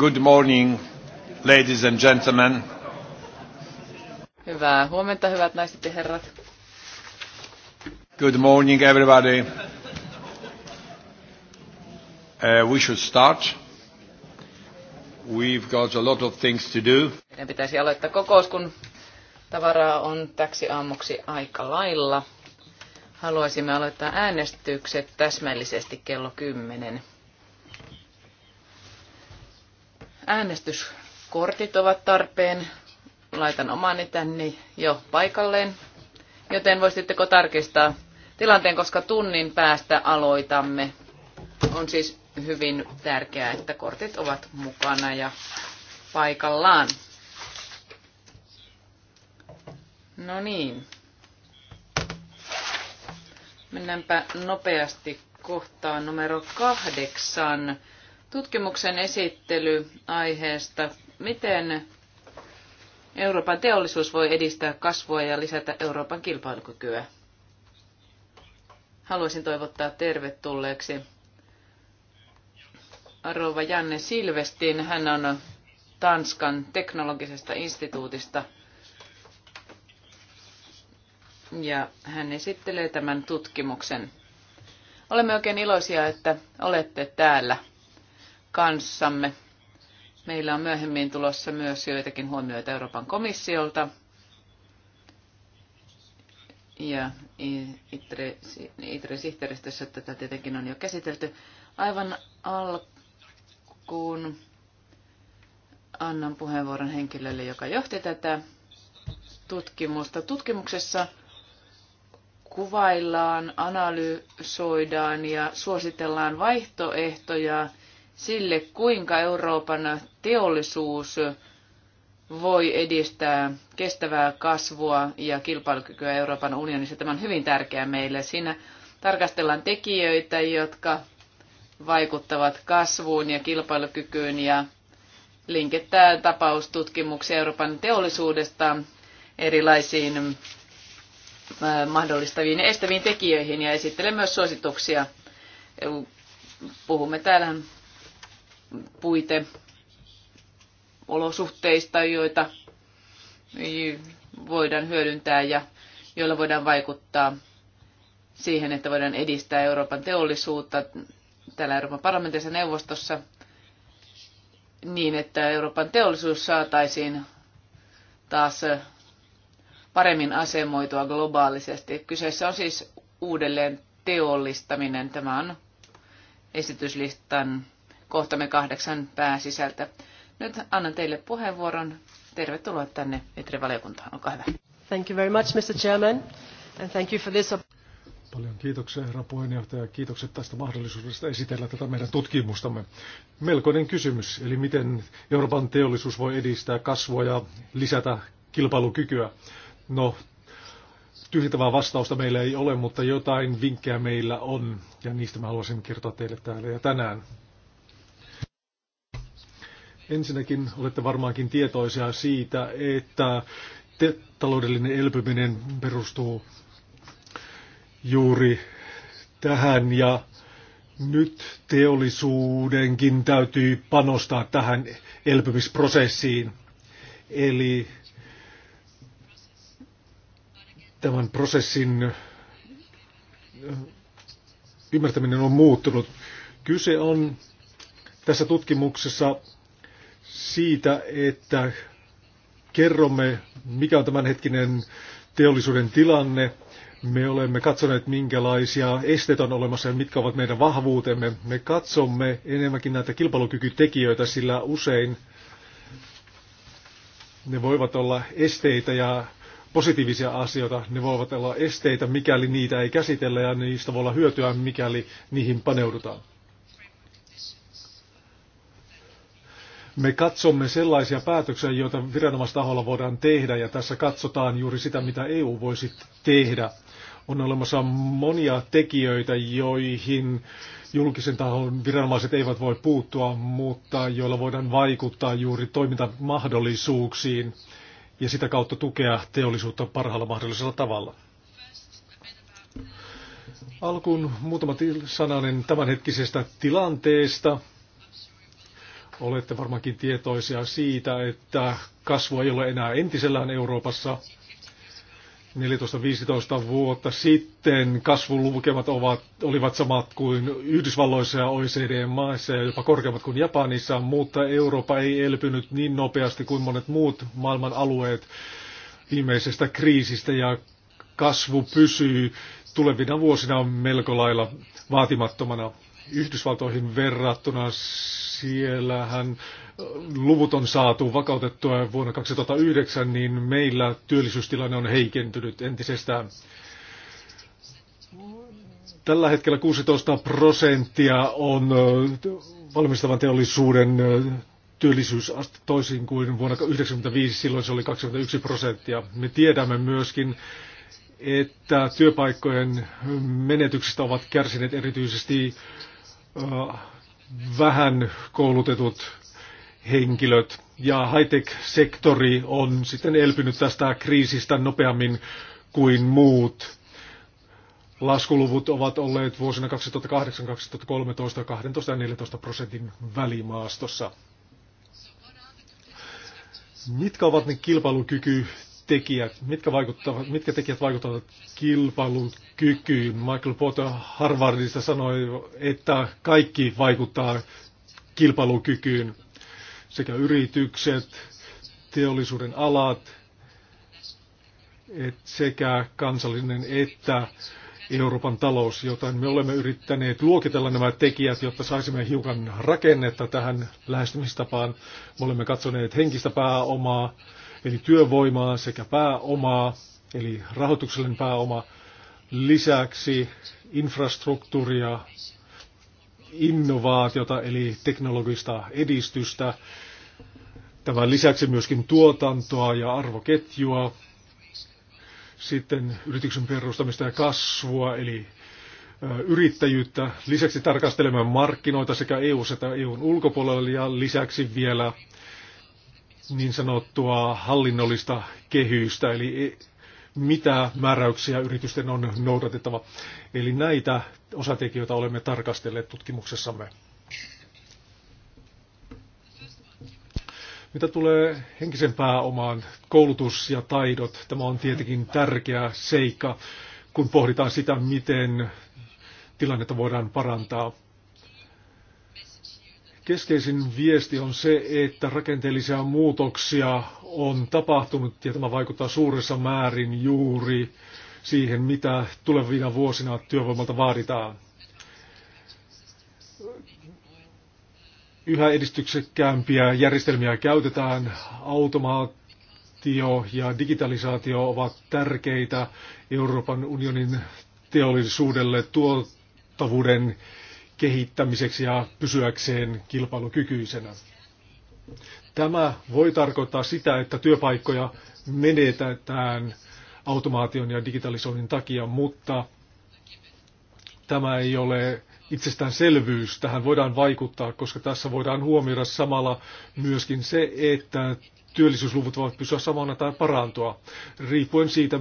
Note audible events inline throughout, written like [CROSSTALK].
Good morning, ladies and gentlemen. Hyvää huomenta, hyvät naiset ja herrat. Good morning, everybody. Uh, we should start. We've got a lot of things to do. Meidän pitäisi aloittaa kokous, kun tavaraa on täksi aamuksi aika lailla. Haluaisimme aloittaa äänestykset täsmällisesti kello 10. Äänestyskortit ovat tarpeen. Laitan omani tänne jo paikalleen, joten voisitteko tarkistaa tilanteen, koska tunnin päästä aloitamme. On siis hyvin tärkeää, että kortit ovat mukana ja paikallaan. No niin. Mennäänpä nopeasti kohtaan numero kahdeksan. Tutkimuksen esittely aiheesta, miten Euroopan teollisuus voi edistää kasvua ja lisätä Euroopan kilpailukykyä. Haluaisin toivottaa tervetulleeksi Arova Janne Silvestin. Hän on Tanskan teknologisesta instituutista. Ja hän esittelee tämän tutkimuksen. Olemme oikein iloisia, että olette täällä kanssamme. Meillä on myöhemmin tulossa myös joitakin huomioita Euroopan komissiolta ja ITRE-sihteeristössä tätä tietenkin on jo käsitelty. Aivan alkuun annan puheenvuoron henkilölle, joka johti tätä tutkimusta. Tutkimuksessa kuvaillaan, analysoidaan ja suositellaan vaihtoehtoja sille, kuinka Euroopan teollisuus voi edistää kestävää kasvua ja kilpailukykyä Euroopan unionissa. Tämä on hyvin tärkeää meille. Siinä tarkastellaan tekijöitä, jotka vaikuttavat kasvuun ja kilpailukykyyn ja linkittää tapaustutkimuksia Euroopan teollisuudesta erilaisiin mahdollistaviin estäviin tekijöihin ja esittelee myös suosituksia. Puhumme täällä puite olosuhteista, joita voidaan hyödyntää ja joilla voidaan vaikuttaa siihen, että voidaan edistää Euroopan teollisuutta täällä Euroopan parlamentissa neuvostossa niin, että Euroopan teollisuus saataisiin taas paremmin asemoitua globaalisesti. Kyseessä on siis uudelleen teollistaminen. Tämä on esityslistan kohtamme kahdeksan pääsisältä. Nyt annan teille puheenvuoron. Tervetuloa tänne etri valiokuntaan Olkaa hyvä. Thank you very much, Mr. Chairman, and thank you for this Paljon kiitoksia, herra puheenjohtaja. Kiitokset tästä mahdollisuudesta esitellä tätä meidän tutkimustamme. Melkoinen kysymys, eli miten Euroopan teollisuus voi edistää kasvua ja lisätä kilpailukykyä. No, tyhjentävää vastausta meillä ei ole, mutta jotain vinkkejä meillä on, ja niistä mä haluaisin kertoa teille täällä ja tänään. Ensinnäkin olette varmaankin tietoisia siitä, että te- taloudellinen elpyminen perustuu juuri tähän ja nyt teollisuudenkin täytyy panostaa tähän elpymisprosessiin. Eli tämän prosessin eh, ymmärtäminen on muuttunut. Kyse on tässä tutkimuksessa siitä, että kerromme, mikä on tämänhetkinen teollisuuden tilanne. Me olemme katsoneet, minkälaisia esteitä on olemassa ja mitkä ovat meidän vahvuutemme. Me katsomme enemmänkin näitä kilpailukykytekijöitä, sillä usein ne voivat olla esteitä ja positiivisia asioita. Ne voivat olla esteitä, mikäli niitä ei käsitellä ja niistä voi olla hyötyä, mikäli niihin paneudutaan. me katsomme sellaisia päätöksiä, joita viranomaistaholla voidaan tehdä, ja tässä katsotaan juuri sitä, mitä EU voisi tehdä. On olemassa monia tekijöitä, joihin julkisen tahon viranomaiset eivät voi puuttua, mutta joilla voidaan vaikuttaa juuri toimintamahdollisuuksiin ja sitä kautta tukea teollisuutta parhaalla mahdollisella tavalla. Alkuun muutama sananen tämänhetkisestä tilanteesta Olette varmaankin tietoisia siitä, että kasvu ei ole enää entisellään Euroopassa. 14-15 vuotta sitten kasvulukemat ovat, olivat samat kuin Yhdysvalloissa ja OECD-maissa ja jopa korkeammat kuin Japanissa, mutta Eurooppa ei elpynyt niin nopeasti kuin monet muut maailman alueet viimeisestä kriisistä ja kasvu pysyy tulevina vuosina melko lailla vaatimattomana. Yhdysvaltoihin verrattuna siellähän luvut on saatu vakautettua vuonna 2009, niin meillä työllisyystilanne on heikentynyt entisestään. Tällä hetkellä 16 prosenttia on valmistavan teollisuuden työllisyysaste toisin kuin vuonna 1995, silloin se oli 21 prosenttia. Me tiedämme myöskin, että työpaikkojen menetyksistä ovat kärsineet erityisesti vähän koulutetut henkilöt. Ja high-tech-sektori on sitten elpynyt tästä kriisistä nopeammin kuin muut. Laskuluvut ovat olleet vuosina 2008, 2013, 12 ja 14 prosentin välimaastossa. Mitkä ovat ne kilpailukyky tekijät, mitkä, vaikuttavat, mitkä tekijät vaikuttavat kilpailukykyyn. Michael Porter Harvardista sanoi, että kaikki vaikuttaa kilpailukykyyn, sekä yritykset, teollisuuden alat, et sekä kansallinen että Euroopan talous, joten me olemme yrittäneet luokitella nämä tekijät, jotta saisimme hiukan rakennetta tähän lähestymistapaan. Me olemme katsoneet henkistä pääomaa, eli työvoimaa sekä pääomaa, eli rahoituksellinen pääoma, lisäksi infrastruktuuria, innovaatiota, eli teknologista edistystä, tämän lisäksi myöskin tuotantoa ja arvoketjua, sitten yrityksen perustamista ja kasvua, eli yrittäjyyttä, lisäksi tarkastelemaan markkinoita sekä EU- että EUn ulkopuolella ja lisäksi vielä niin sanottua hallinnollista kehystä, eli e, mitä määräyksiä yritysten on noudatettava. Eli näitä osatekijöitä olemme tarkastelleet tutkimuksessamme. Mitä tulee henkisen pääomaan, koulutus ja taidot, tämä on tietenkin tärkeä seikka, kun pohditaan sitä, miten tilannetta voidaan parantaa. Keskeisin viesti on se, että rakenteellisia muutoksia on tapahtunut ja tämä vaikuttaa suuressa määrin juuri siihen, mitä tulevina vuosina työvoimalta vaaditaan. Yhä edistyksekkäämpiä järjestelmiä käytetään, automaatio ja digitalisaatio ovat tärkeitä Euroopan unionin teollisuudelle tuottavuuden kehittämiseksi ja pysyäkseen kilpailukykyisenä. Tämä voi tarkoittaa sitä, että työpaikkoja menetetään automaation ja digitalisoinnin takia, mutta tämä ei ole itsestäänselvyys. Tähän voidaan vaikuttaa, koska tässä voidaan huomioida samalla myöskin se, että työllisyysluvut voivat pysyä samana tai parantua, riippuen siitä,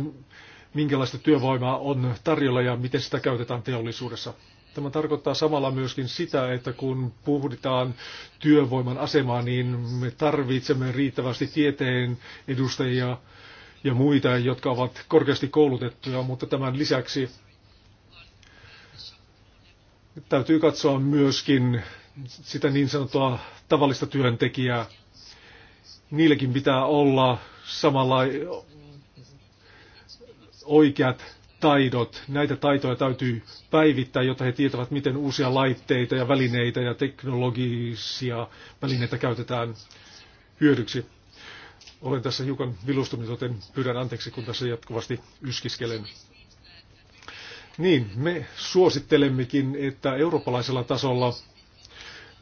minkälaista työvoimaa on tarjolla ja miten sitä käytetään teollisuudessa. Tämä tarkoittaa samalla myöskin sitä, että kun puhditaan työvoiman asemaa, niin me tarvitsemme riittävästi tieteen edustajia ja muita, jotka ovat korkeasti koulutettuja, mutta tämän lisäksi täytyy katsoa myöskin sitä niin sanottua tavallista työntekijää. Niillekin pitää olla samalla oikeat taidot. Näitä taitoja täytyy päivittää, jotta he tietävät, miten uusia laitteita ja välineitä ja teknologisia välineitä käytetään hyödyksi. Olen tässä hiukan vilustunut, joten pyydän anteeksi, kun tässä jatkuvasti yskiskelen. Niin, me suosittelemmekin, että eurooppalaisella tasolla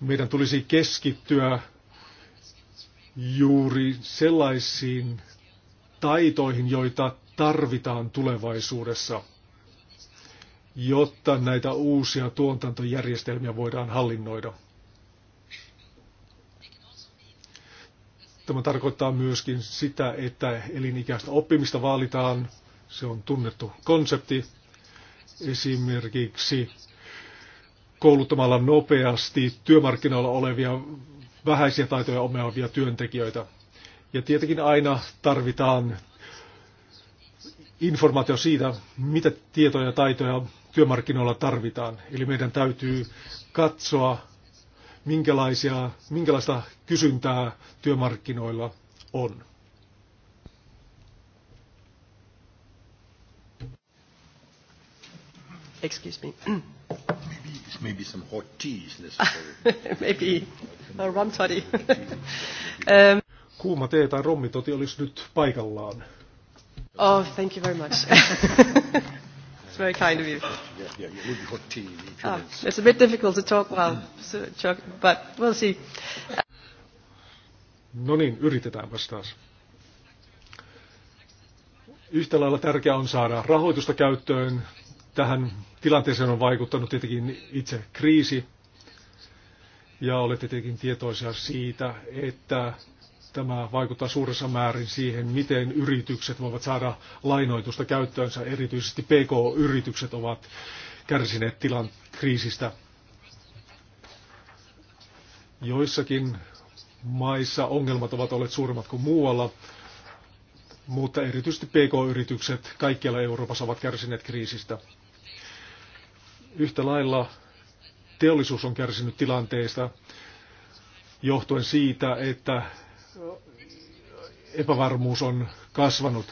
meidän tulisi keskittyä juuri sellaisiin taitoihin, joita tarvitaan tulevaisuudessa, jotta näitä uusia tuotantojärjestelmiä voidaan hallinnoida. Tämä tarkoittaa myöskin sitä, että elinikäistä oppimista vaalitaan. Se on tunnettu konsepti. Esimerkiksi kouluttamalla nopeasti työmarkkinoilla olevia vähäisiä taitoja omeavia työntekijöitä. Ja tietenkin aina tarvitaan informaatio siitä, mitä tietoja ja taitoja työmarkkinoilla tarvitaan. Eli meidän täytyy katsoa, minkälaisia, minkälaista kysyntää työmarkkinoilla on. Excuse me. Maybe, maybe some hot tea [LAUGHS] is maybe a rum toddy. [LAUGHS] um. Kuuma tee tai rommitoti olisi nyt paikallaan. Oh, thank you very much. [LAUGHS] it's very kind of you. Yeah, yeah, tea. Ah, it's a bit difficult to talk while talk, but we'll see. No niin, yritetään taas. Yhtä lailla tärkeää on saada rahoitusta käyttöön. Tähän tilanteeseen on vaikuttanut tietenkin itse kriisi. Ja olette tietenkin tietoisia siitä, että Tämä vaikuttaa suuressa määrin siihen, miten yritykset voivat saada lainoitusta käyttöönsä. Erityisesti PK-yritykset ovat kärsineet tilan kriisistä. Joissakin maissa ongelmat ovat olleet suuremmat kuin muualla, mutta erityisesti PK-yritykset kaikkialla Euroopassa ovat kärsineet kriisistä. Yhtä lailla teollisuus on kärsinyt tilanteesta johtuen siitä, että epävarmuus on kasvanut.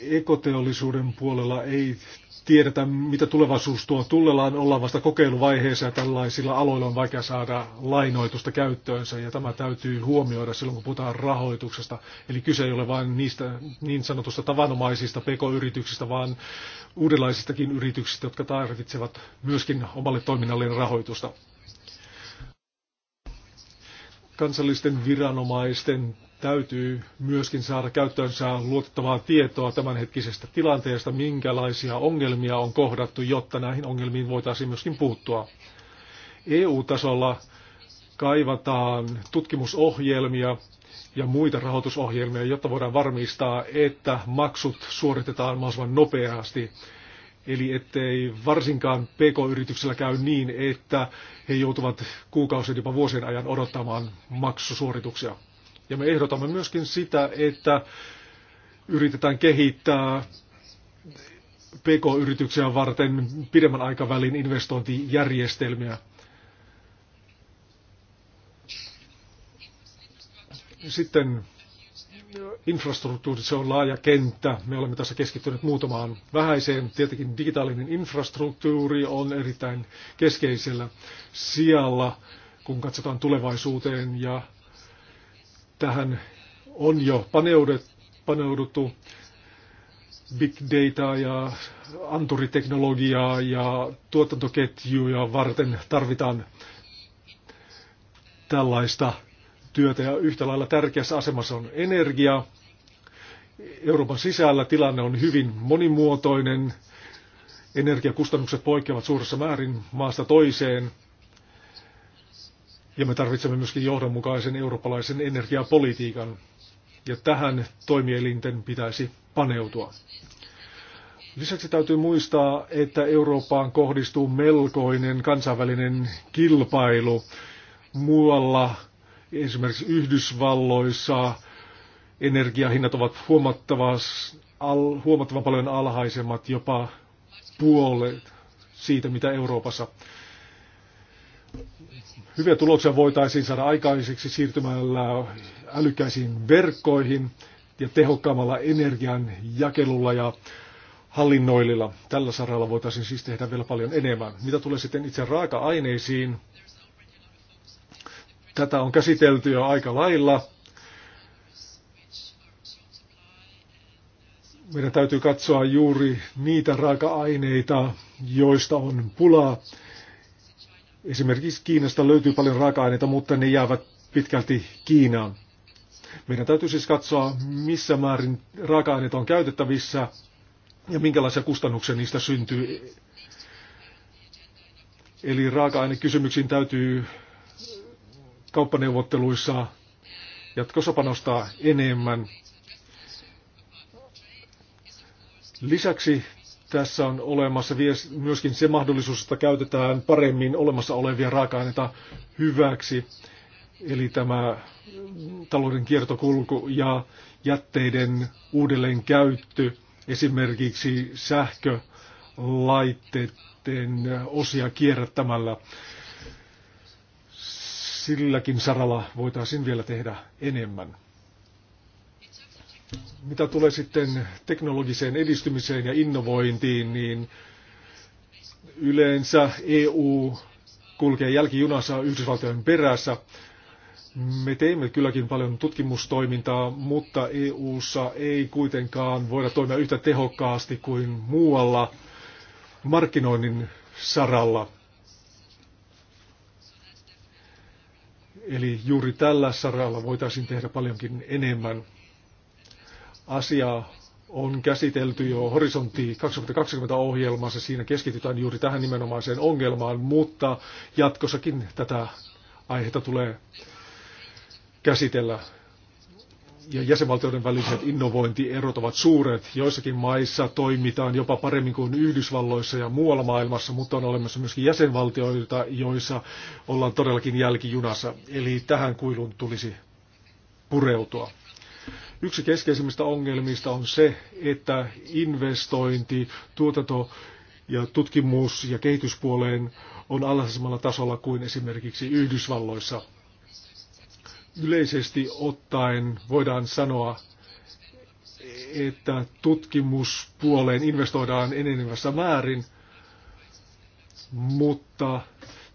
Ekoteollisuuden puolella ei tiedetä, mitä tulevaisuus tuo tullellaan, ollaan vasta kokeiluvaiheessa ja tällaisilla aloilla on vaikea saada lainoitusta käyttöönsä ja tämä täytyy huomioida silloin, kun puhutaan rahoituksesta. Eli kyse ei ole vain niistä niin sanotusta tavanomaisista pk-yrityksistä, vaan uudenlaisistakin yrityksistä, jotka tarvitsevat myöskin omalle toiminnalleen rahoitusta kansallisten viranomaisten täytyy myöskin saada käyttöönsä luotettavaa tietoa tämänhetkisestä tilanteesta, minkälaisia ongelmia on kohdattu, jotta näihin ongelmiin voitaisiin myöskin puuttua. EU-tasolla kaivataan tutkimusohjelmia ja muita rahoitusohjelmia, jotta voidaan varmistaa, että maksut suoritetaan mahdollisimman nopeasti Eli ettei varsinkaan PK-yrityksellä käy niin, että he joutuvat kuukausien jopa vuosien ajan odottamaan maksusuorituksia. Ja me ehdotamme myöskin sitä, että yritetään kehittää PK-yrityksiä varten pidemmän aikavälin investointijärjestelmiä. Sitten infrastruktuuri, se on laaja kenttä. Me olemme tässä keskittyneet muutamaan vähäiseen. Tietenkin digitaalinen infrastruktuuri on erittäin keskeisellä sijalla, kun katsotaan tulevaisuuteen ja tähän on jo paneuduttu big dataa ja anturiteknologiaa ja tuotantoketjuja varten tarvitaan tällaista työtä ja yhtä lailla tärkeässä asemassa on energia. Euroopan sisällä tilanne on hyvin monimuotoinen. Energiakustannukset poikkeavat suuressa määrin maasta toiseen. Ja me tarvitsemme myöskin johdonmukaisen eurooppalaisen energiapolitiikan. Ja tähän toimielinten pitäisi paneutua. Lisäksi täytyy muistaa, että Eurooppaan kohdistuu melkoinen kansainvälinen kilpailu. Muualla Esimerkiksi Yhdysvalloissa energiahinnat ovat al, huomattavan paljon alhaisemmat, jopa puolet siitä, mitä Euroopassa. Hyviä tuloksia voitaisiin saada aikaiseksi siirtymällä älykkäisiin verkkoihin ja tehokkaammalla energian jakelulla ja hallinnoililla. Tällä saralla voitaisiin siis tehdä vielä paljon enemmän. Mitä tulee sitten itse raaka-aineisiin, Tätä on käsitelty jo aika lailla. Meidän täytyy katsoa juuri niitä raaka-aineita, joista on pulaa. Esimerkiksi Kiinasta löytyy paljon raaka-aineita, mutta ne jäävät pitkälti Kiinaan. Meidän täytyy siis katsoa, missä määrin raaka-aineita on käytettävissä ja minkälaisia kustannuksia niistä syntyy. Eli raaka-ainekysymyksiin täytyy kauppaneuvotteluissa jatkossa panostaa enemmän. Lisäksi tässä on olemassa myöskin se mahdollisuus, että käytetään paremmin olemassa olevia raaka-aineita hyväksi, eli tämä talouden kiertokulku ja jätteiden uudelleenkäyttö, esimerkiksi sähkölaitteiden osia kierrättämällä silläkin saralla voitaisiin vielä tehdä enemmän. Mitä tulee sitten teknologiseen edistymiseen ja innovointiin, niin yleensä EU kulkee jälkijunassa Yhdysvaltojen perässä. Me teemme kylläkin paljon tutkimustoimintaa, mutta EU:ssa ei kuitenkaan voida toimia yhtä tehokkaasti kuin muualla markkinoinnin saralla. Eli juuri tällä saralla voitaisiin tehdä paljonkin enemmän. Asiaa on käsitelty jo Horisontti 2020-ohjelmassa. Siinä keskitytään juuri tähän nimenomaiseen ongelmaan, mutta jatkossakin tätä aihetta tulee käsitellä ja jäsenvaltioiden väliset innovointierot ovat suuret. Joissakin maissa toimitaan jopa paremmin kuin Yhdysvalloissa ja muualla maailmassa, mutta on olemassa myöskin jäsenvaltioita, joissa ollaan todellakin jälkijunassa. Eli tähän kuilun tulisi pureutua. Yksi keskeisimmistä ongelmista on se, että investointi, tuotanto ja tutkimus- ja kehityspuoleen on alhaisemmalla tasolla kuin esimerkiksi Yhdysvalloissa – Yleisesti ottaen voidaan sanoa, että tutkimuspuoleen investoidaan enenevässä määrin, mutta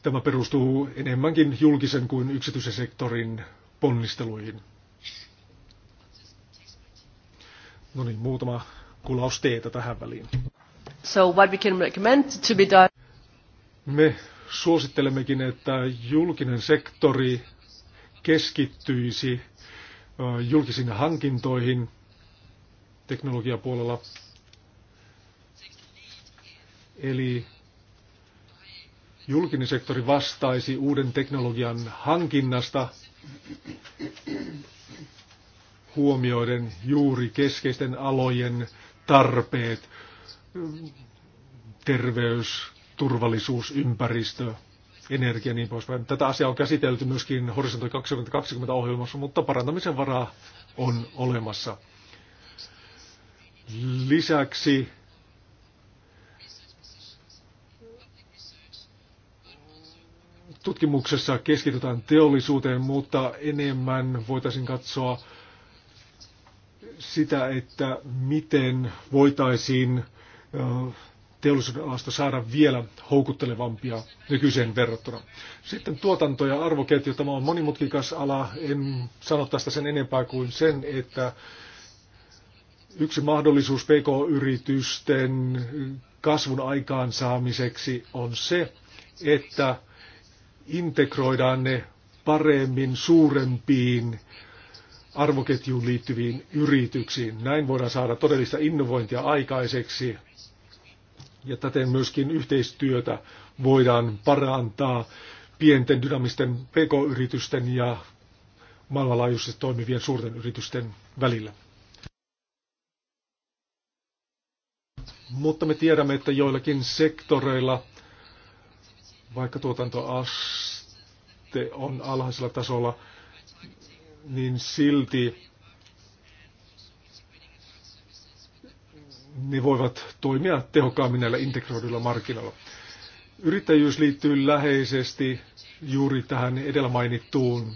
tämä perustuu enemmänkin julkisen kuin yksityisen sektorin ponnisteluihin. No niin, muutama kulaus teetä tähän väliin. So what we can recommend to be done. Me suosittelemmekin, että julkinen sektori keskittyisi julkisiin hankintoihin teknologiapuolella. Eli julkinen sektori vastaisi uuden teknologian hankinnasta huomioiden juuri keskeisten alojen tarpeet, terveys, turvallisuus, ympäristö, energia ja niin poispäin. Tätä asiaa on käsitelty myöskin Horisontti 2020 ohjelmassa, mutta parantamisen varaa on olemassa. Lisäksi tutkimuksessa keskitytään teollisuuteen, mutta enemmän voitaisiin katsoa sitä, että miten voitaisiin teollisuuden alasta saada vielä houkuttelevampia nykyiseen verrattuna. Sitten tuotanto ja arvoketju. Tämä on monimutkikas ala. En sano tästä sen enempää kuin sen, että yksi mahdollisuus PK-yritysten kasvun aikaansaamiseksi on se, että integroidaan ne paremmin suurempiin arvoketjuun liittyviin yrityksiin. Näin voidaan saada todellista innovointia aikaiseksi ja täten myöskin yhteistyötä voidaan parantaa pienten dynamisten pk-yritysten ja maailmanlaajuisesti toimivien suurten yritysten välillä. Mutta me tiedämme, että joillakin sektoreilla, vaikka tuotantoaste on alhaisella tasolla, niin silti ne voivat toimia tehokkaammin näillä integroiduilla markkinoilla. Yrittäjyys liittyy läheisesti juuri tähän edellä mainittuun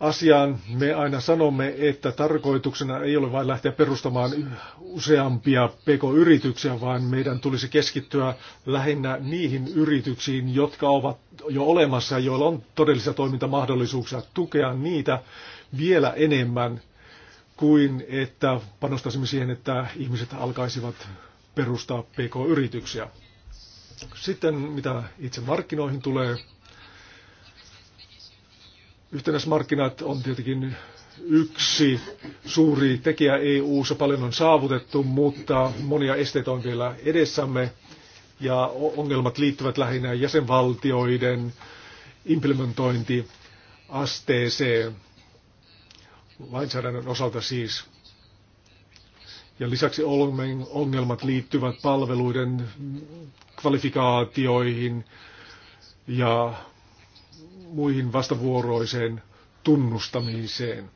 asiaan. Me aina sanomme, että tarkoituksena ei ole vain lähteä perustamaan useampia pk-yrityksiä, vaan meidän tulisi keskittyä lähinnä niihin yrityksiin, jotka ovat jo olemassa, joilla on todellisia toimintamahdollisuuksia, tukea niitä vielä enemmän kuin että panostaisimme siihen, että ihmiset alkaisivat perustaa PK-yrityksiä. Sitten mitä itse markkinoihin tulee, yhtenäismarkkinat on tietenkin yksi suuri tekijä EU-ssa. Paljon on saavutettu, mutta monia esteitä on vielä edessämme ja ongelmat liittyvät lähinnä jäsenvaltioiden implementointiasteeseen lainsäädännön osalta siis. Ja lisäksi ongelmat liittyvät palveluiden kvalifikaatioihin ja muihin vastavuoroiseen tunnustamiseen.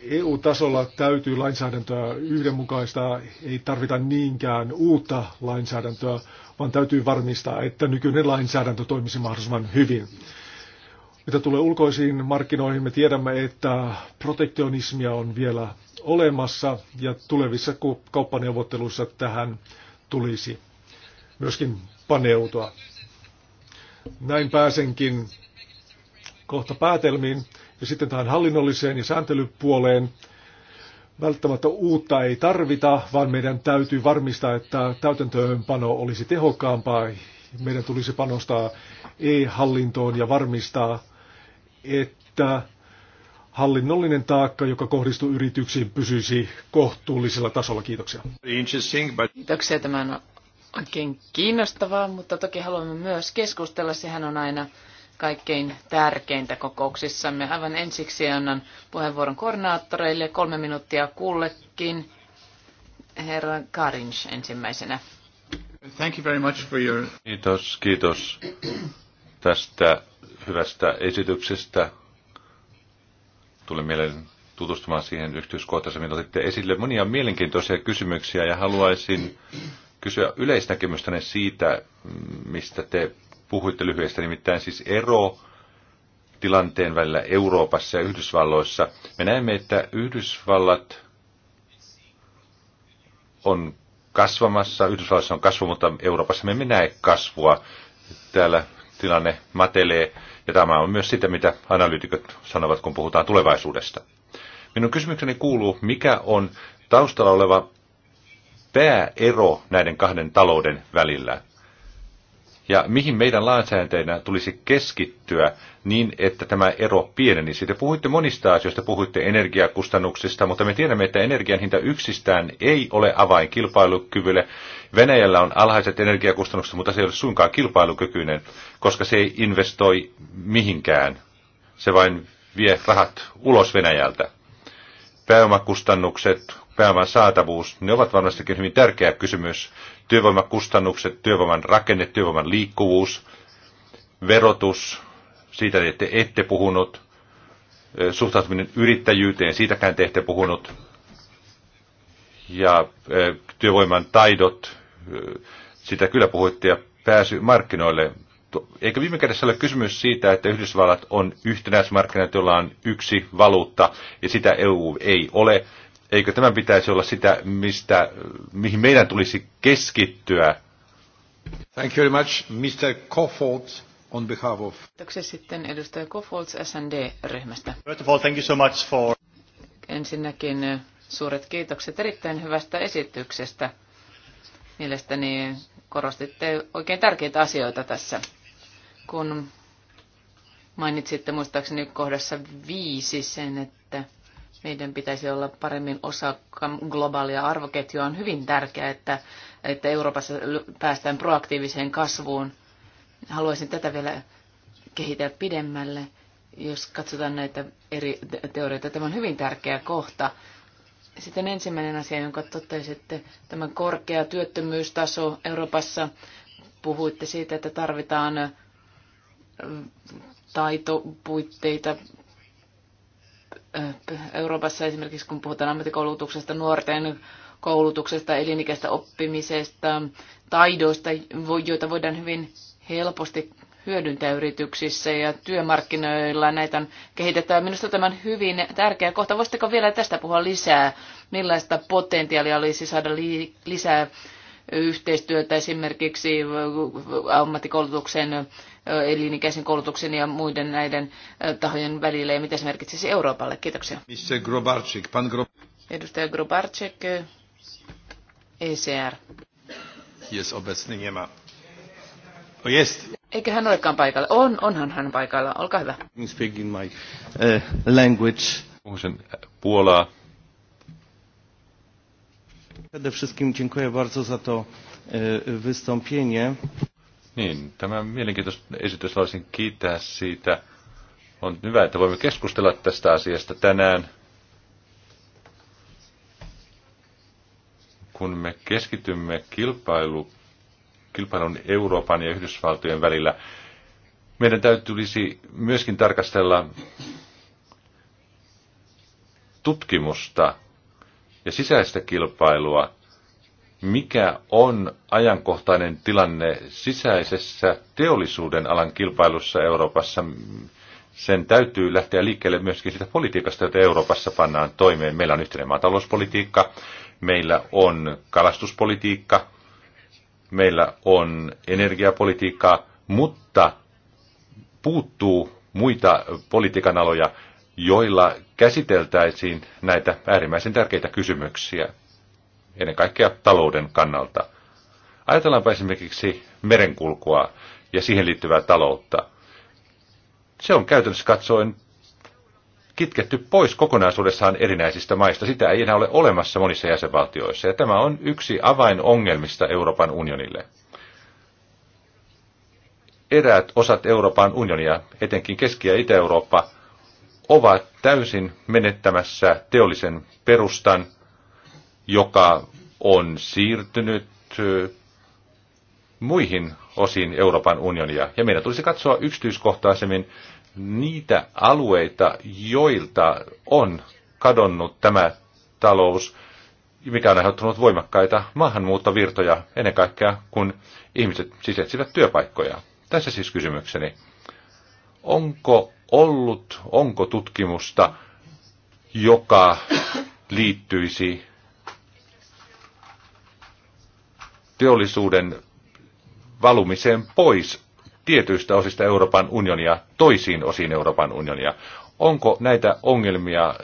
EU-tasolla täytyy lainsäädäntöä yhdenmukaista, ei tarvita niinkään uutta lainsäädäntöä, vaan täytyy varmistaa, että nykyinen lainsäädäntö toimisi mahdollisimman hyvin. Mitä tulee ulkoisiin markkinoihin, me tiedämme, että protektionismia on vielä olemassa ja tulevissa kauppaneuvotteluissa tähän tulisi myöskin paneutua. Näin pääsenkin kohta päätelmiin ja sitten tähän hallinnolliseen ja sääntelypuoleen. Välttämättä uutta ei tarvita, vaan meidän täytyy varmistaa, että täytäntöönpano olisi tehokkaampaa. Meidän tulisi panostaa e-hallintoon ja varmistaa, että hallinnollinen taakka, joka kohdistuu yrityksiin, pysyisi kohtuullisella tasolla. Kiitoksia. But... Kiitoksia. Tämä on oikein kiinnostavaa, mutta toki haluamme myös keskustella. Sehän on aina kaikkein tärkeintä kokouksissamme. Aivan ensiksi annan puheenvuoron koordinaattoreille kolme minuuttia kullekin. Herra Karins ensimmäisenä. Thank you very much for your... Kiitos, kiitos tästä hyvästä esityksestä. Tuli mieleen tutustumaan siihen yksityiskohtaisemmin. Otitte esille monia mielenkiintoisia kysymyksiä ja haluaisin kysyä yleisnäkemystänne siitä, mistä te puhuitte lyhyesti, nimittäin siis ero tilanteen välillä Euroopassa ja Yhdysvalloissa. Me näemme, että Yhdysvallat on kasvamassa, Yhdysvalloissa on kasvu, mutta Euroopassa me emme näe kasvua. Täällä tilanne matelee, ja tämä on myös sitä, mitä analyytikot sanovat, kun puhutaan tulevaisuudesta. Minun kysymykseni kuuluu, mikä on taustalla oleva pääero näiden kahden talouden välillä? ja mihin meidän lainsäädäntöinä tulisi keskittyä niin, että tämä ero pienenisi. Te puhuitte monista asioista, puhuitte energiakustannuksista, mutta me tiedämme, että energian hinta yksistään ei ole avain kilpailukyvylle. Venäjällä on alhaiset energiakustannukset, mutta se ei ole suinkaan kilpailukykyinen, koska se ei investoi mihinkään. Se vain vie rahat ulos Venäjältä. Pääomakustannukset, pääoman saatavuus, ne ovat varmastikin hyvin tärkeä kysymys. Työvoimakustannukset, työvoiman rakenne, työvoiman liikkuvuus, verotus, siitä te ette, puhunut, suhtautuminen yrittäjyyteen, siitäkään te ette puhunut, ja työvoiman taidot, sitä kyllä puhuitte, ja pääsy markkinoille. Eikö viime kädessä ole kysymys siitä, että Yhdysvallat on yhtenäismarkkinat, jolla on yksi valuutta, ja sitä EU ei ole, Eikö tämän pitäisi olla sitä, mistä, mihin meidän tulisi keskittyä? Thank you very much, Mr. Kofod on behalf of... Kiitoksia sitten edustaja Kofolds SND-ryhmästä. First of all, thank you so much for... Ensinnäkin eh, suuret kiitokset erittäin hyvästä esityksestä. Mielestäni korostitte oikein tärkeitä asioita tässä, kun mainitsitte muistaakseni kohdassa viisi sen, että meidän pitäisi olla paremmin osa globaalia arvoketjua. On hyvin tärkeää, että, että Euroopassa päästään proaktiiviseen kasvuun. Haluaisin tätä vielä kehitellä pidemmälle. Jos katsotaan näitä eri teorioita, tämä on hyvin tärkeä kohta. Sitten ensimmäinen asia, jonka totesitte, tämä korkea työttömyystaso Euroopassa. Puhuitte siitä, että tarvitaan taitopuitteita Euroopassa esimerkiksi, kun puhutaan ammattikoulutuksesta, nuorten koulutuksesta, elinikäistä oppimisesta, taidoista, joita voidaan hyvin helposti hyödyntää yrityksissä ja työmarkkinoilla. Näitä on kehitetään. Minusta tämä on hyvin tärkeä kohta. Voisitteko vielä tästä puhua lisää? Millaista potentiaalia olisi saada lisää yhteistyötä esimerkiksi ammattikoulutuksen elinikäisen koulutuksen ja muiden näiden tahojen välillä ja mitä se merkitsisi Euroopalle. Kiitoksia. pan Edustaja Grubarczyk, ECR. Jest obecny, nie ma. O jest. hän olekaan paikalla. On, onhan hän paikalla. Olkaa hyvä. Speaking my uh, language. Puhun e, puolaa. Przede wszystkim dziękuję bardzo za to e, wystąpienie. Niin, tämä mielenkiintoista esitys haluaisin kiittää siitä. On hyvä, että voimme keskustella tästä asiasta tänään. Kun me keskitymme kilpailu, kilpailun Euroopan ja Yhdysvaltojen välillä, meidän täytyisi myöskin tarkastella tutkimusta ja sisäistä kilpailua mikä on ajankohtainen tilanne sisäisessä teollisuuden alan kilpailussa Euroopassa. Sen täytyy lähteä liikkeelle myöskin sitä politiikasta, jota Euroopassa pannaan toimeen. Meillä on yhteinen maatalouspolitiikka, meillä on kalastuspolitiikka, meillä on energiapolitiikkaa, mutta puuttuu muita politiikan aloja, joilla käsiteltäisiin näitä äärimmäisen tärkeitä kysymyksiä ennen kaikkea talouden kannalta. Ajatellaanpa esimerkiksi merenkulkua ja siihen liittyvää taloutta. Se on käytännössä katsoen kitketty pois kokonaisuudessaan erinäisistä maista. Sitä ei enää ole olemassa monissa jäsenvaltioissa, ja tämä on yksi avainongelmista Euroopan unionille. Eräät osat Euroopan unionia, etenkin Keski- ja Itä-Eurooppa, ovat täysin menettämässä teollisen perustan – joka on siirtynyt muihin osiin Euroopan unionia. Ja meidän tulisi katsoa yksityiskohtaisemmin niitä alueita, joilta on kadonnut tämä talous, mikä on aiheuttanut voimakkaita maahanmuuttovirtoja, ennen kaikkea kun ihmiset siis etsivät työpaikkoja. Tässä siis kysymykseni. Onko ollut, onko tutkimusta, joka liittyisi teollisuuden valumiseen pois tietyistä osista Euroopan unionia toisiin osiin Euroopan unionia. Onko näitä ongelmia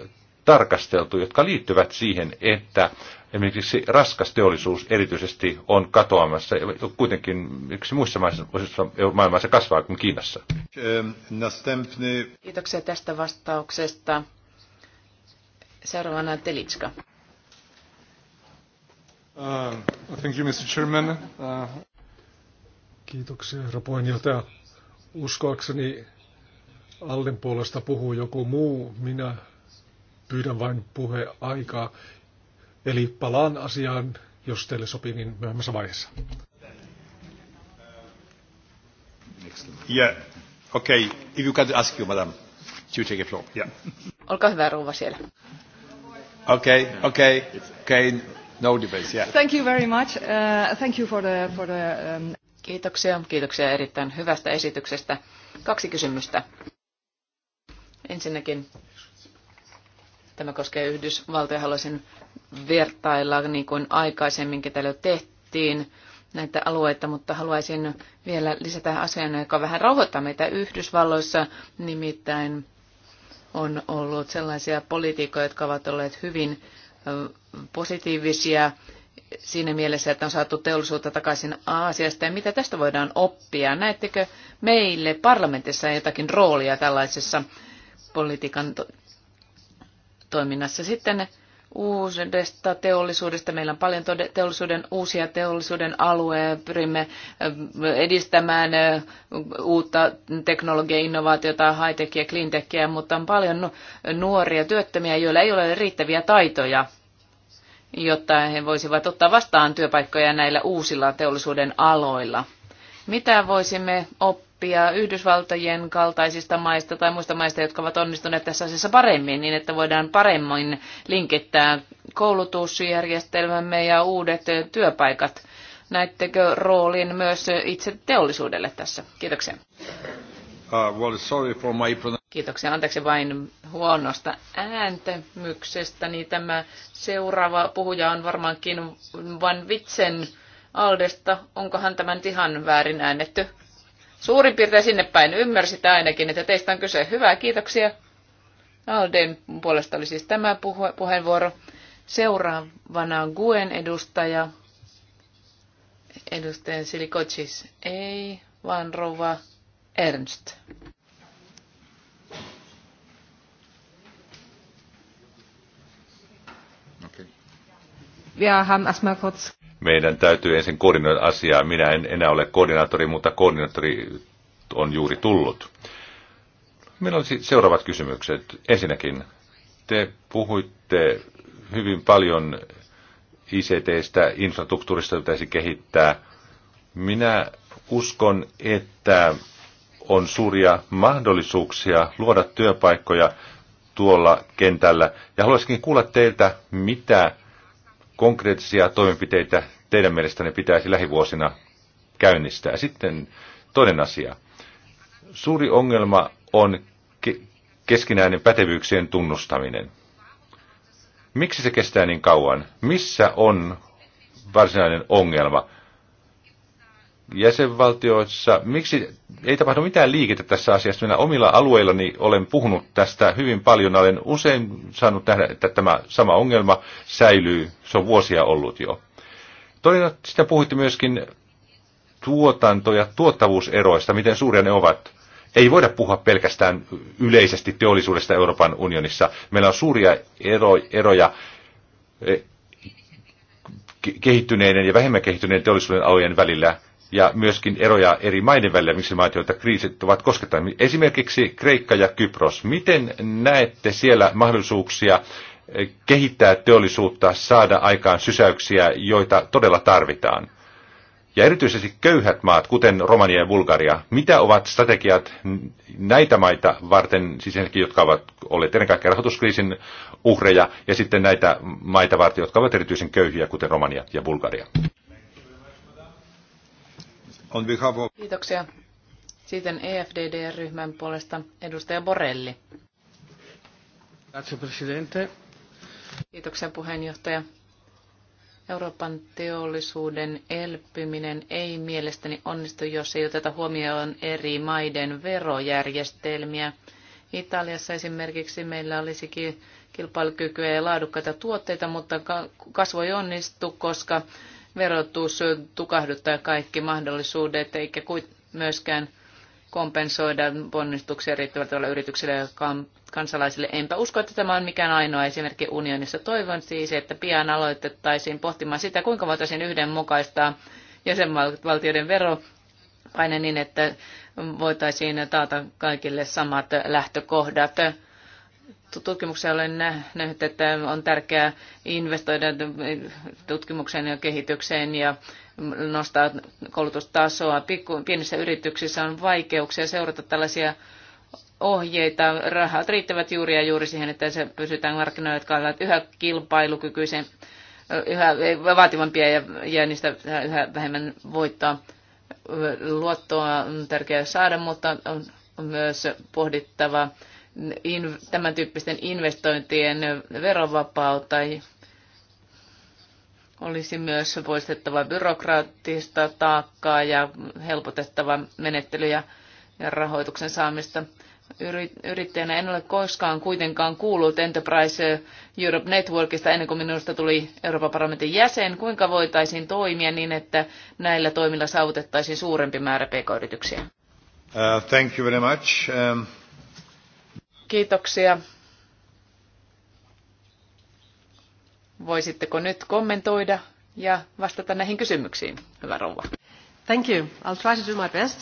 tarkasteltu, jotka liittyvät siihen, että esimerkiksi raskas teollisuus erityisesti on katoamassa, kuitenkin yksi muissa maissa, maailmassa kasvaa kuin Kiinassa? Ähm, Kiitoksia tästä vastauksesta. Seuraavana Telitska. Uh, thank you, Mr. Chairman. Uh... Kiitoksia, herra puheenjohtaja. Uskoakseni Allen puolesta puhuu joku muu. Minä pyydän vain puheaikaa. Eli palaan asiaan, jos teille sopii, niin myöhemmässä vaiheessa. Yeah. Okay. If you can ask you, madam, you take a floor. Yeah. Olkaa hyvä, rouva siellä. Okay, okay, okay. No debates, yeah. Thank you very much. Uh, thank you for the, for the, um... Kiitoksia. Kiitoksia erittäin hyvästä esityksestä. Kaksi kysymystä. Ensinnäkin tämä koskee Yhdysvaltoja. Haluaisin vertailla niin kuin aikaisemminkin täällä jo tehtiin näitä alueita, mutta haluaisin vielä lisätä asian, joka vähän rauhoittaa meitä Yhdysvalloissa. Nimittäin on ollut sellaisia poliitikkoja, jotka ovat olleet hyvin positiivisia siinä mielessä, että on saatu teollisuutta takaisin Aasiasta ja mitä tästä voidaan oppia. Näettekö meille parlamentissa jotakin roolia tällaisessa politiikan toiminnassa? Sitten uudesta teollisuudesta. Meillä on paljon teollisuuden uusia teollisuuden alueita. Pyrimme edistämään uutta teknologiaa, innovaatiota, high-techia, cleantechia, mutta on paljon nuoria työttömiä, joilla ei ole riittäviä taitoja jotta he voisivat ottaa vastaan työpaikkoja näillä uusilla teollisuuden aloilla. Mitä voisimme oppia? oppia Yhdysvaltojen kaltaisista maista tai muista maista, jotka ovat onnistuneet tässä asiassa paremmin, niin että voidaan paremmin linkittää koulutusjärjestelmämme ja uudet työpaikat. Näittekö roolin myös itse teollisuudelle tässä? Kiitoksia. Uh, well, sorry for my... Kiitoksia. Anteeksi vain huonosta ääntämyksestä. Niin tämä seuraava puhuja on varmaankin Van Vitsen Aldesta. Onkohan tämän ihan väärin äänetty? Suurin piirtein sinne päin ymmärsit ainakin, että teistä on kyse. Hyvää, kiitoksia. Alden puolesta oli siis tämä puheenvuoro. Seuraavana on Guen edustaja. Edustajan Silikotsis ei, vaan rouva Ernst. Okay. Wir haben erstmal kurz meidän täytyy ensin koordinoida asiaa. Minä en enää ole koordinaattori, mutta koordinaattori on juuri tullut. Meillä olisi seuraavat kysymykset. Ensinnäkin, te puhuitte hyvin paljon ICTstä, infrastruktuurista pitäisi kehittää. Minä uskon, että on suuria mahdollisuuksia luoda työpaikkoja tuolla kentällä. Ja haluaisinkin kuulla teiltä, mitä konkreettisia toimenpiteitä teidän mielestänne pitäisi lähivuosina käynnistää? Sitten toinen asia. Suuri ongelma on ke- keskinäinen pätevyyksien tunnustaminen. Miksi se kestää niin kauan? Missä on varsinainen ongelma? jäsenvaltioissa. Miksi ei tapahdu mitään liikettä tässä asiassa? Minä omilla alueillani olen puhunut tästä hyvin paljon. Olen usein saanut nähdä, että tämä sama ongelma säilyy. Se on vuosia ollut jo. Toinen, sitä puhuitte myöskin tuotanto- ja tuottavuuseroista, miten suuria ne ovat. Ei voida puhua pelkästään yleisesti teollisuudesta Euroopan unionissa. Meillä on suuria ero, eroja e, kehittyneiden ja vähemmän kehittyneiden teollisuuden alojen välillä ja myöskin eroja eri maiden välillä, miksi maat, joita kriisit ovat koskettaneet. Esimerkiksi Kreikka ja Kypros. Miten näette siellä mahdollisuuksia kehittää teollisuutta, saada aikaan sysäyksiä, joita todella tarvitaan. Ja erityisesti köyhät maat, kuten Romania ja Bulgaria, mitä ovat strategiat näitä maita varten, siis ensinnäkin, jotka ovat olleet ennen kaikkea rahoituskriisin uhreja, ja sitten näitä maita varten, jotka ovat erityisen köyhiä, kuten Romania ja Bulgaria? Kiitoksia. Sitten EFDD-ryhmän puolesta edustaja Borelli. Grazie Presidente. Kiitoksia puheenjohtaja. Euroopan teollisuuden elpyminen ei mielestäni onnistu, jos ei oteta huomioon eri maiden verojärjestelmiä. Italiassa esimerkiksi meillä olisikin kilpailukykyä ja laadukkaita tuotteita, mutta kasvu ei onnistu, koska verotus tukahduttaa kaikki mahdollisuudet, eikä myöskään kompensoida ponnistuksia riittävällä tavalla yrityksille ja kansalaisille. Enpä usko, että tämä on mikään ainoa esimerkki unionissa. Toivon siis, että pian aloitettaisiin pohtimaan sitä, kuinka voitaisiin yhdenmukaistaa jäsenvaltioiden veropaine niin, että voitaisiin taata kaikille samat lähtökohdat. Tutkimuksia olen nähnyt, että on tärkeää investoida tutkimukseen ja kehitykseen ja nostaa koulutustasoa. Pikku, pienissä yrityksissä on vaikeuksia seurata tällaisia ohjeita. Rahat riittävät juuri ja juuri siihen, että se pysytään markkinoilla, jotka ovat yhä kilpailukykyisen, yhä vaativampia ja, ja niistä yhä vähemmän voittaa. Luottoa on tärkeää saada, mutta on myös pohdittava tämän tyyppisten investointien verovapautta olisi myös poistettava byrokraattista taakkaa ja helpotettava menettelyjä ja rahoituksen saamista. Yrittäjänä en ole koskaan kuitenkaan kuullut Enterprise Europe Networkista ennen kuin minusta tuli Euroopan parlamentin jäsen. Kuinka voitaisiin toimia niin, että näillä toimilla saavutettaisiin suurempi määrä pk-yrityksiä? Uh, thank you very much. Um... Kiitoksia Voisitteko nyt kommentoida ja vastata näihin kysymyksiin, hyvä rouva? Thank you. I'll try to do my best.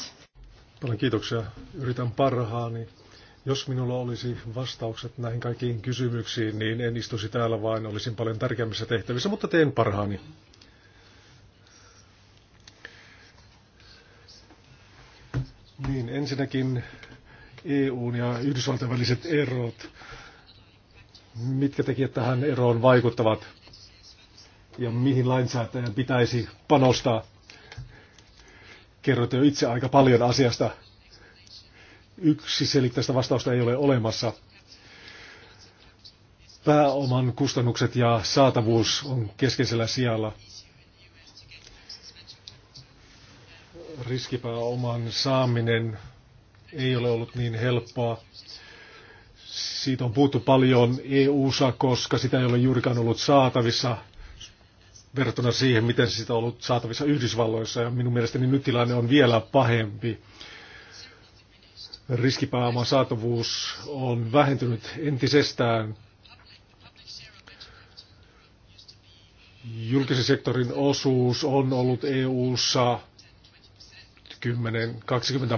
Paljon kiitoksia. Yritän parhaani. Jos minulla olisi vastaukset näihin kaikkiin kysymyksiin, niin en istuisi täällä, vaan olisin paljon tärkeämmissä tehtävissä, mutta teen parhaani. Niin, ensinnäkin EUn ja Yhdysvaltain väliset erot mitkä tekijät tähän eroon vaikuttavat ja mihin lainsäätäjän pitäisi panostaa. Kerroit jo itse aika paljon asiasta. Yksi selittäistä vastausta ei ole olemassa. Pääoman kustannukset ja saatavuus on keskeisellä sijalla. Riskipääoman saaminen ei ole ollut niin helppoa. Siitä on puhuttu paljon EU-sa, koska sitä ei ole juurikaan ollut saatavissa verrattuna siihen, miten sitä on ollut saatavissa Yhdysvalloissa. Ja minun mielestäni nyt tilanne on vielä pahempi. Riskipääoman saatavuus on vähentynyt entisestään. Julkisen sektorin osuus on ollut EU-ssa 10-20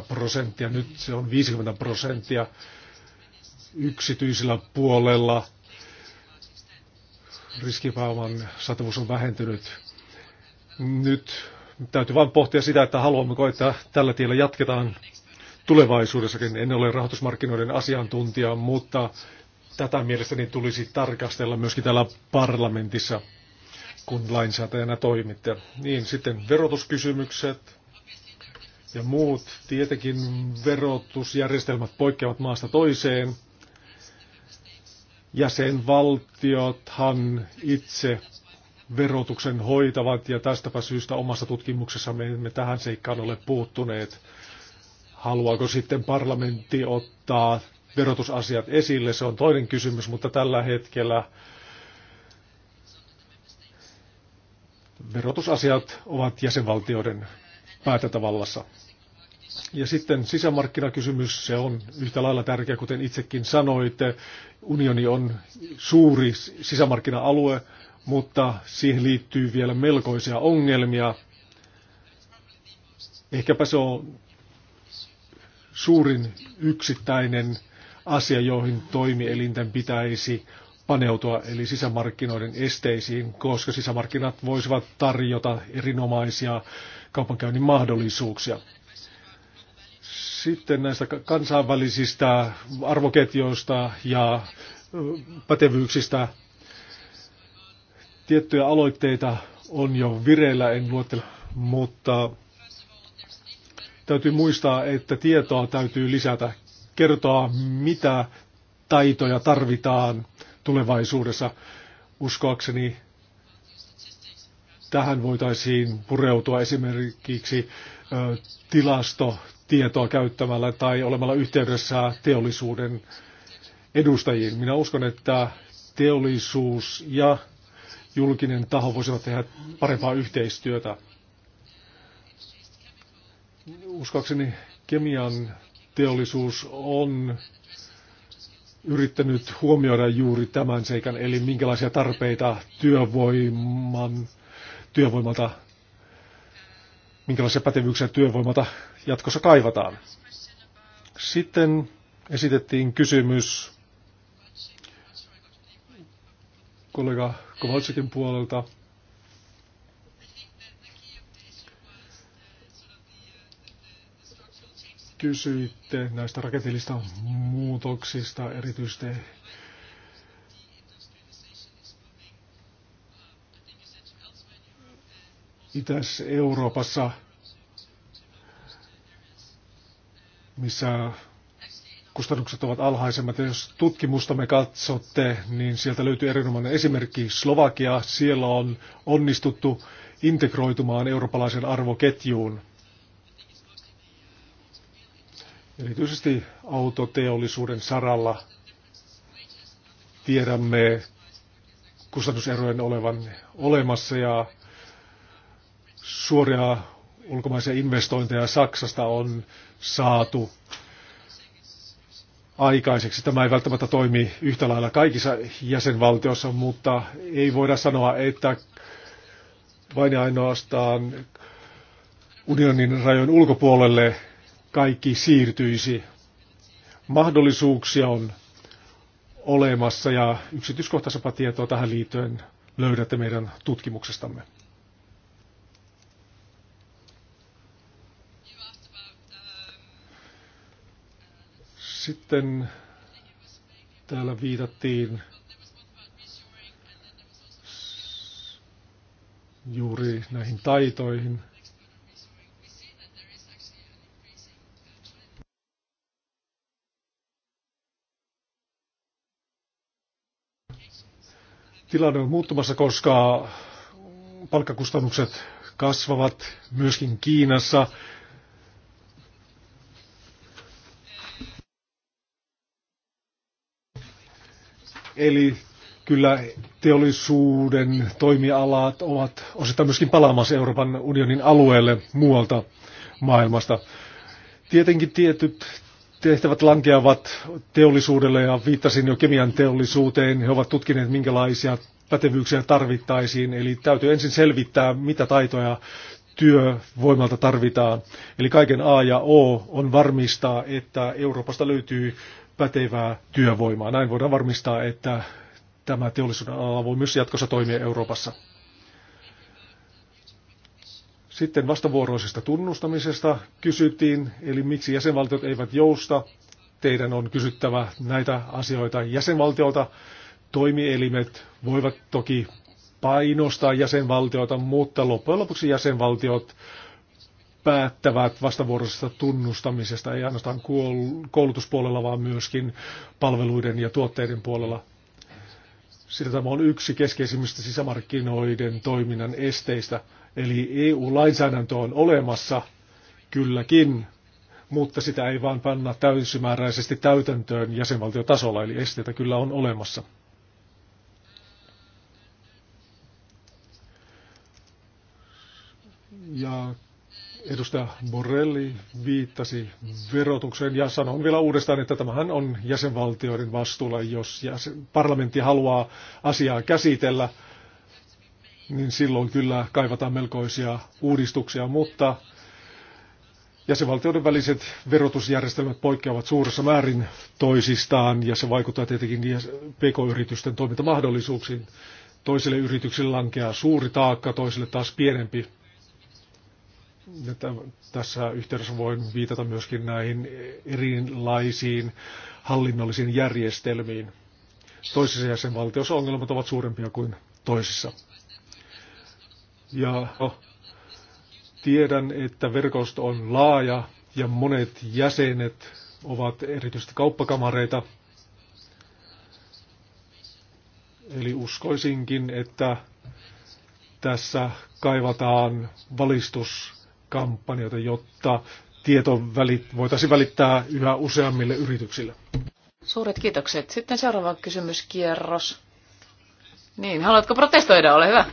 prosenttia, nyt se on 50 prosenttia yksityisellä puolella riskipääoman saatavuus on vähentynyt. Nyt täytyy vain pohtia sitä, että haluammeko, että tällä tiellä jatketaan tulevaisuudessakin. En ole rahoitusmarkkinoiden asiantuntija, mutta tätä mielestäni tulisi tarkastella myöskin täällä parlamentissa, kun lainsäätäjänä toimitte. Niin, sitten verotuskysymykset ja muut. Tietenkin verotusjärjestelmät poikkeavat maasta toiseen – jäsenvaltiothan itse verotuksen hoitavat ja tästäpä syystä omassa tutkimuksessamme emme tähän seikkaan ole puuttuneet. Haluaako sitten parlamentti ottaa verotusasiat esille, se on toinen kysymys, mutta tällä hetkellä verotusasiat ovat jäsenvaltioiden päätäntävallassa. Ja sitten sisämarkkinakysymys, se on yhtä lailla tärkeä, kuten itsekin sanoit. Unioni on suuri sisämarkkina-alue, mutta siihen liittyy vielä melkoisia ongelmia. Ehkäpä se on suurin yksittäinen asia, joihin toimielinten pitäisi paneutua, eli sisämarkkinoiden esteisiin, koska sisämarkkinat voisivat tarjota erinomaisia kaupankäynnin mahdollisuuksia. Sitten näistä kansainvälisistä arvoketjoista ja pätevyyksistä tiettyjä aloitteita on jo vireillä, en luottele, mutta täytyy muistaa, että tietoa täytyy lisätä, kertoa mitä taitoja tarvitaan tulevaisuudessa. Uskoakseni tähän voitaisiin pureutua esimerkiksi tilasto tietoa käyttämällä tai olemalla yhteydessä teollisuuden edustajiin. Minä uskon, että teollisuus ja julkinen taho voisivat tehdä parempaa yhteistyötä. Uskoakseni kemian teollisuus on yrittänyt huomioida juuri tämän seikan, eli minkälaisia tarpeita työvoiman, työvoimalta minkälaisia pätevyyksiä työvoimata jatkossa kaivataan. Sitten esitettiin kysymys kollega Kovalsikin puolelta. Kysyitte näistä rakenteellisista muutoksista, erityisesti Itä-Euroopassa, missä kustannukset ovat alhaisemmat. Ja jos tutkimusta me katsotte, niin sieltä löytyy erinomainen esimerkki Slovakia. Siellä on onnistuttu integroitumaan eurooppalaisen arvoketjuun. Erityisesti autoteollisuuden saralla tiedämme kustannuserojen olevan olemassa ja suoria ulkomaisia investointeja Saksasta on saatu aikaiseksi. Tämä ei välttämättä toimi yhtä lailla kaikissa jäsenvaltioissa, mutta ei voida sanoa, että vain ja ainoastaan unionin rajojen ulkopuolelle kaikki siirtyisi. Mahdollisuuksia on olemassa ja yksityiskohtaisempaa tietoa tähän liittyen löydätte meidän tutkimuksestamme. Sitten täällä viitattiin juuri näihin taitoihin. Tilanne on muuttumassa, koska palkkakustannukset kasvavat myöskin Kiinassa Eli kyllä teollisuuden toimialat ovat osittain myöskin palaamassa Euroopan unionin alueelle muualta maailmasta. Tietenkin tietyt tehtävät lankeavat teollisuudelle ja viittasin jo kemian teollisuuteen. He ovat tutkineet, minkälaisia pätevyyksiä tarvittaisiin. Eli täytyy ensin selvittää, mitä taitoja työvoimalta tarvitaan. Eli kaiken A ja O on varmistaa, että Euroopasta löytyy pätevää työvoimaa. Näin voidaan varmistaa, että tämä teollisuuden ala voi myös jatkossa toimia Euroopassa. Sitten vastavuoroisesta tunnustamisesta kysyttiin, eli miksi jäsenvaltiot eivät jousta. Teidän on kysyttävä näitä asioita jäsenvaltiolta. Toimielimet voivat toki painostaa jäsenvaltiota, mutta loppujen lopuksi jäsenvaltiot päättävät vastavuoroisesta tunnustamisesta, ei ainoastaan koulutuspuolella, vaan myöskin palveluiden ja tuotteiden puolella. Sitä tämä on yksi keskeisimmistä sisämarkkinoiden toiminnan esteistä. Eli EU-lainsäädäntö on olemassa kylläkin, mutta sitä ei vaan panna täysimääräisesti täytäntöön jäsenvaltiotasolla, eli esteitä kyllä on olemassa. Ja Edustaja Borrelli viittasi verotukseen ja sanon vielä uudestaan, että tämähän on jäsenvaltioiden vastuulla, jos jäsen, parlamentti haluaa asiaa käsitellä, niin silloin kyllä kaivataan melkoisia uudistuksia, mutta jäsenvaltioiden väliset verotusjärjestelmät poikkeavat suuressa määrin toisistaan ja se vaikuttaa tietenkin pk-yritysten toimintamahdollisuuksiin. Toisille yrityksille lankeaa suuri taakka, toisille taas pienempi tässä yhteydessä voin viitata myöskin näihin erilaisiin hallinnollisiin järjestelmiin. Toisissa jäsenvaltioissa ongelmat ovat suurempia kuin toisissa. Ja no, tiedän, että verkosto on laaja ja monet jäsenet ovat erityisesti kauppakamareita. Eli uskoisinkin, että tässä kaivataan valistus kampanjoita, jotta tieto välit, voitaisiin välittää yhä useammille yrityksille. Suuret kiitokset. Sitten seuraava kysymyskierros. Niin, haluatko protestoida? Ole hyvä.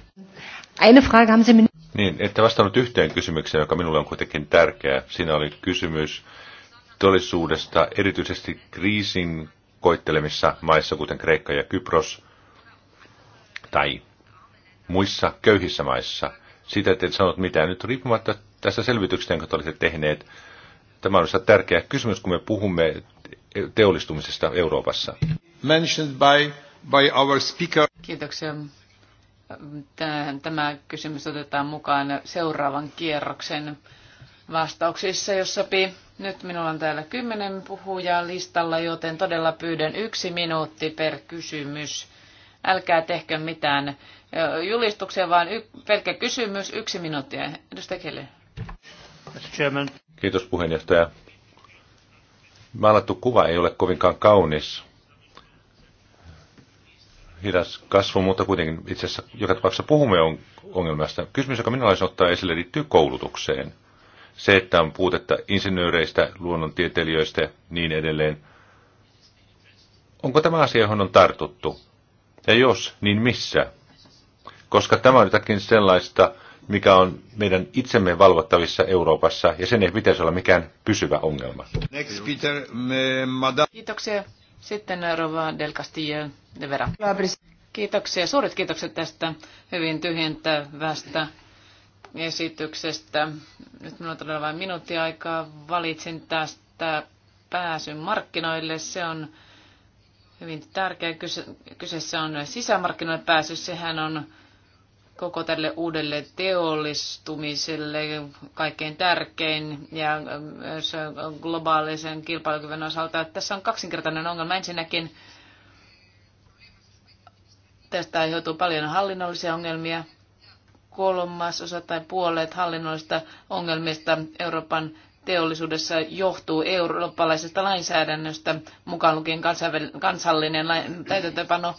Eine Frage haben Sie min- niin, ette vastannut yhteen kysymykseen, joka minulle on kuitenkin tärkeä. Siinä oli kysymys todellisuudesta, erityisesti kriisin koittelemissa maissa, kuten Kreikka ja Kypros, tai muissa köyhissä maissa. Sitä, että et sanonut mitään nyt riippumatta tässä selvityksessä, jonka te olette tehneet. Tämä on tärkeä kysymys, kun me puhumme teollistumisesta Euroopassa. by, by our speaker. Kiitoksia. Tämä kysymys otetaan mukaan seuraavan kierroksen vastauksissa, jos sopii. Nyt minulla on täällä kymmenen puhujaa listalla, joten todella pyydän yksi minuutti per kysymys. Älkää tehkö mitään julistuksia, vaan y- pelkkä kysymys, yksi minuutti. Edustaja Kelly. Kiitos puheenjohtaja. Maalattu kuva ei ole kovinkaan kaunis. Hidas kasvu, mutta kuitenkin itse asiassa joka tapauksessa puhumme ongelmasta. Kysymys, joka minä olisin ottaa esille, liittyy koulutukseen. Se, että on puutetta insinööreistä, luonnontieteilijöistä ja niin edelleen. Onko tämä asia, johon on tartuttu? Ja jos, niin missä? Koska tämä on jotakin sellaista, mikä on meidän itsemme valvottavissa Euroopassa, ja sen ei pitäisi olla mikään pysyvä ongelma. Next, Peter, me, Kiitoksia. Sitten Rova Del Castillo de Vera. Kiitoksia. Suuret kiitokset tästä hyvin tyhjentävästä esityksestä. Nyt minulla on todella vain minuutti aikaa. Valitsin tästä pääsyn markkinoille. Se on hyvin tärkeä. Kyseessä on sisämarkkinoille pääsy. Sehän on koko tälle uudelle teollistumiselle kaikkein tärkein ja myös globaalisen kilpailukyvyn osalta. Tässä on kaksinkertainen ongelma. Ensinnäkin tästä aiheutuu paljon hallinnollisia ongelmia. Kolmas osa tai puolet hallinnollista ongelmista Euroopan teollisuudessa johtuu eurooppalaisesta lainsäädännöstä, mukaan lukien kansallinen täytäntöpano.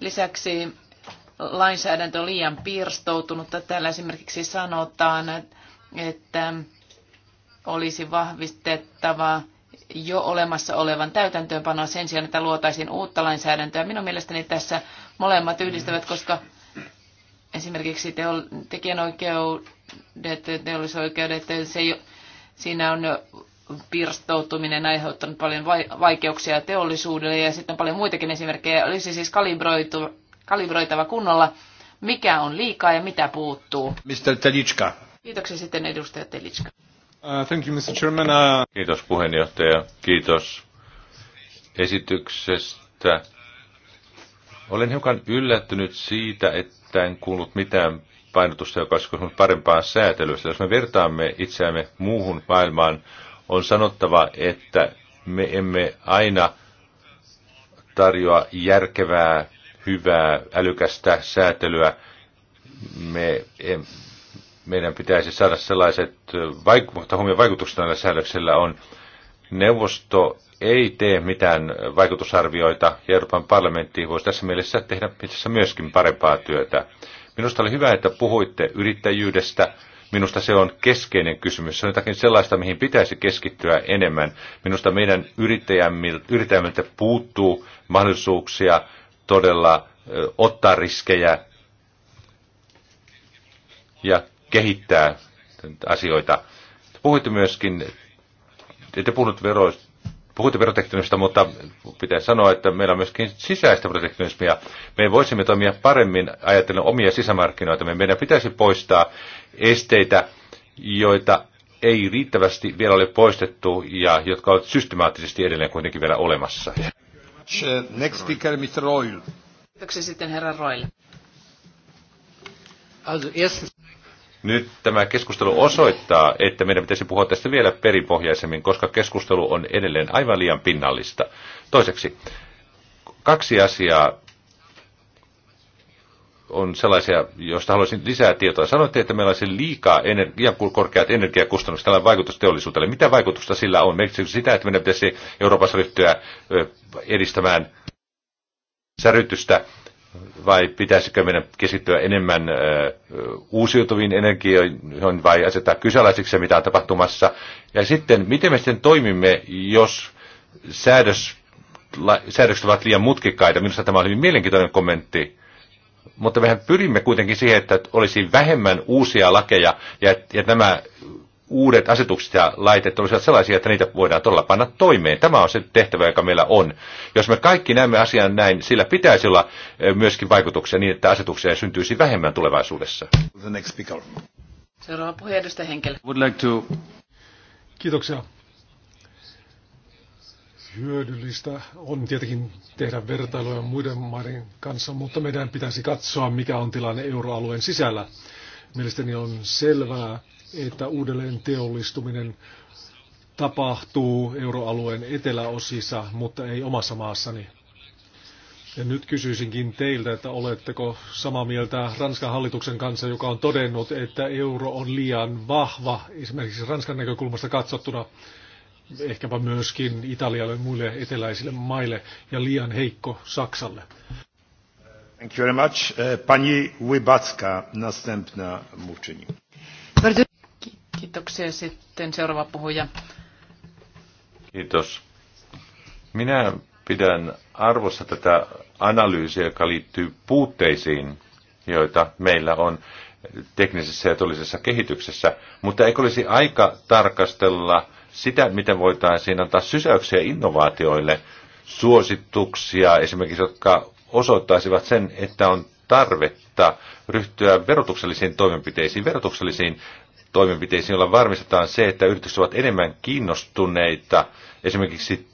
Lisäksi lainsäädäntö on liian pirstoutunutta. Täällä esimerkiksi sanotaan, että olisi vahvistettava jo olemassa olevan täytäntöönpanoa sen sijaan, että luotaisiin uutta lainsäädäntöä. Minun mielestäni tässä molemmat yhdistävät, koska esimerkiksi teo- tekijänoikeudet, teollisoikeudet, se jo, siinä on pirstoutuminen aiheuttanut paljon vaikeuksia teollisuudelle ja sitten paljon muitakin esimerkkejä. Olisi siis kalibroitu, kalibroitava kunnolla, mikä on liikaa ja mitä puuttuu. Mr. Telitska. Kiitoksia sitten edustaja Telitska. Uh, thank you, Mr. Chairman. Uh... Kiitos puheenjohtaja. Kiitos esityksestä. Olen hiukan yllättynyt siitä, että en kuullut mitään painotusta, joka olisi koskenut parempaa säätelystä. Jos me vertaamme itseämme muuhun maailmaan, on sanottava, että me emme aina tarjoa järkevää hyvää, älykästä säätelyä. Me, meidän pitäisi saada sellaiset, mutta huomioon vaikutukset näillä säädöksillä on. Neuvosto ei tee mitään vaikutusarvioita ja Euroopan parlamentti voisi tässä mielessä tehdä itse myöskin parempaa työtä. Minusta oli hyvä, että puhuitte yrittäjyydestä. Minusta se on keskeinen kysymys. Se on jotakin sellaista, mihin pitäisi keskittyä enemmän. Minusta meidän yrittäjämmiltä puuttuu mahdollisuuksia todella ottaa riskejä ja kehittää asioita. Puhuitte myöskin, ette puhunut veroista, puhuitte protektionismista, mutta pitää sanoa, että meillä on myöskin sisäistä protektionismia. Me voisimme toimia paremmin ajatellen omia sisämarkkinoita. Meidän pitäisi poistaa esteitä, joita ei riittävästi vielä ole poistettu ja jotka ovat systemaattisesti edelleen kuitenkin vielä olemassa. Next speaker, Mr. Kiitoksia sitten herra Nyt tämä keskustelu osoittaa, että meidän pitäisi puhua tästä vielä perinpohjaisemmin, koska keskustelu on edelleen aivan liian pinnallista. Toiseksi, kaksi asiaa on sellaisia, joista haluaisin lisää tietoa. Sanoitte, että meillä on liikaa energia, korkeat energiakustannukset, tällä vaikutus teollisuudelle. Mitä vaikutusta sillä on? Merkitsekö sitä, että meidän pitäisi Euroopassa ryhtyä edistämään särytystä vai pitäisikö meidän keskittyä enemmän uusiutuviin energioihin vai asettaa kysalaisiksi mitä on tapahtumassa? Ja sitten, miten me sitten toimimme, jos säädös, säädökset ovat liian mutkikkaita? Minusta tämä on hyvin mielenkiintoinen kommentti mutta mehän pyrimme kuitenkin siihen, että olisi vähemmän uusia lakeja ja, ja nämä uudet asetukset ja laitet olisivat sellaisia, että niitä voidaan todella panna toimeen. Tämä on se tehtävä, joka meillä on. Jos me kaikki näemme asian näin, sillä pitäisi olla e, myöskin vaikutuksia niin, että asetuksia syntyisi vähemmän tulevaisuudessa. The next speaker. Seuraava puheenjohtaja henkilö. Would like to... Kiitoksia hyödyllistä on tietenkin tehdä vertailuja muiden maiden kanssa, mutta meidän pitäisi katsoa, mikä on tilanne euroalueen sisällä. Mielestäni on selvää, että uudelleen teollistuminen tapahtuu euroalueen eteläosissa, mutta ei omassa maassani. Ja nyt kysyisinkin teiltä, että oletteko samaa mieltä Ranskan hallituksen kanssa, joka on todennut, että euro on liian vahva, esimerkiksi Ranskan näkökulmasta katsottuna ehkäpä myöskin Italialle ja muille eteläisille maille ja liian heikko Saksalle. Thank you very much. Eh, pani Wybacka, następna mówczyni. Kiitoksia. Sitten seuraava puhuja. Kiitos. Minä pidän arvossa tätä analyysiä, joka liittyy puutteisiin, joita meillä on teknisessä ja tollisessa kehityksessä, mutta eikö olisi aika tarkastella sitä, miten voitaisiin antaa sysäyksiä innovaatioille, suosituksia esimerkiksi, jotka osoittaisivat sen, että on tarvetta ryhtyä verotuksellisiin toimenpiteisiin, verotuksellisiin toimenpiteisiin, joilla varmistetaan se, että yritykset ovat enemmän kiinnostuneita esimerkiksi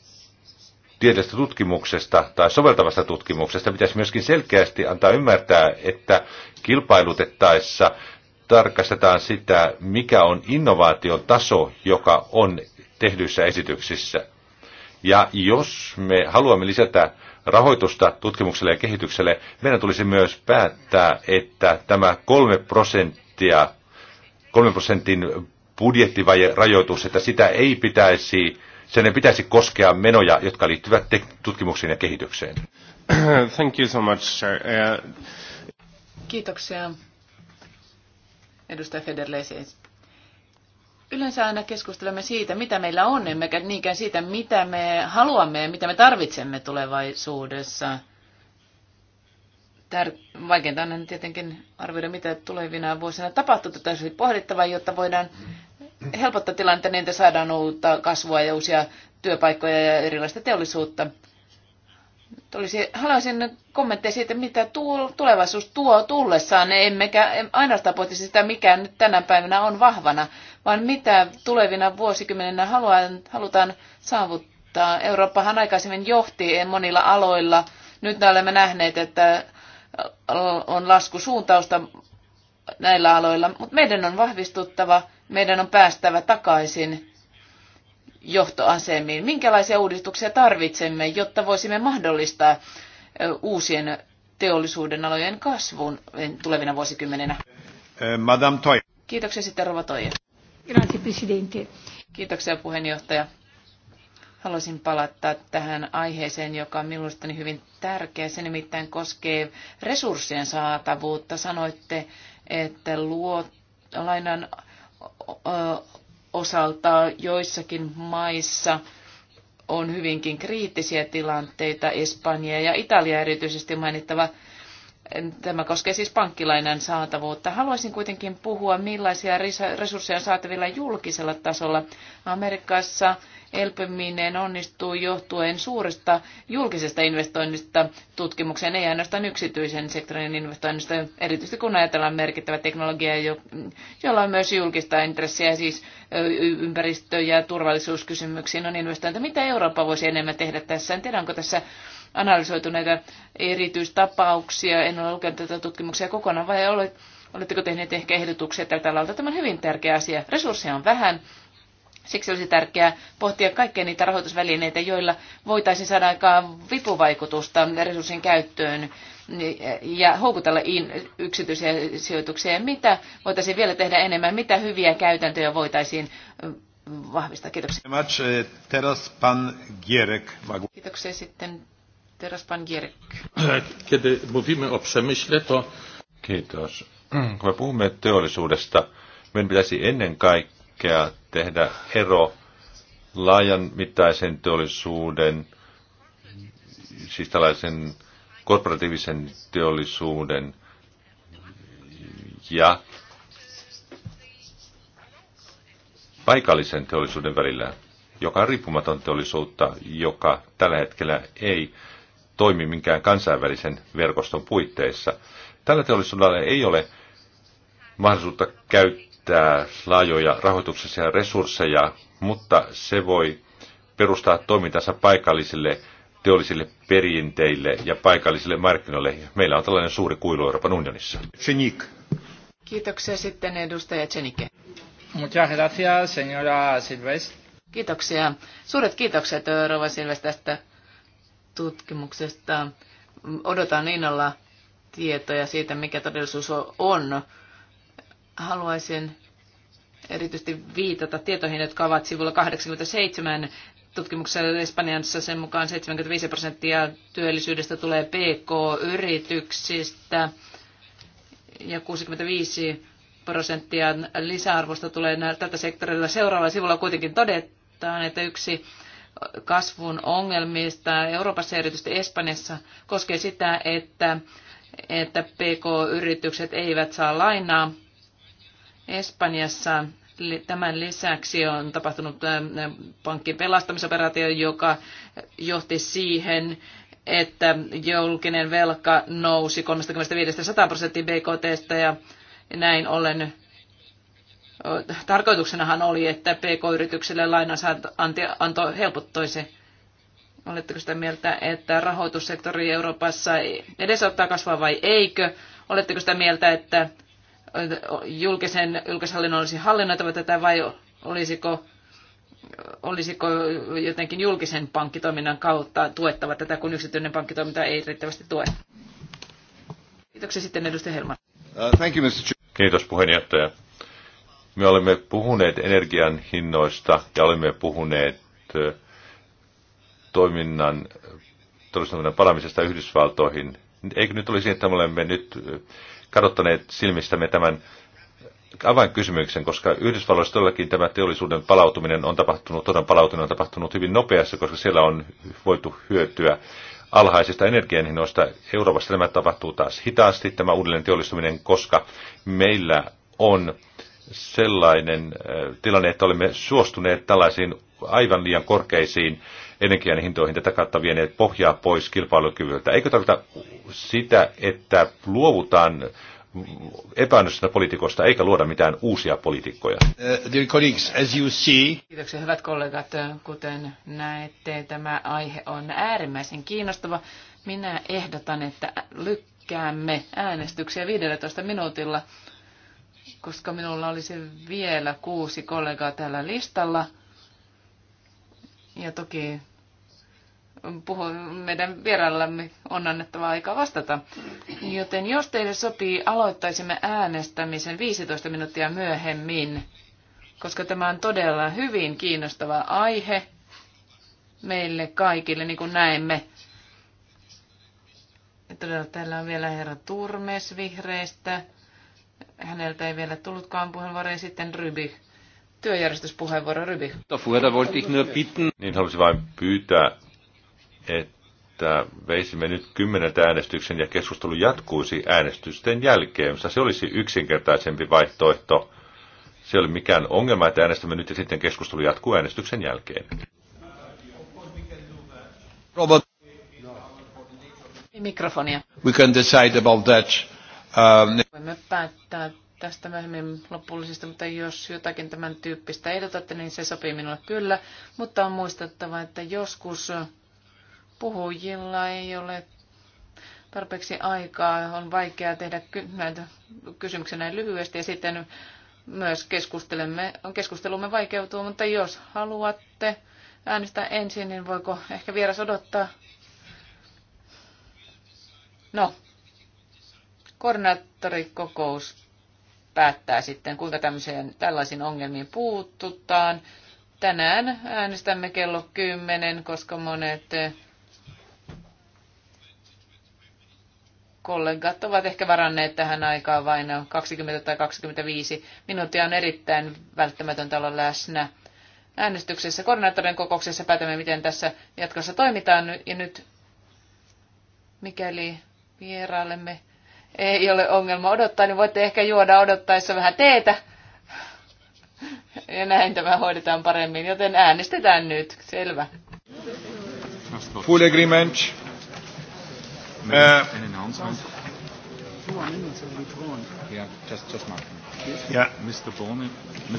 tieteellisestä tutkimuksesta tai soveltavasta tutkimuksesta. Pitäisi myöskin selkeästi antaa ymmärtää, että kilpailutettaessa tarkastetaan sitä, mikä on innovaatiotaso, joka on tehdyissä esityksissä. Ja jos me haluamme lisätä rahoitusta tutkimukselle ja kehitykselle, meidän tulisi myös päättää, että tämä kolme prosenttia, kolmen prosentin budjettivajerajoitus, että sitä ei pitäisi, sen ei pitäisi koskea menoja, jotka liittyvät tutkimuksiin ja kehitykseen. Thank you so much, sir. Uh... Kiitoksia edustaja Federley siis. Yleensä aina keskustelemme siitä, mitä meillä on, emmekä niinkään siitä, mitä me haluamme ja mitä me tarvitsemme tulevaisuudessa. Tär- Vaikeinta on tietenkin arvioida, mitä tulevina vuosina tapahtuu. Tätä olisi pohdittava, jotta voidaan helpottaa tilannetta niin, että saadaan uutta kasvua ja uusia työpaikkoja ja erilaista teollisuutta olisi, haluaisin kommentteja siitä, mitä tulevaisuus tuo tullessaan, emmekä ainoastaan pohti sitä, mikä nyt tänä päivänä on vahvana, vaan mitä tulevina vuosikymmeninä haluan, halutaan saavuttaa. Eurooppahan aikaisemmin johti monilla aloilla. Nyt olemme nähneet, että on laskusuuntausta näillä aloilla, mutta meidän on vahvistuttava, meidän on päästävä takaisin johtoasemiin. Minkälaisia uudistuksia tarvitsemme, jotta voisimme mahdollistaa uusien teollisuuden alojen kasvun tulevina vuosikymmeninä? Madame Toy. Kiitoksia sitten Rova Toija. Grazie, Presidente. Kiitoksia puheenjohtaja. Haluaisin palata tähän aiheeseen, joka on minustani hyvin tärkeä. Se nimittäin koskee resurssien saatavuutta. Sanoitte, että luo, lainan osalta joissakin maissa on hyvinkin kriittisiä tilanteita, Espanja ja Italia erityisesti mainittava. Tämä koskee siis pankkilainan saatavuutta. Haluaisin kuitenkin puhua, millaisia resursseja on saatavilla julkisella tasolla. Amerikassa elpyminen onnistuu johtuen suuresta julkisesta investoinnista tutkimukseen, ei ainoastaan yksityisen sektorin investoinnista, erityisesti kun ajatellaan merkittävä teknologia, jolla on myös julkista intressiä, siis ympäristö- ja turvallisuuskysymyksiin on investointi. Mitä Eurooppa voisi enemmän tehdä tässä? En tiedä, onko tässä analysoitu näitä erityistapauksia, en ole lukenut tätä tutkimuksia kokonaan, vai oletteko tehneet ehkä ehdotuksia tältä alalta? Tämä on hyvin tärkeä asia. Resursseja on vähän, Siksi olisi tärkeää pohtia kaikkia niitä rahoitusvälineitä, joilla voitaisiin saada aikaan vipuvaikutusta resurssin käyttöön ja houkutella yksityisiä sijoituksia. Mitä voitaisiin vielä tehdä enemmän? Mitä hyviä käytäntöjä voitaisiin vahvistaa? Kiitoksia. Eh, Kiitoksia sitten Teraz pan Gierek. to... Kiitos. Kun me puhumme teollisuudesta, meidän pitäisi ennen kaikkea tärkeää tehdä ero laajan mittaisen teollisuuden, siis tällaisen korporatiivisen teollisuuden ja paikallisen teollisuuden välillä, joka on riippumaton teollisuutta, joka tällä hetkellä ei toimi minkään kansainvälisen verkoston puitteissa. Tällä teollisuudella ei ole mahdollisuutta käyttää käyttää laajoja ja resursseja, mutta se voi perustaa toimintansa paikallisille teollisille perinteille ja paikallisille markkinoille. Meillä on tällainen suuri kuilu Euroopan unionissa. Chenik. Kiitoksia sitten edustaja Chenike. Muchas gracias, señora Silvest. Kiitoksia. Suuret kiitokset Rova Silves tästä tutkimuksesta. Odotan innolla tietoja siitä, mikä todellisuus on Haluaisin erityisesti viitata tietoihin, jotka ovat sivulla 87 tutkimuksessa Espanjassa sen mukaan 75 prosenttia työllisyydestä tulee PK-yrityksistä ja 65 prosenttia lisäarvosta tulee tältä sektorilla. Seuraavalla sivulla kuitenkin todetaan, että yksi kasvun ongelmista Euroopassa ja erityisesti Espanjassa koskee sitä, että, että PK-yritykset eivät saa lainaa Espanjassa tämän lisäksi on tapahtunut äh, pankin pelastamisoperaatio, joka johti siihen, että julkinen velka nousi 35-100 prosenttia BKT, ja näin ollen tarkoituksenahan oli, että PK-yrityksille lainananto helpottoisi. Oletteko sitä mieltä, että rahoitussektori Euroopassa edesauttaa kasvaa vai eikö? Oletteko sitä mieltä, että julkisen, julkishallinnon olisi hallinnoitava tätä vai olisiko, olisiko jotenkin julkisen pankkitoiminnan kautta tuettava tätä, kun yksityinen pankkitoiminta ei riittävästi tue? Kiitoksia sitten edustaja Helman. Uh, Kiitos puheenjohtaja. Me olemme puhuneet energian hinnoista ja olemme puhuneet uh, toiminnan, uh, toiminnan paramisesta Yhdysvaltoihin. Eikö nyt olisi, että me olemme nyt kadottaneet silmistämme tämän avainkysymyksen, koska Yhdysvalloissa todellakin tämä teollisuuden palautuminen on tapahtunut, todan palautuminen on tapahtunut hyvin nopeasti, koska siellä on voitu hyötyä alhaisista energianhinnoista. Euroopassa tämä tapahtuu taas hitaasti, tämä uudelleen teollistuminen, koska meillä on sellainen äh, tilanne, että olemme suostuneet tällaisiin aivan liian korkeisiin energian hintoihin tätä kautta vieneet pohjaa pois kilpailukyvyltä. Eikö tarvita sitä, että luovutaan epäonnistuneista poliitikosta eikä luoda mitään uusia poliitikkoja. Uh, dear colleagues, as you see... Kiitoksia hyvät kollegat. Kuten näette, tämä aihe on äärimmäisen kiinnostava. Minä ehdotan, että lykkäämme äänestyksiä 15 minuutilla, koska minulla olisi vielä kuusi kollegaa tällä listalla. Ja toki puhu, meidän vieraillamme on annettava aika vastata. Joten jos teille sopii, aloittaisimme äänestämisen 15 minuuttia myöhemmin, koska tämä on todella hyvin kiinnostava aihe meille kaikille, niin kuin näemme. Ja todella täällä on vielä herra Turmes vihreistä. Häneltä ei vielä tullutkaan puheenvuoroja. Sitten Ryby Työjärjestyspuheenvuoro Ryby. Niin haluaisin vain pyytää, että veisimme nyt kymmenen äänestyksen ja keskustelu jatkuisi äänestysten jälkeen. Se olisi yksinkertaisempi vaihtoehto. Se ei ole mikään ongelma, että äänestämme nyt ja sitten keskustelu jatkuu äänestyksen jälkeen. Robert. Mikrofonia. We can decide about that. Um... Voimme päättää tästä myöhemmin lopullisista, mutta jos jotakin tämän tyyppistä ehdotatte, niin se sopii minulle kyllä. Mutta on muistettava, että joskus puhujilla ei ole tarpeeksi aikaa, on vaikeaa tehdä näitä kysymyksiä näin lyhyesti ja sitten myös keskustelemme, keskustelumme vaikeutuu, mutta jos haluatte äänestää ensin, niin voiko ehkä vieras odottaa? No, koordinaattorikokous päättää sitten, kuinka tämmöiseen, tällaisiin ongelmiin puututaan. Tänään äänestämme kello 10, koska monet eh, kollegat ovat ehkä varanneet tähän aikaan vain 20 tai 25 minuuttia. On erittäin välttämätöntä olla läsnä äänestyksessä. Koordinaattorin kokouksessa päätämme, miten tässä jatkossa toimitaan. Ja nyt, mikäli vierailemme ei ole ongelma odottaa, niin voitte ehkä juoda odottaessa vähän teetä. Ja näin tämä hoidetaan paremmin, joten äänestetään nyt. Selvä. Full agreement. Uh, yeah, just, just Yeah. Mr. Bonin, Mr.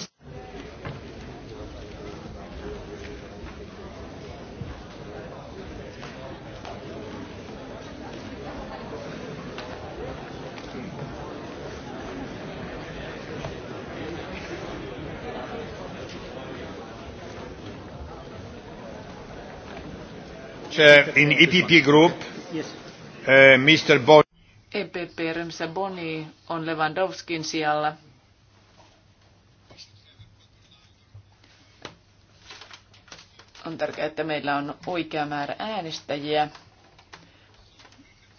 Uh, in EPP Group, uh, Mr. Boni. EPP-ryhmässä Boni on Lewandowskin sijalla. On tärkeää, että meillä on oikea määrä äänestäjiä.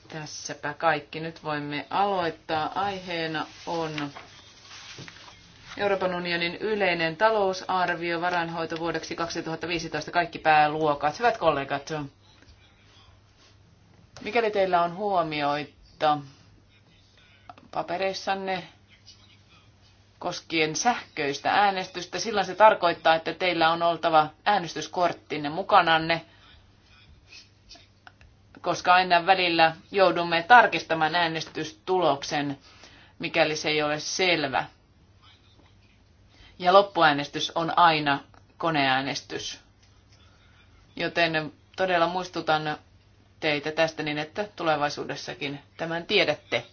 Tässäpä kaikki. Nyt voimme aloittaa. Aiheena on Euroopan unionin yleinen talousarvio varainhoito vuodeksi 2015 kaikki pääluokat. Hyvät kollegat, Mikäli teillä on huomioita papereissanne koskien sähköistä äänestystä, silloin se tarkoittaa, että teillä on oltava äänestyskorttinne mukananne, koska aina välillä joudumme tarkistamaan äänestystuloksen, mikäli se ei ole selvä. Ja loppuäänestys on aina koneäänestys. Joten todella muistutan teitä tästä niin, että tulevaisuudessakin tämän tiedätte.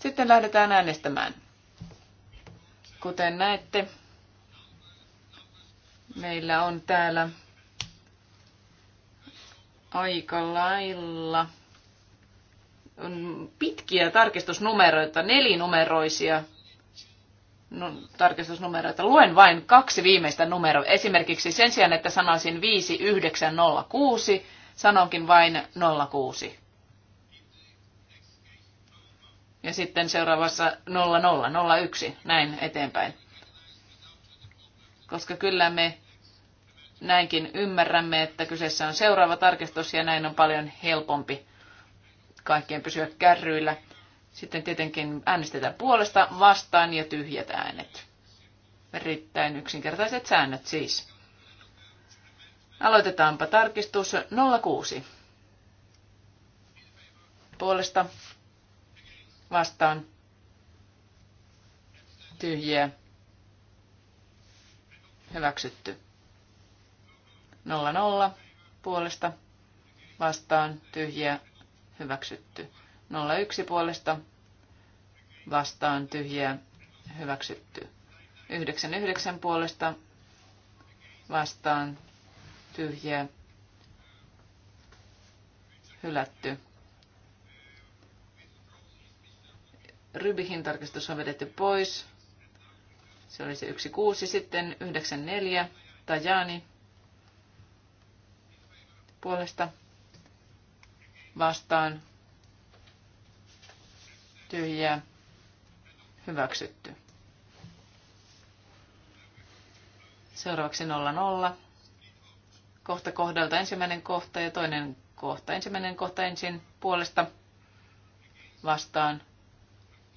Sitten lähdetään äänestämään. Kuten näette, meillä on täällä aika lailla pitkiä tarkistusnumeroita, nelinumeroisia tarkistusnumeroita. Luen vain kaksi viimeistä numeroa. Esimerkiksi sen sijaan, että sanoisin 5906, sanonkin vain 06. Ja sitten seuraavassa 0001, näin eteenpäin. Koska kyllä me näinkin ymmärrämme, että kyseessä on seuraava tarkistus ja näin on paljon helpompi kaikkien pysyä kärryillä. Sitten tietenkin äänestetään puolesta, vastaan ja tyhjät äänet. Erittäin yksinkertaiset säännöt siis. Aloitetaanpa tarkistus 06. Puolesta vastaan tyhjiä hyväksytty. 00 puolesta vastaan tyhjiä hyväksytty. 01 puolesta vastaan tyhjää hyväksytty. 99 puolesta vastaan tyhjää hylätty. Rybihin tarkistus on vedetty pois. Se oli se 1.6. Sitten 9.4. Tajani puolesta vastaan tyhjää hyväksytty. Seuraavaksi 00. Kohta kohdalta ensimmäinen kohta ja toinen kohta. Ensimmäinen kohta ensin puolesta vastaan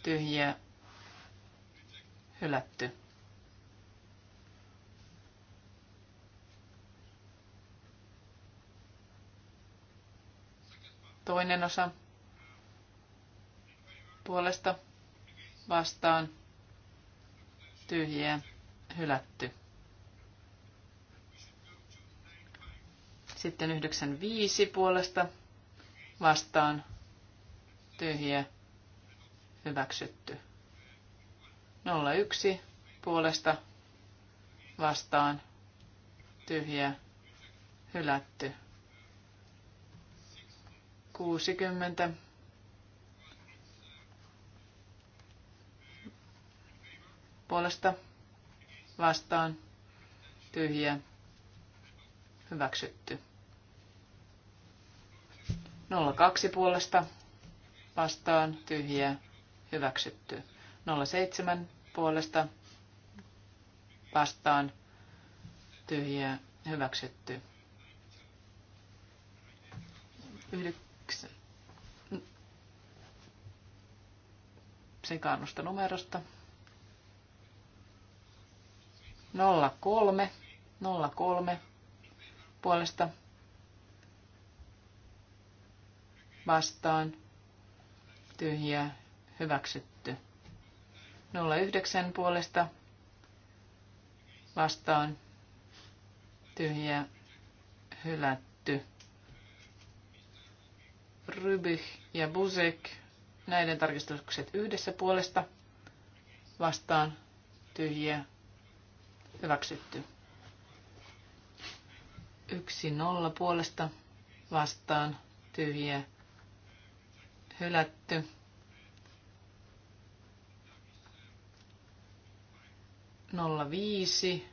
tyhjiä hylätty. Toinen osa puolesta vastaan tyhjiä hylätty. Sitten 95 puolesta vastaan tyhjiä hyväksytty. 01 puolesta vastaan tyhjiä hylätty. 60 puolesta vastaan tyhjä hyväksytty. 02 puolesta vastaan tyhjä hyväksytty. 07 puolesta vastaan tyhjä hyväksytty. 9 sekaannusta numerosta. 03, 03 puolesta vastaan tyhjä hyväksytty. 09 puolesta vastaan tyhjä hylätty. Rybich ja Busek, näiden tarkistukset yhdessä puolesta vastaan tyhjä Hyväksytty. Yksi nolla puolesta vastaan tyhjä Hylätty. Nolla viisi.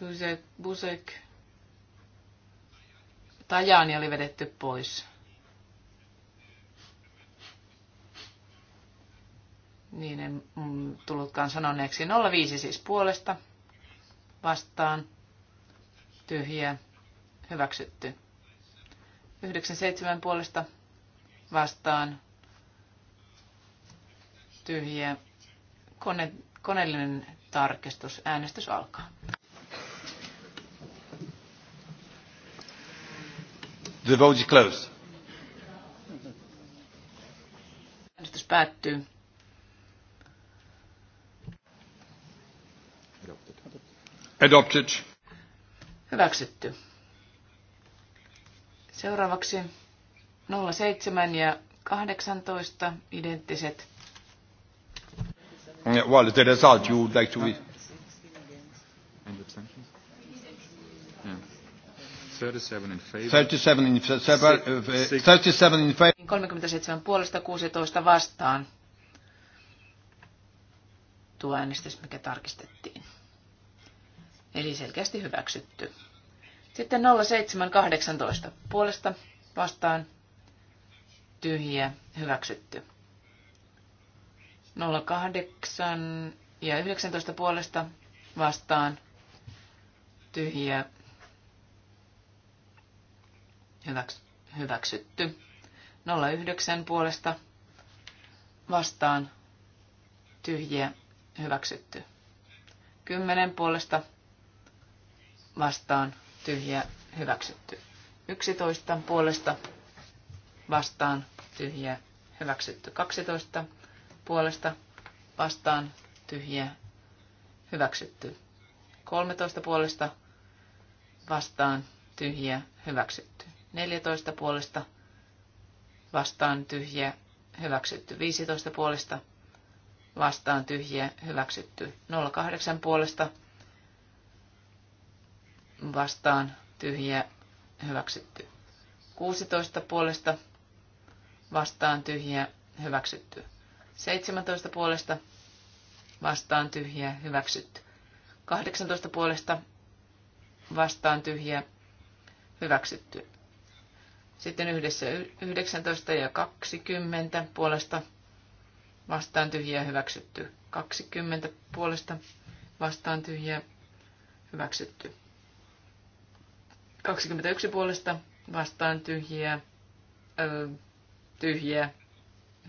Busek, Busek. Tajaani oli vedetty pois. niin en tullutkaan sanoneeksi. 05 siis puolesta vastaan tyhjä hyväksytty. 97 puolesta vastaan tyhjä Kone, koneellinen tarkistus. Äänestys alkaa. The vote is closed. Äänestys päättyy Adopted. Hyväksytty. Seuraavaksi 07 ja 18 identtiset. Well, the result you would like to be. 37 in 37 in 37 uh, uh, in 37 puolesta 16 vastaan. Tuo äänestys, mikä tarkistettiin. Eli selkeästi hyväksytty. Sitten 0718 puolesta vastaan tyhjiä hyväksytty. 08 ja 19 puolesta vastaan tyhjiä hyväks, hyväksytty. 09 puolesta vastaan tyhjiä hyväksytty. 10 puolesta vastaan tyhjä hyväksytty. 11 puolesta vastaan tyhjä hyväksytty. 12 puolesta vastaan tyhjä hyväksytty. 13 puolesta vastaan tyhjä hyväksytty. 14 puolesta vastaan tyhjä hyväksytty. 15 puolesta vastaan tyhjä hyväksytty. 08 puolesta vastaan, tyhjä, vastaan tyhjiä hyväksytty. 16 puolesta vastaan tyhjiä hyväksytty. 17 puolesta vastaan tyhjiä hyväksytty. 18 puolesta vastaan tyhjiä hyväksytty. Sitten yhdessä 19 ja 20 puolesta vastaan tyhjiä hyväksytty. 20 puolesta vastaan tyhjiä hyväksytty. 21 puolesta vastaan tyhjiä, ö, tyhjiä,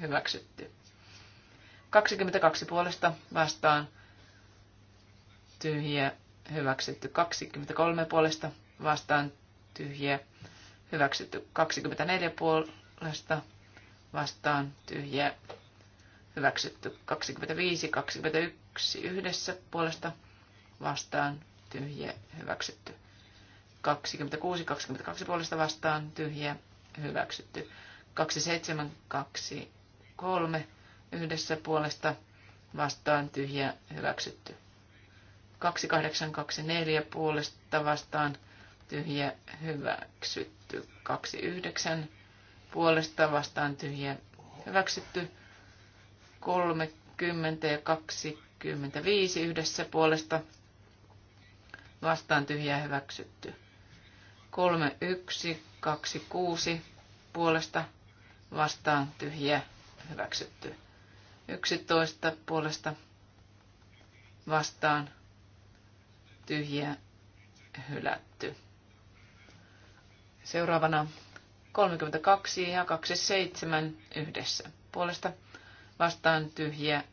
hyväksytty. 22 puolesta vastaan tyhjiä, hyväksytty. 23 puolesta vastaan tyhjiä, hyväksytty. 24 puolesta vastaan tyhjiä, hyväksytty. 25, 21 yhdessä puolesta vastaan tyhjiä, hyväksytty. 26, 22 puolesta vastaan, tyhjä, hyväksytty. 27, 23 yhdessä puolesta vastaan, tyhjä, hyväksytty. 2824 puolesta vastaan, tyhjä, hyväksytty. 29 puolesta vastaan, tyhjä, hyväksytty. 30 ja 25 yhdessä puolesta vastaan, tyhjä, hyväksytty. 3, 1, 2, 6 puolesta vastaan tyhjä hyväksytty. 11 puolesta vastaan tyhjä hylätty. Seuraavana 32 ja 27 yhdessä. Puolesta vastaan tyhjä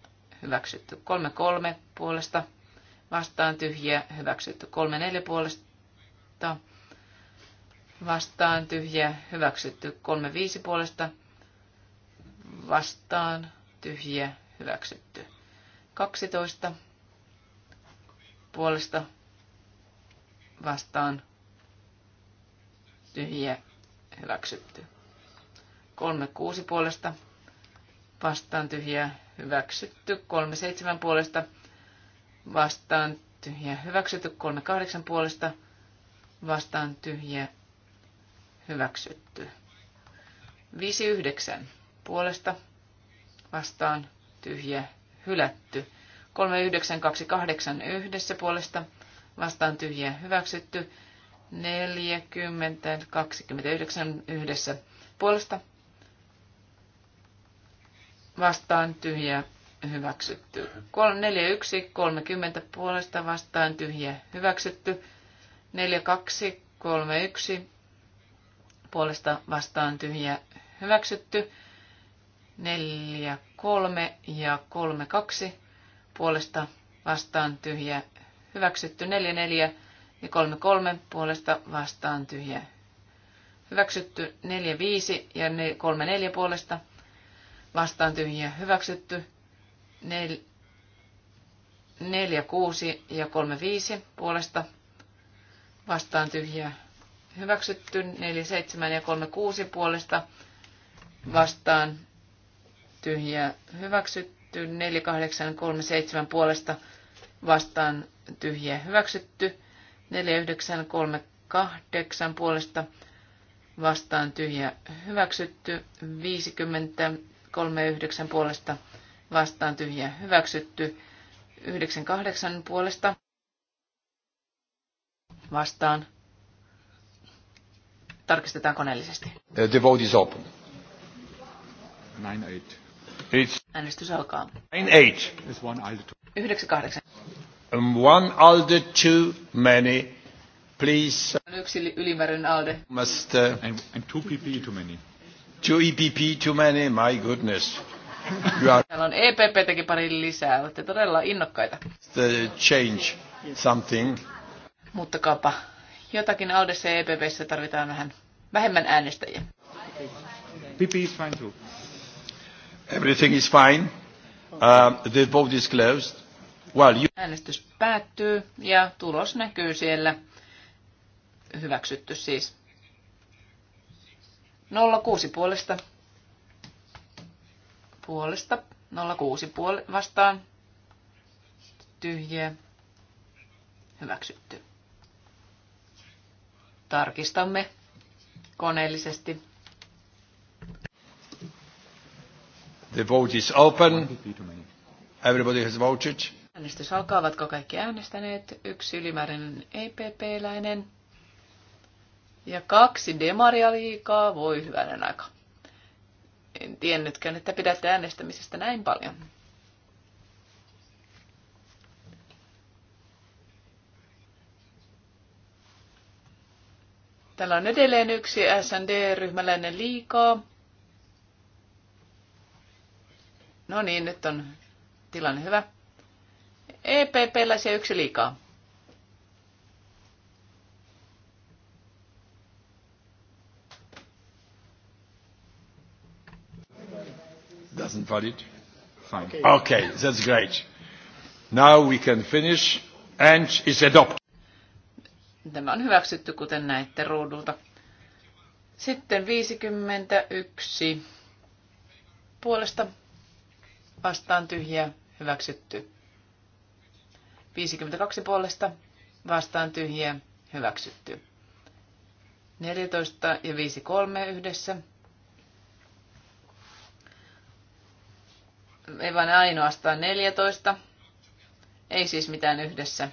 hyväksytty. 33 puolesta vastaan tyhjä hyväksytty. 34 puolesta vastaan tyhjä hyväksytty. 35 puolesta vastaan tyhjä hyväksytty. 12 puolesta vastaan tyhjä hyväksytty. 36 puolesta vastaan tyhjä hyväksytty. 37 puolesta vastaan tyhjä hyväksytty. 38 puolesta vastaan tyhjä hyväksytty. 59 puolesta vastaan tyhjä hylätty. 3928 yhdessä puolesta vastaan tyhjä hyväksytty. 40 29 yhdessä puolesta vastaan tyhjä hyväksytty. 41 30 puolesta vastaan tyhjä hyväksytty. 42 31 puolesta vastaan tyhjä hyväksytty. 4, 3 ja 3, 2 puolesta vastaan tyhjä hyväksytty. 4, 4 ja 3, 3 puolesta vastaan tyhjä hyväksytty. 4, 5 ja 3, 4 puolesta vastaan tyhjä hyväksytty. 4, 4, 6 ja 3, 5 puolesta vastaan tyhjä hyväksytty, 47 ja 36 puolesta vastaan tyhjä hyväksytty, 4837 puolesta vastaan tyhjä hyväksytty, 4938 puolesta vastaan tyhjä hyväksytty, 5039 puolesta vastaan tyhjä hyväksytty, 98 puolesta vastaan Tarkistetaan koneellisesti. Uh, the vote is open. 9-8. Äänestys alkaa. 9-8. 9 One ALDE too um, many. Please. Uh, yksi ylimääräinen ALDE. Must, uh, and, and two PP e too many. Two EPP e too many, my goodness. You are... Täällä on EPP teki pari lisää, olette todella innokkaita. The change something. Muuttakaapa jotakin Aldessa ja EPPssä tarvitaan vähän vähemmän äänestäjiä. PP is fine too. Everything is fine. Uh, the vote is closed. Well, you... Äänestys päättyy ja tulos näkyy siellä. Hyväksytty siis. 06 puolesta. Puolesta. 06 puol- vastaan. Tyhjä. Hyväksytty. Tarkistamme koneellisesti. The vote is open. Everybody has voted. Äänestys alkaa. Ovatko kaikki äänestäneet? Yksi ylimääräinen EPP-läinen. Ja kaksi demaria liikaa. Voi hyvänen aika. En tiennytkään, että pidätte äänestämisestä näin paljon. Täällä on edelleen yksi SND-ryhmäläinen liikaa. No niin, nyt on tilanne hyvä. EPP-läisiä yksi liikaa. Doesn't it? Fine. Okay. okay, that's great. Now we can finish and it's adopted. Tämä on hyväksytty, kuten näette ruudulta. Sitten 51 puolesta vastaan tyhjä, hyväksytty. 52 puolesta vastaan tyhjä, hyväksytty. 14 ja 53 yhdessä. Ei vain ainoastaan 14. Ei siis mitään yhdessä.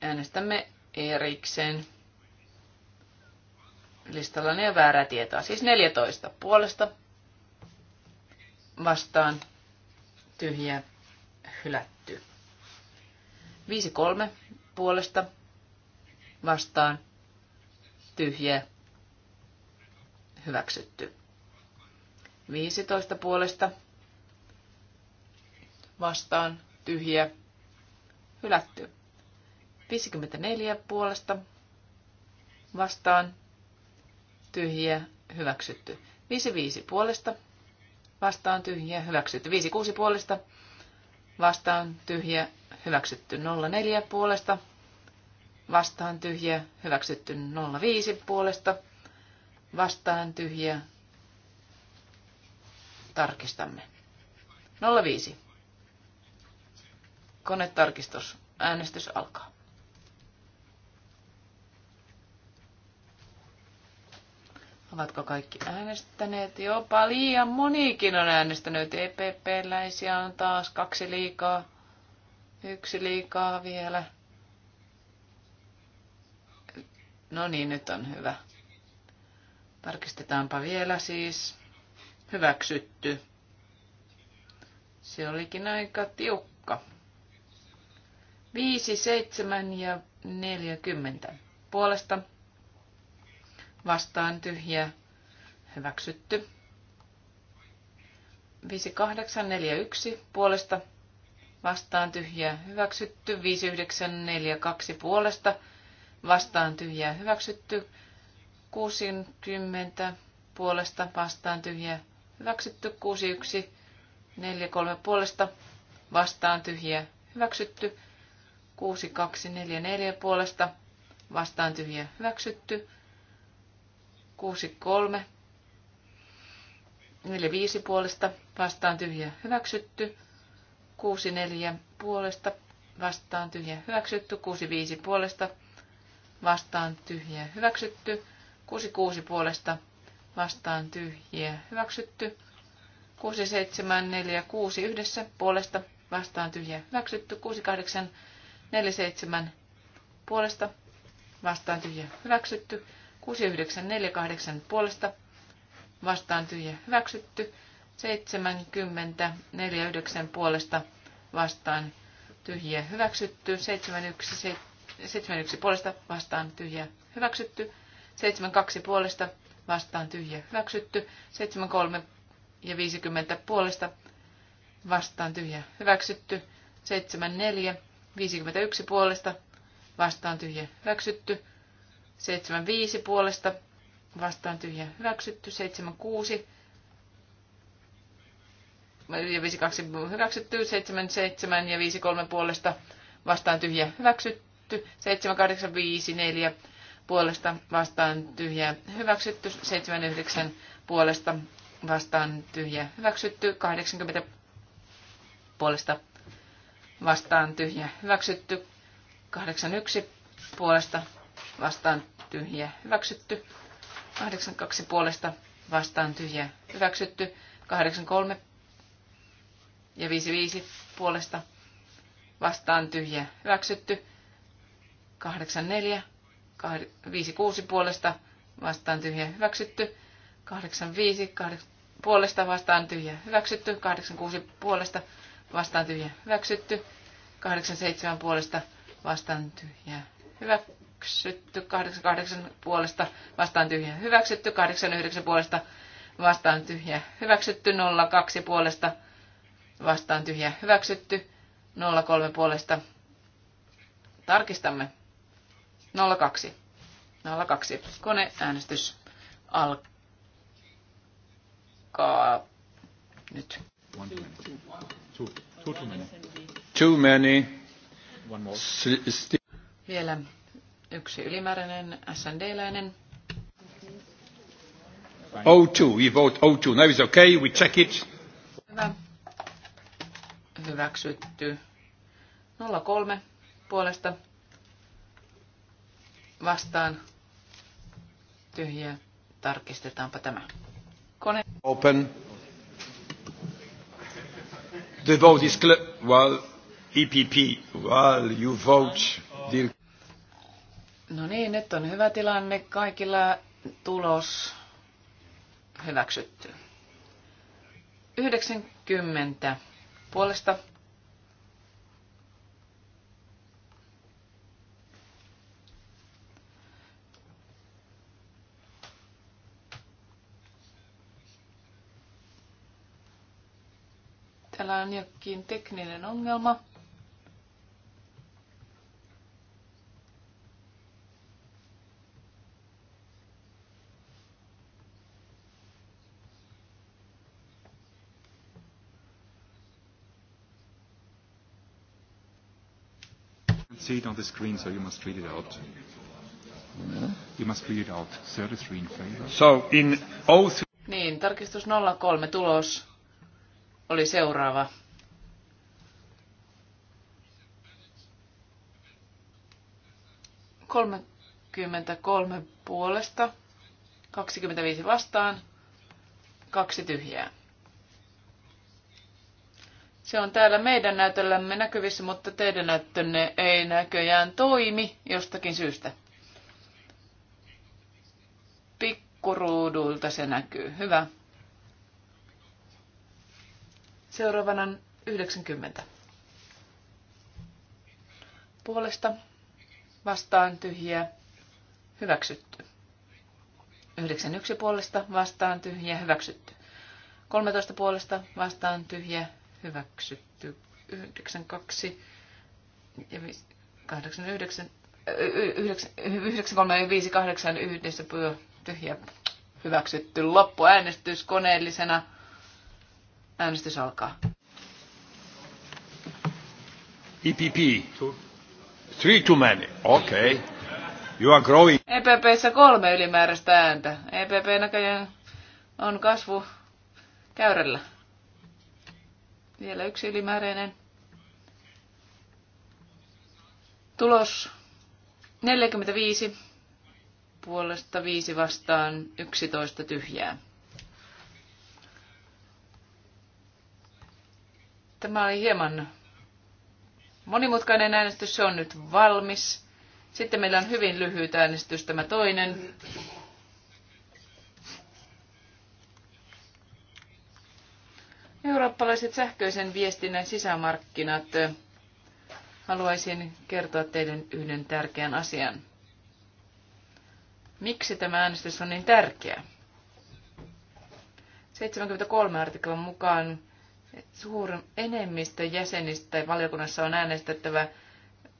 Äänestämme erikseen. Listalla ne väärää tietoa. Siis 14 puolesta vastaan tyhjä hylätty. 5-3 puolesta vastaan tyhjä hyväksytty. 15 puolesta vastaan tyhjä hylätty. 54 puolesta vastaan tyhjiä hyväksytty. 55 puolesta vastaan tyhjiä hyväksytty. 56 puolesta vastaan tyhjiä hyväksytty. 04 puolesta vastaan tyhjiä hyväksytty. 05 puolesta vastaan tyhjiä tarkistamme. 05. Konetarkistus. Äänestys alkaa. Ovatko kaikki äänestäneet? Jopa liian monikin on äänestänyt. EPP-läisiä on taas kaksi liikaa. Yksi liikaa vielä. No niin, nyt on hyvä. Tarkistetaanpa vielä siis. Hyväksytty. Se olikin aika tiukka. 5, 7 ja 40 puolesta vastaan tyhjä hyväksytty. 5841 puolesta vastaan tyhjä hyväksytty. 5942 puolesta vastaan tyhjä hyväksytty. 60 puolesta vastaan tyhjä hyväksytty. 6143 puolesta vastaan tyhjä hyväksytty. 6244 puolesta vastaan tyhjä hyväksytty kuusi kolme, 4, 5 puolesta vastaan tyhjä hyväksytty. 6, 4 puolesta vastaan tyhjä hyväksytty. 6, 5 puolesta vastaan tyhjä hyväksytty. 6, 6 puolesta vastaan tyhjä hyväksytty. 6, 7, 4, 6 yhdessä puolesta vastaan tyhjä hyväksytty. 6, 8, 4, 7 puolesta vastaan tyhjä hyväksytty. 6948 puolesta vastaan tyhjä hyväksytty. 7049 puolesta vastaan tyhjä hyväksytty. 71, puolesta vastaan tyhjä hyväksytty. 72 puolesta vastaan tyhjä hyväksytty. 73 ja 50 puolesta vastaan tyhjä hyväksytty. 74 51 puolesta vastaan tyhjä hyväksytty. 75 puolesta vastaan tyhjä hyväksytty. 76 ja 52 hyväksytty. 77 ja 53 puolesta vastaan tyhjä hyväksytty. 7854 puolesta vastaan tyhjä hyväksytty. 79 puolesta vastaan tyhjä hyväksytty. 80 puolesta vastaan tyhjä hyväksytty. 81 puolesta vastaan tyhjä hyväksytty. 82 puolesta vastaan tyhjä hyväksytty. 83 ja 55 puolesta vastaan tyhjä hyväksytty. 84, 56 puolesta vastaan tyhjä hyväksytty. 85 8, puolesta vastaan tyhjä hyväksytty. 86 puolesta vastaan tyhjä hyväksytty. 87 puolesta vastaan tyhjä hyväksytty hyväksytty, 88 puolesta vastaan tyhjä hyväksytty, 89 puolesta vastaan tyhjä hyväksytty, 02 puolesta vastaan tyhjä hyväksytty, 03 puolesta tarkistamme, 02, 02, koneäänestys alkaa nyt. One too many. Too, many. Too many. One more. Vielä Yksi ylimääräinen SND-läinen. O2, we vote O2. Now it's okay, we check it. Hyvä. Hyväksytty. 03 puolesta vastaan tyhjä. Tarkistetaanpa tämä. Kone. Open. The vote is closed. Well, EPP, well, you vote. Dear. No niin, nyt on hyvä tilanne. Kaikilla tulos hyväksytty. 90 puolesta täällä on jokin tekninen ongelma. see it on the screen, so you must read it out. You must read it out. 33 in favor. So in all Niin, tarkistus 03 tulos oli seuraava. Kolme Kolmekymmentäkolme puolesta, 25 vastaan, kaksi tyhjää. Se on täällä meidän näytöllämme näkyvissä, mutta teidän näyttönne ei näköjään toimi jostakin syystä. Pikkuruudulta se näkyy. Hyvä. Seuraavana on 90. Puolesta vastaan tyhjiä. Hyväksytty. 91 puolesta vastaan tyhjiä. Hyväksytty. 13 puolesta vastaan tyhjiä hyväksytty 92 ja 89 9358 pyö tyhjä hyväksytty äänestys koneellisena. Äänestys alkaa. EPP. Three too many. Okay. You are growing. EPPssä kolme ylimääräistä ääntä. EPP näköjään on kasvu käyrällä. Vielä yksi ylimääräinen. Tulos 45 puolesta 5 vastaan 11 tyhjää. Tämä oli hieman monimutkainen äänestys, se on nyt valmis. Sitten meillä on hyvin lyhyt äänestys tämä toinen. Eurooppalaiset sähköisen viestinnän sisämarkkinat. Haluaisin kertoa teille yhden tärkeän asian. Miksi tämä äänestys on niin tärkeä? 73 artiklan mukaan suur enemmistö jäsenistä valiokunnassa on äänestettävä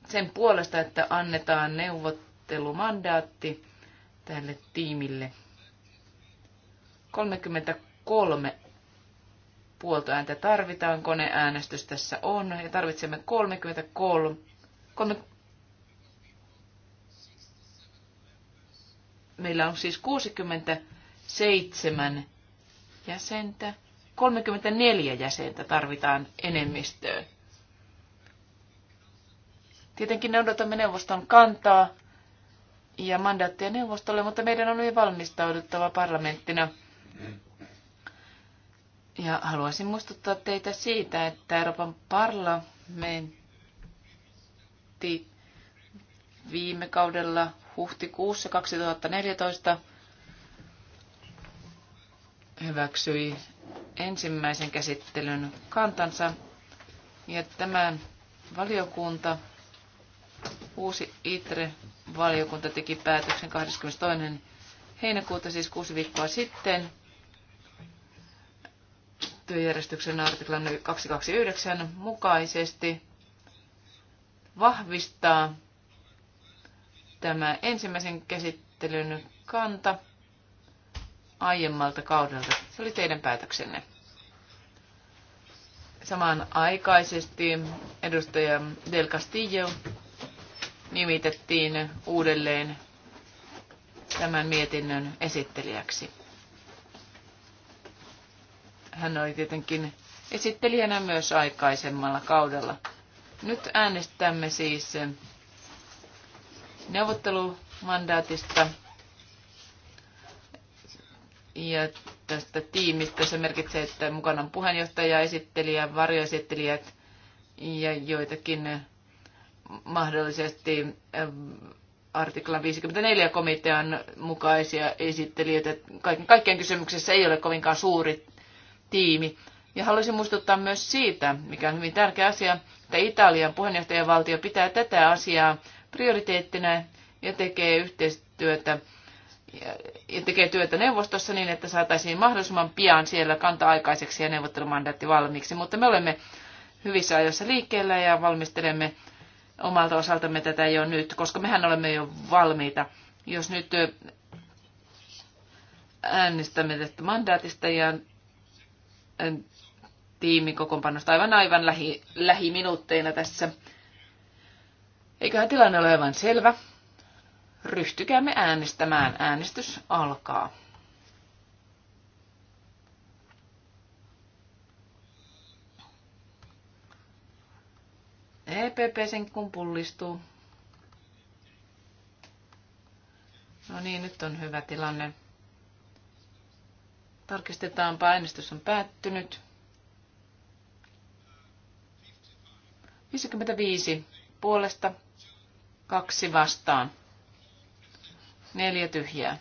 sen puolesta, että annetaan neuvottelumandaatti tälle tiimille. 33 puoltoääntä tarvitaan, koneäänestys tässä on, ja tarvitsemme 33, 3, meillä on siis 67 jäsentä, 34 jäsentä tarvitaan enemmistöön. Tietenkin ne odotamme neuvoston kantaa ja mandaattia neuvostolle, mutta meidän on hyvin valmistauduttava parlamenttina ja haluaisin muistuttaa teitä siitä, että Euroopan parlamentti viime kaudella huhtikuussa 2014 hyväksyi ensimmäisen käsittelyn kantansa. Ja tämän valiokunta, uusi ITRE-valiokunta teki päätöksen 22. heinäkuuta, siis kuusi viikkoa sitten – työjärjestyksen artiklan 229 mukaisesti vahvistaa tämä ensimmäisen käsittelyn kanta aiemmalta kaudelta. Se oli teidän päätöksenne. Samanaikaisesti edustaja Del Castillo nimitettiin uudelleen tämän mietinnön esittelijäksi. Hän oli tietenkin esittelijänä myös aikaisemmalla kaudella. Nyt äänestämme siis neuvottelumandaatista ja tästä tiimistä. Se merkitsee, että mukana on puheenjohtaja, esittelijä, varjoesittelijät ja joitakin mahdollisesti ähm, artiklan 54 komitean mukaisia esittelijöitä. Kaiken kaikkien kysymyksessä ei ole kovinkaan suuri tiimi. Ja haluaisin muistuttaa myös siitä, mikä on hyvin tärkeä asia, että Italian puheenjohtajavaltio pitää tätä asiaa prioriteettina ja tekee yhteistyötä ja tekee työtä neuvostossa niin, että saataisiin mahdollisimman pian siellä kanta aikaiseksi ja neuvottelumandaatti valmiiksi. Mutta me olemme hyvissä ajoissa liikkeellä ja valmistelemme omalta osaltamme tätä jo nyt, koska mehän olemme jo valmiita. Jos nyt äänestämme tästä mandaatista ja tiimikokoonpanosta aivan aivan lähi, lähiminuutteina tässä. Eiköhän tilanne ole aivan selvä. Ryhtykäämme äänestämään. Äänestys alkaa. EPP sen kun pullistuu. No niin, nyt on hyvä tilanne. Tarkistetaanpa, äänestys on päättynyt. 55 puolesta, kaksi vastaan, neljä tyhjää.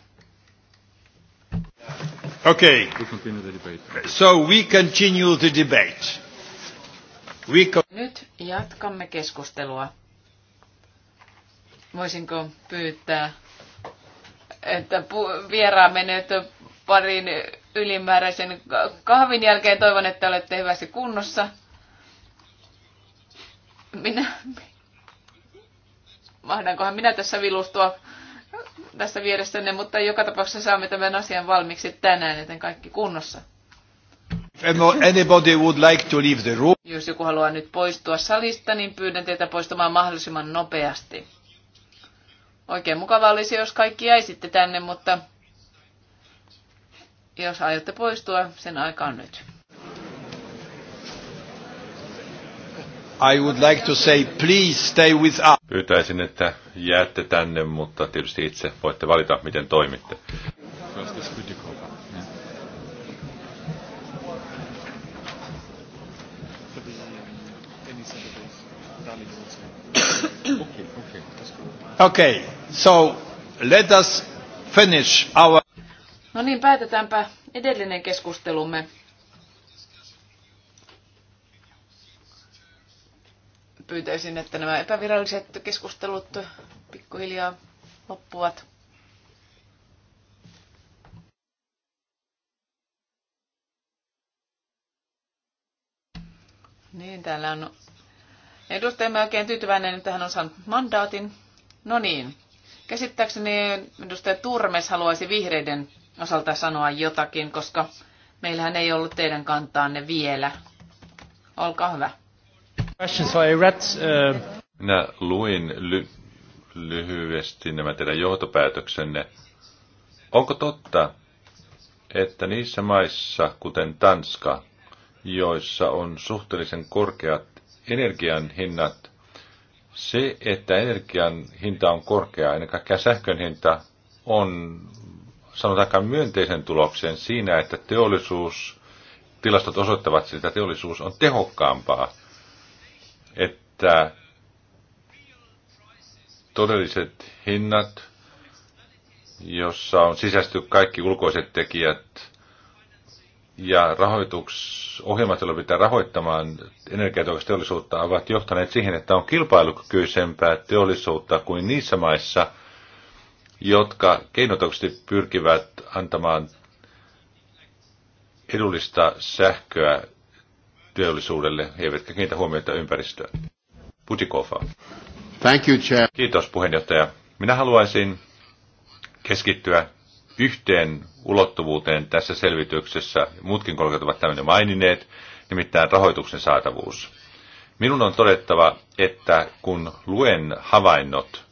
Okay. We continue the debate. So we continue the debate. We co- Nyt jatkamme keskustelua. Voisinko pyytää, että vieraamme nyt parin ylimääräisen kahvin jälkeen. Toivon, että olette hyvässä kunnossa. Minä, mahdankohan minä tässä vilustua tässä vieressänne, mutta joka tapauksessa saamme tämän asian valmiiksi tänään, joten kaikki kunnossa. Anybody would like to leave the room. Jos joku haluaa nyt poistua salista, niin pyydän teitä poistumaan mahdollisimman nopeasti. Oikein mukava olisi, jos kaikki jäisitte tänne, mutta jos aiotte poistua, sen aika on nyt. I would like to say, please stay with us. Pyytäisin, että jäätte tänne, mutta tietysti itse voitte valita, miten toimitte. Okay, so let us finish our... No niin, päätetäänpä edellinen keskustelumme. Pyytäisin, että nämä epäviralliset keskustelut pikkuhiljaa loppuvat. Niin, täällä on edustajamme oikein tyytyväinen, että hän on saanut mandaatin. No niin, käsittääkseni edustaja Turmes haluaisi vihreiden osalta sanoa jotakin, koska meillähän ei ollut teidän kantaanne vielä. Olkaa hyvä. Uh, Minä luin ly- lyhyesti nämä teidän johtopäätöksenne. Onko totta, että niissä maissa, kuten Tanska, joissa on suhteellisen korkeat energian hinnat, se, että energian hinta on korkea, ennen kaikkea sähkön hinta, on sanotaan myönteisen tuloksen siinä, että teollisuus, tilastot osoittavat sitä, että teollisuus on tehokkaampaa, että todelliset hinnat, jossa on sisästy kaikki ulkoiset tekijät ja rahoituks, joilla pitää rahoittamaan energiateollisuutta, ovat johtaneet siihen, että on kilpailukykyisempää teollisuutta kuin niissä maissa – jotka keinotoksesti pyrkivät antamaan edullista sähköä teollisuudelle, eivätkä kiinnitä huomiota ympäristöön. Putikofa. Thank you, chair. Kiitos puheenjohtaja. Minä haluaisin keskittyä yhteen ulottuvuuteen tässä selvityksessä. Muutkin kollegat ovat tämmöinen maininneet, nimittäin rahoituksen saatavuus. Minun on todettava, että kun luen havainnot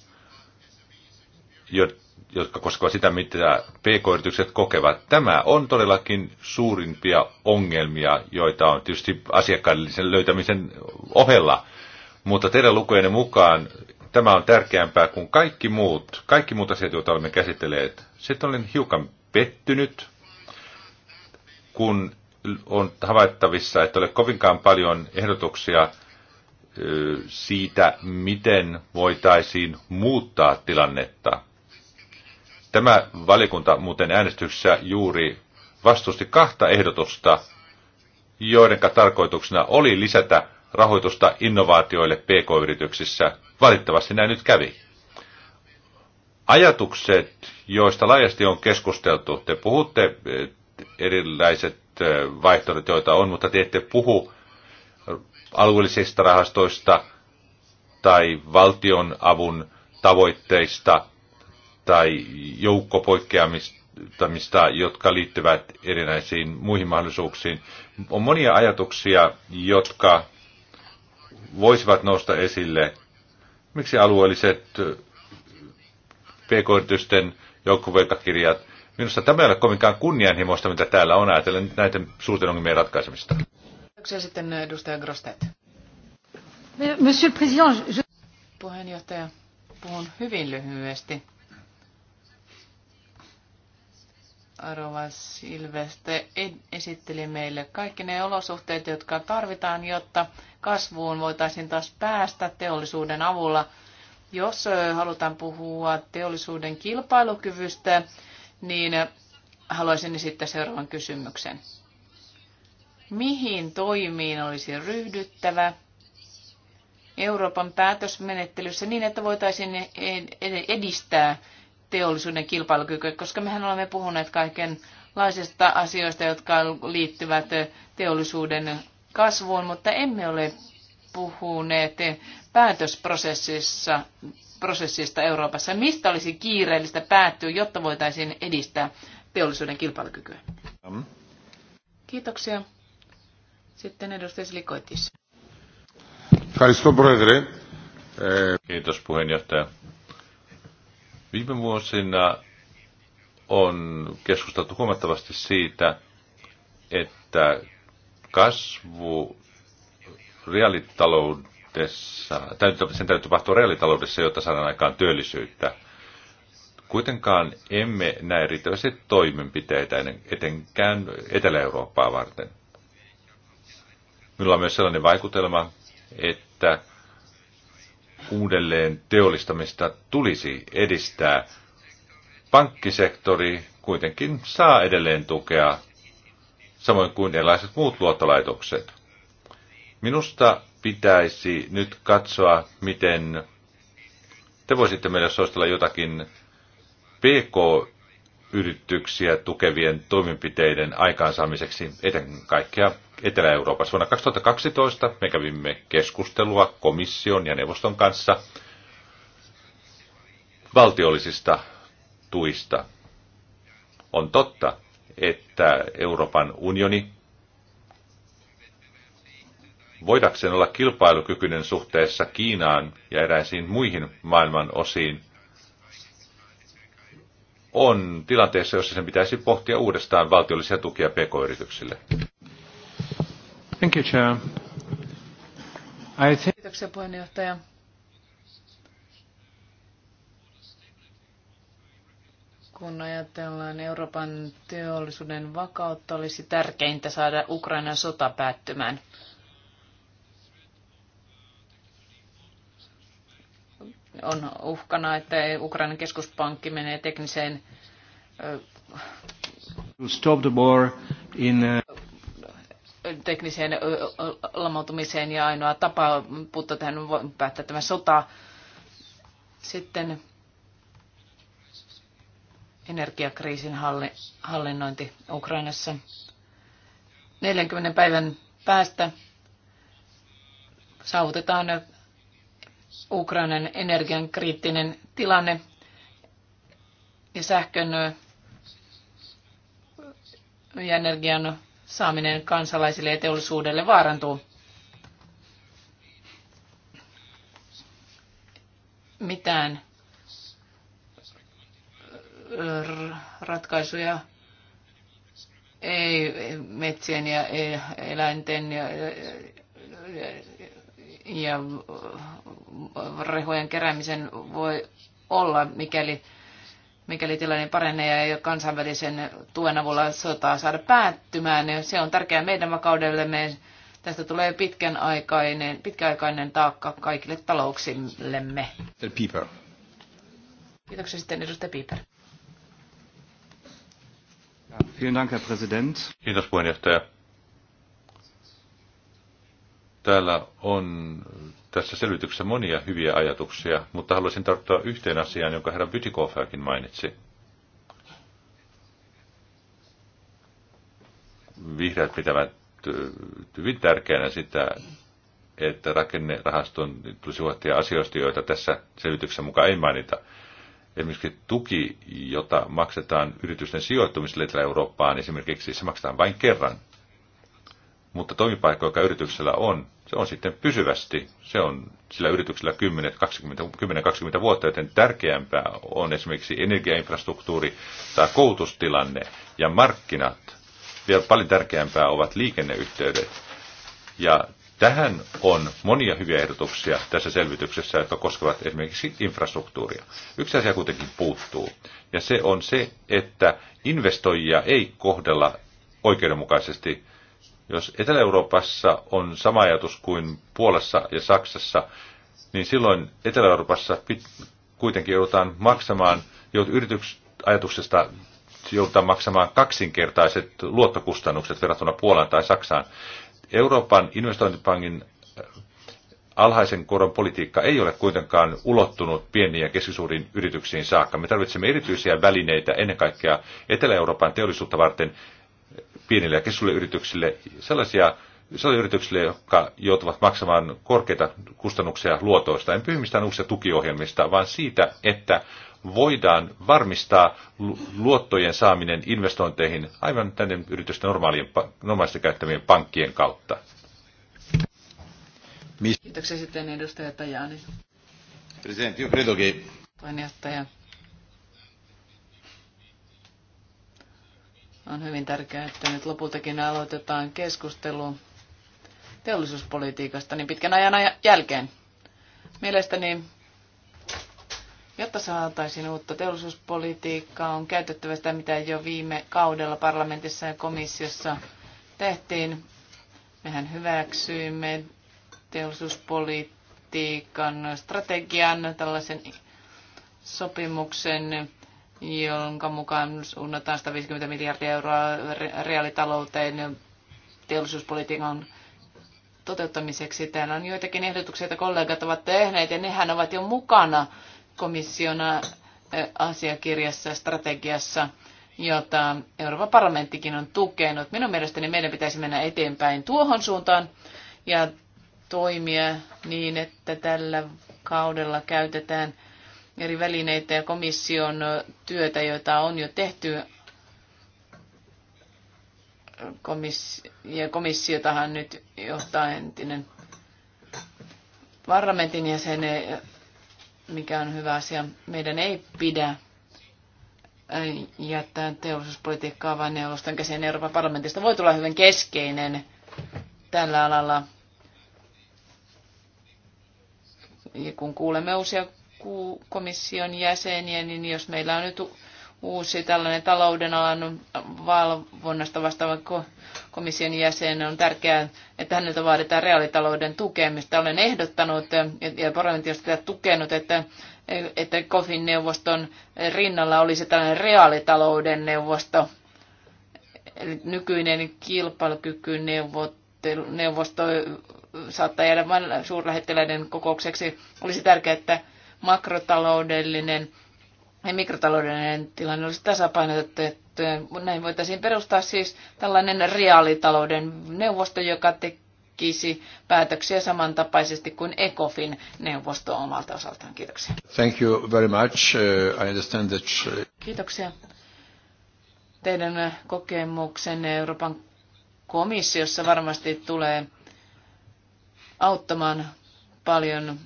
jotka koskevat sitä, mitä pk-yritykset kokevat. Tämä on todellakin suurimpia ongelmia, joita on tietysti asiakkaiden löytämisen ohella. Mutta teidän lukujenne mukaan tämä on tärkeämpää kuin kaikki muut, kaikki muut asiat, joita olemme käsitelleet. Sitten olen hiukan pettynyt, kun on havaittavissa, että ole kovinkaan paljon ehdotuksia siitä, miten voitaisiin muuttaa tilannetta. Tämä valikunta muuten äänestyksessä juuri vastusti kahta ehdotusta, joiden tarkoituksena oli lisätä rahoitusta innovaatioille pk-yrityksissä. Valitettavasti näin nyt kävi. Ajatukset, joista laajasti on keskusteltu, te puhutte eh, erilaiset eh, vaihtoehdot, joita on, mutta te ette puhu alueellisista rahastoista tai valtion avun tavoitteista tai joukko poikkeamista, jotka liittyvät erinäisiin muihin mahdollisuuksiin. On monia ajatuksia, jotka voisivat nousta esille. Miksi alueelliset pk-yritysten joukkovelkakirjat? Minusta tämä ei ole kovinkaan kunnianhimoista, mitä täällä on ajatellen näiden suurten ongelmien ratkaisemista. Kiitoksia sitten äh, edustaja Grostet. Monsieur le Président, je... Puheenjohtaja, puhun hyvin lyhyesti. Rova Silveste esitteli meille kaikki ne olosuhteet, jotka tarvitaan, jotta kasvuun voitaisiin taas päästä teollisuuden avulla. Jos halutaan puhua teollisuuden kilpailukyvystä, niin haluaisin esittää seuraavan kysymyksen. Mihin toimiin olisi ryhdyttävä Euroopan päätösmenettelyssä niin, että voitaisiin e-, e-, edistää teollisuuden kilpailukykyä, koska mehän olemme puhuneet kaikenlaisista asioista, jotka liittyvät teollisuuden kasvuun, mutta emme ole puhuneet päätösprosessissa prosessista Euroopassa. Mistä olisi kiireellistä päättyä, jotta voitaisiin edistää teollisuuden kilpailukykyä? Mm. Kiitoksia. Sitten edustaja Silikoitis. Kiitos puheenjohtaja. Viime vuosina on keskusteltu huomattavasti siitä, että kasvu reaalitaloudessa, sen täytyy tapahtua reaalitaloudessa, jotta saadaan aikaan työllisyyttä. Kuitenkaan emme näe riittävästi toimenpiteitä etenkään Etelä-Eurooppaa varten. Minulla on myös sellainen vaikutelma, että uudelleen teollistamista tulisi edistää. Pankkisektori kuitenkin saa edelleen tukea, samoin kuin erilaiset muut luottolaitokset. Minusta pitäisi nyt katsoa, miten te voisitte meille suositella jotakin PK yrityksiä tukevien toimenpiteiden aikaansaamiseksi etenkin kaikkea Etelä-Euroopassa. Vuonna 2012 me kävimme keskustelua komission ja neuvoston kanssa valtiollisista tuista. On totta, että Euroopan unioni voidakseen olla kilpailukykyinen suhteessa Kiinaan ja eräisiin muihin maailman osiin, on tilanteessa, jossa sen pitäisi pohtia uudestaan valtiollisia tukia pk-yrityksille? Thank you, Chair. I think... Kiitoksia puheenjohtaja. kun ajatellaan Euroopan teollisuuden vakautta, olisi tärkeintä saada Ukrainan sota päättymään. on uhkana, että Ukrainan keskuspankki menee tekniseen stop the war in, uh, tekniseen lamautumiseen ja ainoa tapa puuttua tähän on päättää tämä sota. Sitten energiakriisin hallinnointi Ukrainassa. 40 päivän päästä saavutetaan Ukrainan energian kriittinen tilanne ja sähkön ja energian saaminen kansalaisille ja teollisuudelle vaarantuu. Mitään ratkaisuja ei metsien ja eläinten ja ja rehujen keräämisen voi olla, mikäli, mikäli tilanne paranee ja ei kansainvälisen tuen avulla sotaa saada päättymään. Ja se on tärkeää meidän vakaudellemme. Tästä tulee pitkänaikainen, pitkäaikainen taakka kaikille talouksillemme. Pieper. Kiitoksia sitten edustaja Pieper. Vielen Dank, Herr Präsident. Kiitos puheenjohtaja. Täällä on tässä selvityksessä monia hyviä ajatuksia, mutta haluaisin tarttua yhteen asiaan, jonka herra Bytikoferkin mainitsi. Vihreät pitävät äh, hyvin tärkeänä sitä, että rakennerahaston tulisi huolehtia asioista, joita tässä selvityksessä mukaan ei mainita. Esimerkiksi tuki, jota maksetaan yritysten sijoittumiselle Etelä-Eurooppaan, esimerkiksi se maksetaan vain kerran. Mutta toimipaikka, joka yrityksellä on, se on sitten pysyvästi. Se on sillä yrityksellä 10-20 vuotta, joten tärkeämpää on esimerkiksi energiainfrastruktuuri tai koulutustilanne ja markkinat. Vielä paljon tärkeämpää ovat liikenneyhteydet. Ja tähän on monia hyviä ehdotuksia tässä selvityksessä, jotka koskevat esimerkiksi infrastruktuuria. Yksi asia kuitenkin puuttuu, ja se on se, että investoijia ei kohdella oikeudenmukaisesti – jos Etelä-Euroopassa on sama ajatus kuin Puolassa ja Saksassa, niin silloin Etelä-Euroopassa kuitenkin joudutaan maksamaan, yritysajatuksesta joudutaan maksamaan kaksinkertaiset luottokustannukset verrattuna Puolaan tai Saksaan. Euroopan investointipankin äh, alhaisen koron politiikka ei ole kuitenkaan ulottunut pieniin ja keskisuuriin yrityksiin saakka. Me tarvitsemme erityisiä välineitä ennen kaikkea Etelä-Euroopan teollisuutta varten pienille ja keskisuurille yrityksille, sellaisia, sellaisia yrityksille, jotka joutuvat maksamaan korkeita kustannuksia luotoista, en puhu mistään uusista tukiohjelmista, vaan siitä, että voidaan varmistaa luottojen saaminen investointeihin aivan tänne yritysten normaalisten käyttämien pankkien kautta. Kiitoksia sitten edustaja Tajani. Presidentti, io credo che... Puheenjohtaja. On hyvin tärkeää, että nyt lopultakin aloitetaan keskustelu teollisuuspolitiikasta niin pitkän ajan jälkeen. Mielestäni, jotta saataisiin uutta teollisuuspolitiikkaa, on käytettävä sitä, mitä jo viime kaudella parlamentissa ja komissiossa tehtiin. Mehän hyväksyimme teollisuuspolitiikan strategian, tällaisen sopimuksen jonka mukaan suunnataan 150 miljardia euroa reaalitalouteen teollisuuspolitiikan toteuttamiseksi. Täällä on joitakin ehdotuksia, joita kollegat ovat tehneet, ja nehän ovat jo mukana komissiona asiakirjassa ja strategiassa, jota Euroopan parlamenttikin on tukenut. Minun mielestäni meidän pitäisi mennä eteenpäin tuohon suuntaan ja toimia niin, että tällä kaudella käytetään – eri välineitä ja komission työtä, joita on jo tehty. Komissi- ja komissiotahan nyt johtaa entinen parlamentin jäsen, mikä on hyvä asia. Meidän ei pidä äh, jättää teollisuuspolitiikkaa vaan neuvoston käsien Euroopan parlamentista. Voi tulla hyvin keskeinen tällä alalla. Ja kun kuulemme uusia komission jäseniä, niin jos meillä on nyt uusi tällainen talouden alan valvonnasta vastaava komission jäsen, on tärkeää, että häneltä vaaditaan reaalitalouden tukemista. Olen ehdottanut ja parlamentti on sitä tukenut, että, että COFIN neuvoston rinnalla olisi tällainen reaalitalouden neuvosto, eli nykyinen kilpailukykyneuvosto saattaa jäädä vain suurlähettiläiden kokoukseksi. Olisi tärkeää, että makrotaloudellinen ja mikrotaloudellinen tilanne olisi tasapainotettu. Että näin voitaisiin perustaa siis tällainen reaalitalouden neuvosto, joka tekisi päätöksiä samantapaisesti kuin ECOFIN neuvosto omalta osaltaan. Kiitoksia. Thank you very much. Uh, I understand that... Kiitoksia. Teidän kokemuksenne Euroopan komissiossa varmasti tulee auttamaan paljon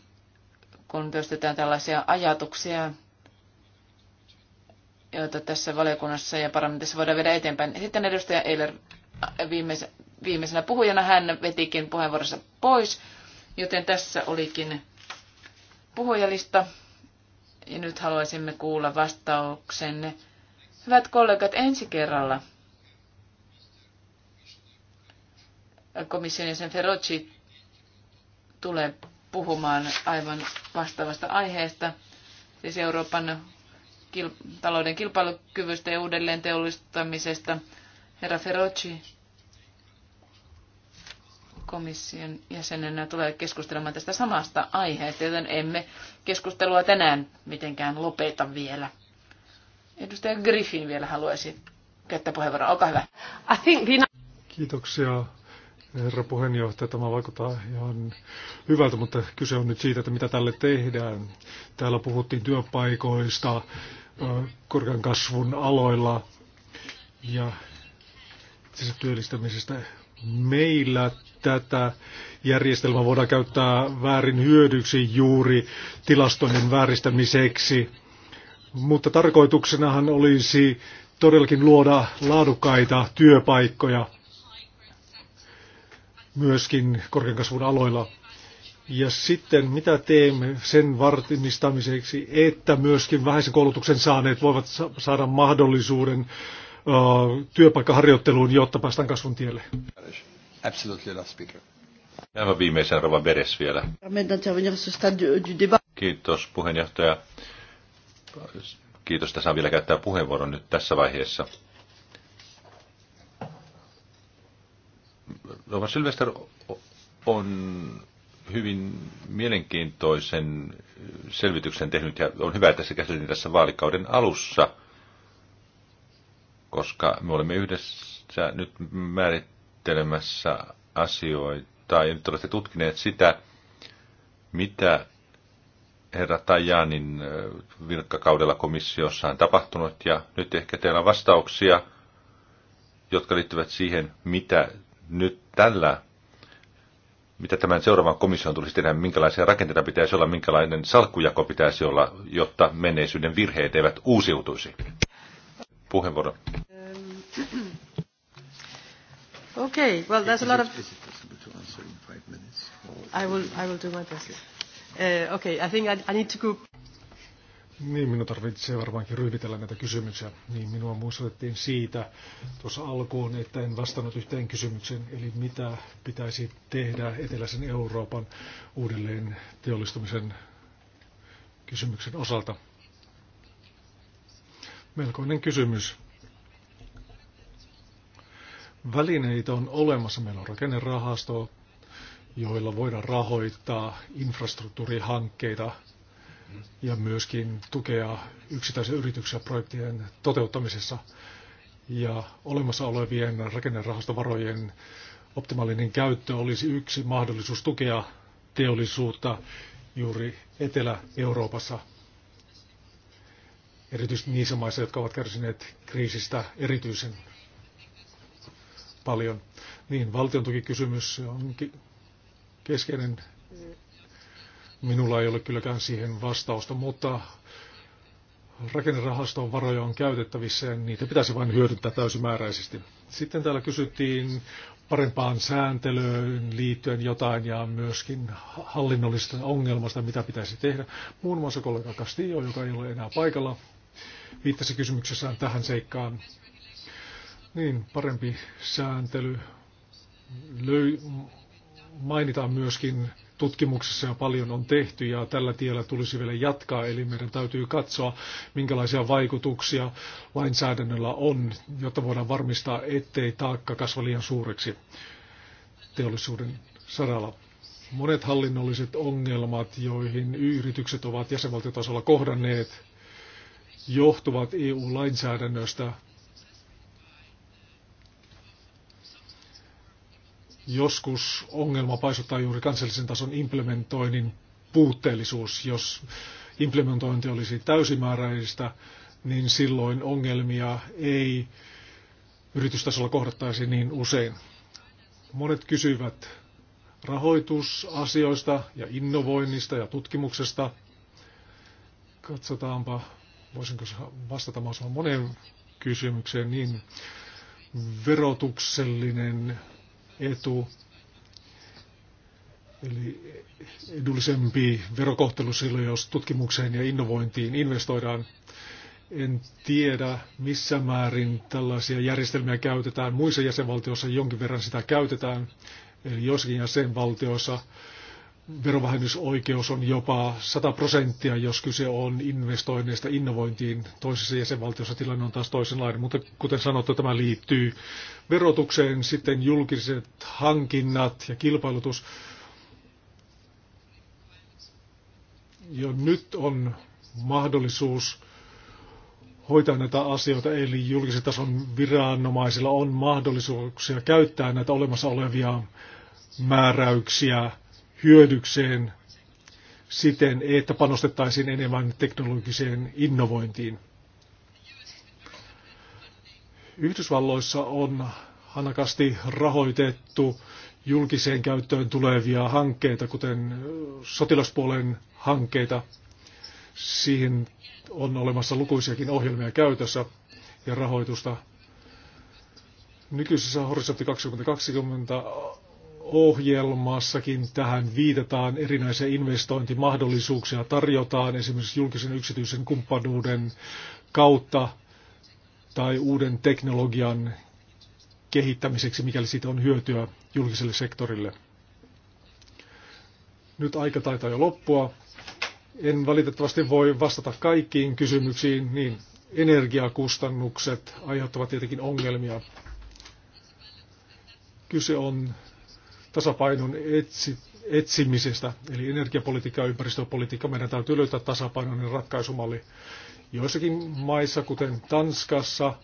kun työstetään tällaisia ajatuksia, joita tässä valiokunnassa ja parlamentissa voidaan viedä eteenpäin. Sitten edustaja Eiler viimeisenä puhujana hän vetikin puheenvuoronsa pois, joten tässä olikin puhujalista. Ja nyt haluaisimme kuulla vastauksenne. Hyvät kollegat, ensi kerralla komission jäsen Ferrocci tulee puhumaan aivan vastaavasta aiheesta, siis Euroopan kil- talouden kilpailukyvystä ja uudelleen teollistamisesta. Herra Ferrocci komission jäsenenä tulee keskustelemaan tästä samasta aiheesta, joten emme keskustelua tänään mitenkään lopeta vielä. Edustaja Griffin vielä haluaisi käyttää puheenvuoron. Olkaa hyvä. Kiitoksia herra puheenjohtaja, tämä vaikuttaa ihan hyvältä, mutta kyse on nyt siitä, että mitä tälle tehdään. Täällä puhuttiin työpaikoista korkean kasvun aloilla ja työllistämisestä. Meillä tätä järjestelmää voidaan käyttää väärin hyödyksi juuri tilastoinnin vääristämiseksi, mutta tarkoituksenahan olisi todellakin luoda laadukkaita työpaikkoja – myöskin korkean kasvun aloilla. Ja sitten mitä teemme sen vartimittamiseksi, että myöskin vähäisen koulutuksen saaneet voivat saada mahdollisuuden ö, työpaikkaharjoitteluun, jotta päästään kasvun tielle. Absolutely last speaker. Aivan viimeisen Rova veres vielä. Kiitos puheenjohtaja. Kiitos, että saan vielä käyttää puheenvuoron nyt tässä vaiheessa. Lova Sylvester on hyvin mielenkiintoisen selvityksen tehnyt ja on hyvä, että se käsitin tässä vaalikauden alussa, koska me olemme yhdessä nyt määrittelemässä asioita ja nyt olette tutkineet sitä, mitä herra Tajanin virkkakaudella komissiossa on tapahtunut ja nyt ehkä teillä on vastauksia, jotka liittyvät siihen, mitä nyt tällä, mitä tämän seuraavan komission tulisi tehdä, minkälaisia rakenteita pitäisi olla, minkälainen salkkujako pitäisi olla, jotta menneisyyden virheet eivät uusiutuisi? Puheenvuoro. Um, [CLEARS THROAT] okay, well there's a lot of... I will, I will do my best. Uh, okay, I think I, I need to group niin, minun tarvitsee varmaankin ryhvitellä näitä kysymyksiä. Niin, minua muistutettiin siitä tuossa alkuun, että en vastannut yhteen kysymykseen, eli mitä pitäisi tehdä eteläisen Euroopan uudelleen teollistumisen kysymyksen osalta. Melkoinen kysymys. Välineitä on olemassa. Meillä on rakennerahasto, joilla voidaan rahoittaa infrastruktuurihankkeita – ja myöskin tukea yksittäisiä yrityksiä projektien toteuttamisessa ja olemassa olevien rakennerahastovarojen optimaalinen käyttö olisi yksi mahdollisuus tukea teollisuutta juuri Etelä-Euroopassa, erityisesti niissä maissa, jotka ovat kärsineet kriisistä erityisen paljon. Niin, valtion tukikysymys on keskeinen Minulla ei ole kylläkään siihen vastausta, mutta rakennerahaston varoja on käytettävissä ja niitä pitäisi vain hyödyntää täysimääräisesti. Sitten täällä kysyttiin parempaan sääntelyyn liittyen jotain ja myöskin hallinnollisesta ongelmasta, mitä pitäisi tehdä. Muun muassa kollega Castillo, joka ei ole enää paikalla, viittasi kysymyksessään tähän seikkaan. Niin, parempi sääntely. Löy- mainitaan myöskin tutkimuksessa jo paljon on tehty ja tällä tiellä tulisi vielä jatkaa, eli meidän täytyy katsoa, minkälaisia vaikutuksia lainsäädännöllä on, jotta voidaan varmistaa, ettei taakka kasva liian suureksi teollisuuden saralla. Monet hallinnolliset ongelmat, joihin yritykset ovat jäsenvaltiotasolla kohdanneet, johtuvat EU-lainsäädännöstä, joskus ongelma paisuttaa juuri kansallisen tason implementoinnin puutteellisuus. Jos implementointi olisi täysimääräistä, niin silloin ongelmia ei yritystasolla kohdattaisi niin usein. Monet kysyvät rahoitusasioista ja innovoinnista ja tutkimuksesta. Katsotaanpa, voisinko vastata mahdollisimman moneen kysymykseen, niin verotuksellinen etu. Eli edullisempi verokohtelu silloin, jos tutkimukseen ja innovointiin investoidaan. En tiedä, missä määrin tällaisia järjestelmiä käytetään. Muissa jäsenvaltioissa jonkin verran sitä käytetään, eli joskin jäsenvaltioissa verovähennysoikeus on jopa 100 prosenttia, jos kyse on investoinneista innovointiin. Toisessa jäsenvaltiossa tilanne on taas toisenlainen, mutta kuten sanottu, tämä liittyy verotukseen, sitten julkiset hankinnat ja kilpailutus. Jo nyt on mahdollisuus hoitaa näitä asioita, eli julkisen tason viranomaisilla on mahdollisuuksia käyttää näitä olemassa olevia määräyksiä hyödykseen siten, että panostettaisiin enemmän teknologiseen innovointiin. Yhdysvalloissa on hanakasti rahoitettu julkiseen käyttöön tulevia hankkeita, kuten sotilaspuolen hankkeita. Siihen on olemassa lukuisiakin ohjelmia käytössä ja rahoitusta. Nykyisessä Horisontti 2020 ohjelmassakin tähän viitataan erinäisiä investointimahdollisuuksia tarjotaan esimerkiksi julkisen yksityisen kumppanuuden kautta tai uuden teknologian kehittämiseksi, mikäli siitä on hyötyä julkiselle sektorille. Nyt aika taitaa jo loppua. En valitettavasti voi vastata kaikkiin kysymyksiin, niin energiakustannukset aiheuttavat tietenkin ongelmia. Kyse on tasapainon etsi, etsimisestä. Eli energiapolitiikka ja ympäristöpolitiikka, meidän täytyy löytää tasapainoinen ratkaisumalli. Joissakin maissa, kuten Tanskassa,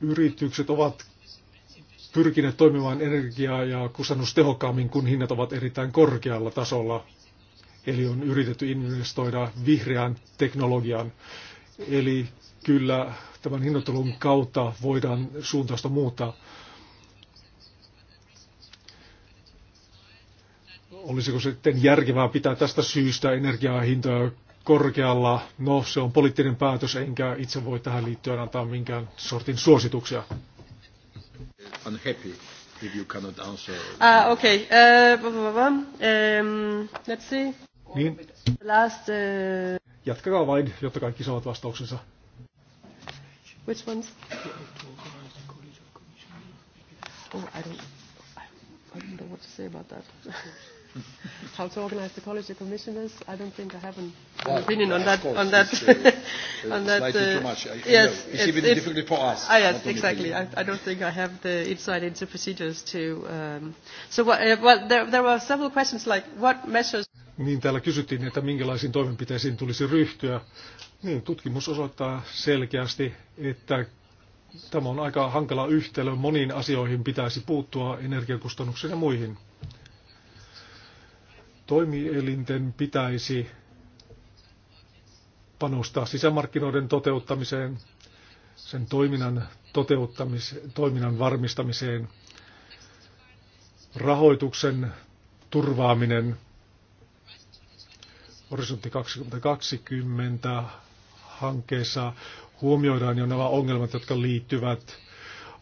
yritykset ovat pyrkineet toimimaan energiaa ja kustannustehokkaammin, kun hinnat ovat erittäin korkealla tasolla. Eli on yritetty investoida vihreään teknologiaan. Eli kyllä tämän hinnoittelun kautta voidaan suuntausta muuttaa. Olisiko sitten järkevää pitää tästä syystä energiahintoja korkealla? No, se on poliittinen päätös, enkä itse voi tähän liittyen antaa minkään sortin suosituksia. Unhappy if you cannot answer. Ah, okay. Uh, um, let's see. Niin. Last, uh... Jatkakaa vain, jotta kaikki saavat vastauksensa. Which ones? Oh, I don't, I don't know what to say about that. [LAUGHS] [LAUGHS] how to organize the College of Commissioners. I don't think I have an, well, opinion on that. Course, on that, uh, [LAUGHS] on that. Uh, too much. I, yes, I it's, it's even it's, difficult for us. Ah, yes, exactly. I, I don't think I have the insight into procedures to. Um, so, what, uh, well, there, there were several questions like what measures. Niin täällä kysyttiin, että minkälaisiin toimenpiteisiin tulisi ryhtyä. Niin, tutkimus osoittaa selkeästi, että tämä on aika hankala yhtälö. Moniin asioihin pitäisi puuttua energiakustannuksiin ja muihin. Toimielinten pitäisi panostaa sisämarkkinoiden toteuttamiseen, sen toiminnan, toteuttamiseen, toiminnan varmistamiseen, rahoituksen turvaaminen, Horisontti 2020 hankkeessa huomioidaan jo nämä ongelmat, jotka liittyvät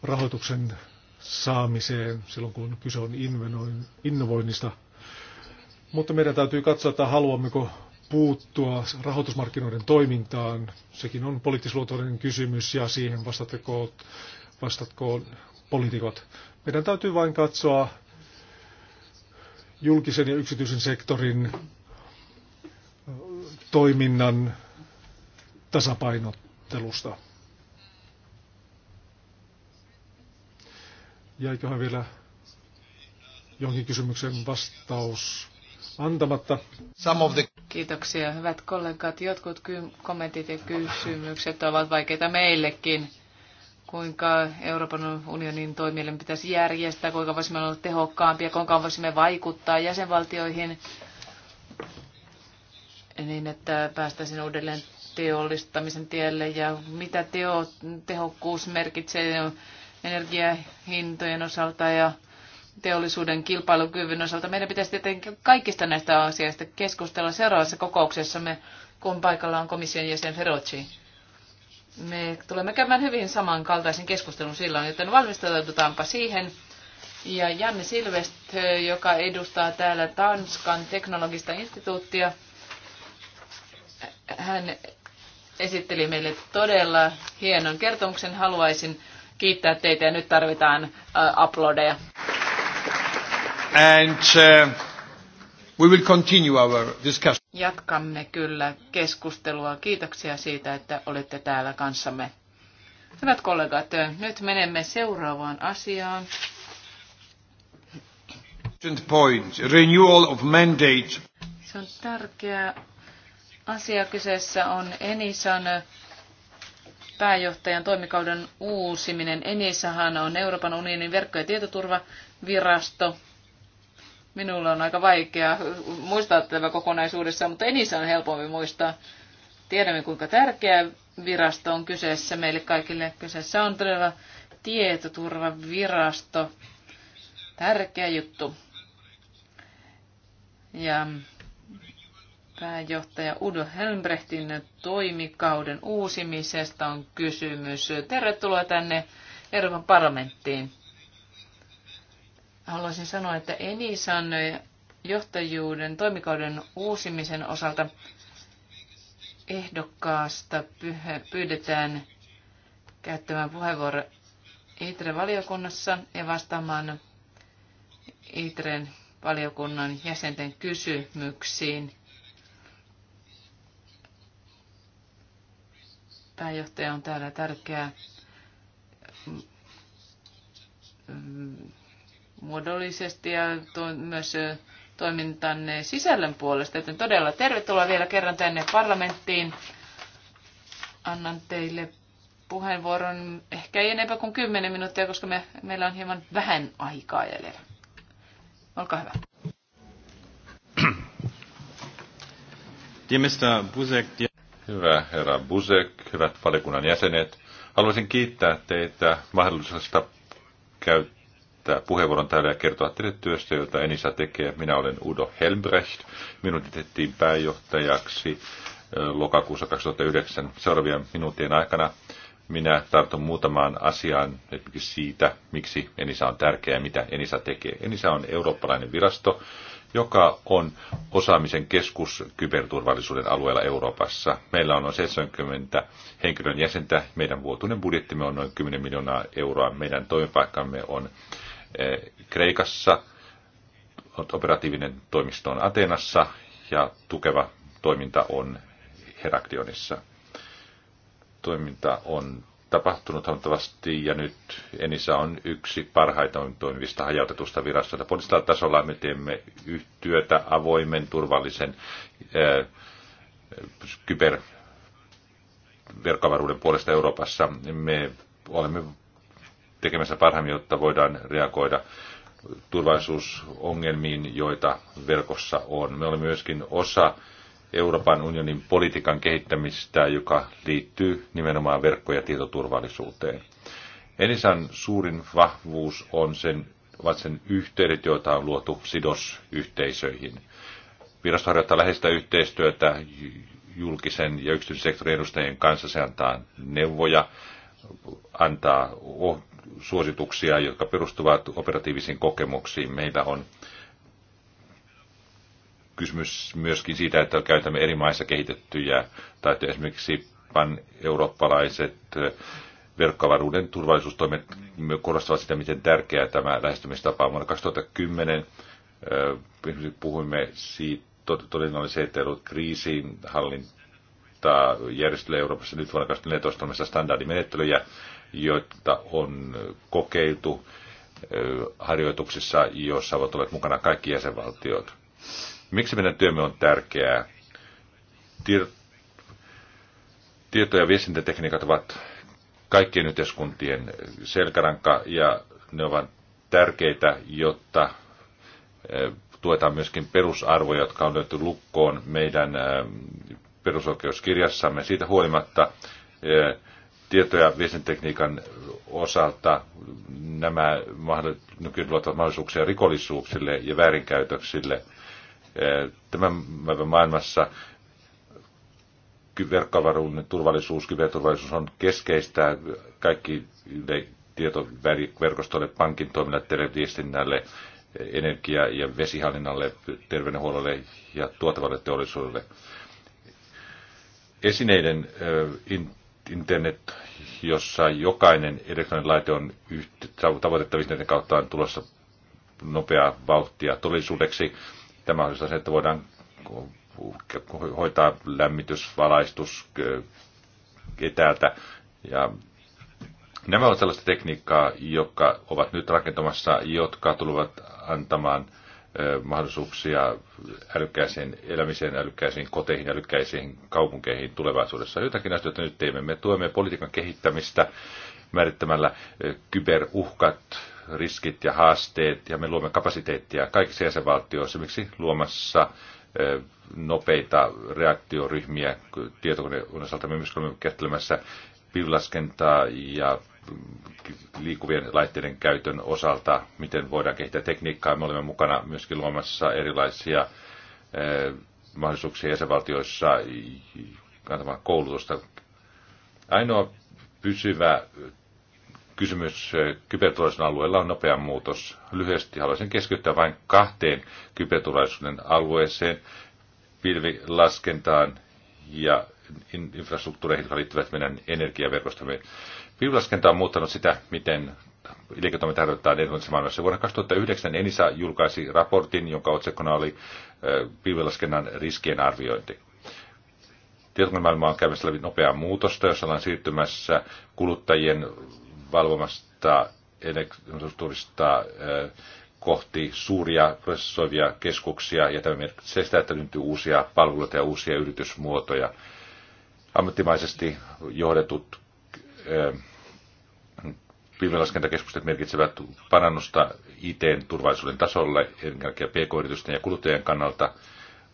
rahoituksen saamiseen silloin, kun kyse on innovoinnista. Mutta meidän täytyy katsoa, että haluammeko puuttua rahoitusmarkkinoiden toimintaan. Sekin on poliittisluotoinen kysymys ja siihen vastatko, vastatko poliitikot. Meidän täytyy vain katsoa julkisen ja yksityisen sektorin toiminnan tasapainottelusta. Jäiköhän vielä jonkin kysymyksen vastaus antamatta. Some of the... Kiitoksia, hyvät kollegat. Jotkut kommentit ja kysymykset ovat vaikeita meillekin. Kuinka Euroopan unionin toimijoille pitäisi järjestää, kuinka voisimme olla tehokkaampia, kuinka voisimme vaikuttaa jäsenvaltioihin niin, että päästäisiin uudelleen teollistamisen tielle ja mitä teo, tehokkuus merkitsee energiahintojen osalta ja teollisuuden kilpailukyvyn osalta. Meidän pitäisi tietenkin kaikista näistä asioista keskustella seuraavassa kokouksessamme, kun paikalla on komission jäsen Ferocci. Me tulemme käymään hyvin samankaltaisen keskustelun silloin, joten valmistaudutaanpa siihen. Ja Janne Silvest, joka edustaa täällä Tanskan teknologista instituuttia, hän esitteli meille todella hienon kertomuksen. Haluaisin kiittää teitä ja nyt tarvitaan aplodeja. And uh, we will continue our discussion. Jatkamme kyllä keskustelua. Kiitoksia siitä, että olette täällä kanssamme. Hyvät kollegat, nyt menemme seuraavaan asiaan. Point, renewal of mandate. Se on tärkeä asia. Kyseessä on Enisan pääjohtajan toimikauden uusiminen. Enisahan on Euroopan unionin verkko- ja tietoturvavirasto. Minulla on aika vaikea muistaa tämä kokonaisuudessaan, mutta enissä on helpompi muistaa. Tiedämme, kuinka tärkeä virasto on kyseessä meille kaikille. Kyseessä on todella tietoturvavirasto. Tärkeä juttu. Ja pääjohtaja Udo Helmbrechtin toimikauden uusimisesta on kysymys. Tervetuloa tänne Euroopan parlamenttiin haluaisin sanoa, että Enisan johtajuuden toimikauden uusimisen osalta ehdokkaasta pyydetään käyttämään puheenvuoro ITRE-valiokunnassa ja vastaamaan ITREn valiokunnan jäsenten kysymyksiin. Pääjohtaja on täällä tärkeä mm, muodollisesti ja to, myös toimintanne sisällön puolesta. Joten todella tervetuloa vielä kerran tänne parlamenttiin. Annan teille puheenvuoron ehkä ei enempää kuin 10 minuuttia, koska me, meillä on hieman vähän aikaa jäljellä. Olkaa hyvä. Hyvä herra Buzek, hyvät valikunnan jäsenet. Haluaisin kiittää teitä mahdollisesta käyttää käyttää puheenvuoron täällä ja kertoa teille työstä, jota Enisa tekee. Minä olen Udo Helmbrecht. Minut itettiin pääjohtajaksi lokakuussa 2009 seuraavien minuuttien aikana. Minä tartun muutamaan asiaan esimerkiksi siitä, miksi Enisa on tärkeä ja mitä Enisa tekee. Enisa on eurooppalainen virasto, joka on osaamisen keskus kyberturvallisuuden alueella Euroopassa. Meillä on noin 70 henkilön jäsentä, meidän vuotuinen budjettimme on noin 10 miljoonaa euroa, meidän toimipaikkamme on Kreikassa, operatiivinen toimisto on Atenassa ja tukeva toiminta on Heraktionissa. Toiminta on tapahtunut huomattavasti ja nyt Enisa on yksi parhaiten toimivista hajautetusta virastoista. Poliittisella tasolla me teemme yhtyötä avoimen, turvallisen ää, eh, kyberverkkoavaruuden puolesta Euroopassa. Me olemme tekemässä parhaimmin, jotta voidaan reagoida turvallisuusongelmiin, joita verkossa on. Me olemme myöskin osa Euroopan unionin politiikan kehittämistä, joka liittyy nimenomaan verkko- ja tietoturvallisuuteen. Enisan suurin vahvuus on sen, ovat sen yhteydet, joita on luotu sidosyhteisöihin. Virasto harjoittaa läheistä yhteistyötä julkisen ja yksityisen sektorin edustajien kanssa. Se antaa neuvoja, antaa suosituksia, jotka perustuvat operatiivisiin kokemuksiin. Meillä on kysymys myöskin siitä, että käytämme eri maissa kehitettyjä, tai että esimerkiksi pan-eurooppalaiset verkkoavaruuden turvallisuustoimet korostavat sitä, miten tärkeää tämä lähestymistapa on. Vuonna 2010 puhuimme siitä, todella että ei ollut kriisinhallintaa järjestölle Euroopassa. Nyt vuonna 2014 on standardimenettelyjä, joita on kokeiltu harjoituksissa, joissa ovat olleet mukana kaikki jäsenvaltiot. Miksi meidän työmme on tärkeää? Tieto- ja viestintätekniikat ovat kaikkien yhteiskuntien selkäranka ja ne ovat tärkeitä, jotta tuetaan myöskin perusarvoja, jotka on löytynyt lukkoon meidän perusoikeuskirjassamme. Siitä huolimatta tieto- ja viestintekniikan osalta nämä mahdollisuudet, mahdollisuuksia rikollisuuksille ja väärinkäytöksille. Tämän päivän maailmassa verkkoavaruuden turvallisuus, kyberturvallisuus on keskeistä kaikki tietoverkostoille, pankin toiminnalle, televiestinnälle, energia- ja vesihallinnalle, terveydenhuollolle ja tuotavalle teollisuudelle. Esineiden internet, jossa jokainen elektroninen laite on tavoitettavissa näiden kautta on tulossa nopeaa vauhtia todellisuudeksi. Tämä on se, että voidaan hoitaa lämmitys, valaistus etäältä. Ja nämä ovat sellaista tekniikkaa, jotka ovat nyt rakentamassa, jotka tulevat antamaan – mahdollisuuksia älykkääseen elämiseen, älykkäisiin koteihin, älykkäisiin kaupunkeihin tulevaisuudessa. Jotakin asioita nyt teemme. Me tuemme politiikan kehittämistä määrittämällä kyberuhkat, riskit ja haasteet, ja me luomme kapasiteettia kaikissa jäsenvaltioissa, esimerkiksi luomassa nopeita reaktioryhmiä tietokoneen osalta. Me myös olemme käsittelemässä ja liikkuvien laitteiden käytön osalta, miten voidaan kehittää tekniikkaa. Me olemme mukana myöskin luomassa erilaisia eh, mahdollisuuksia jäsenvaltioissa kantamaan koulutusta. Ainoa pysyvä kysymys eh, kyberturvallisuuden alueella on nopea muutos. Lyhyesti haluaisin keskittyä vain kahteen kyberturvallisuuden alueeseen, pilvilaskentaan ja infrastruktuureihin, jotka liittyvät meidän energiaverkostamme. Viivulaskenta on muuttanut sitä, miten liiketoiminta harjoitetaan erilaisissa maailmassa. Vuonna 2009 Enisa julkaisi raportin, jonka otsikkona oli äh, viivilaskennan riskien arviointi. Tietokonemaailma on käymässä läpi nopeaa muutosta, jossa ollaan siirtymässä kuluttajien valvomasta elektronistuurista äh, kohti suuria prosessoivia keskuksia, ja tämä merkitsee sitä, että syntyy uusia palveluita ja uusia yritysmuotoja. Ammattimaisesti johdetut eh, pilvilaskentakeskukset merkitsevät parannusta IT-turvallisuuden tasolle, ennen pk-yritysten ja kuluttajien kannalta.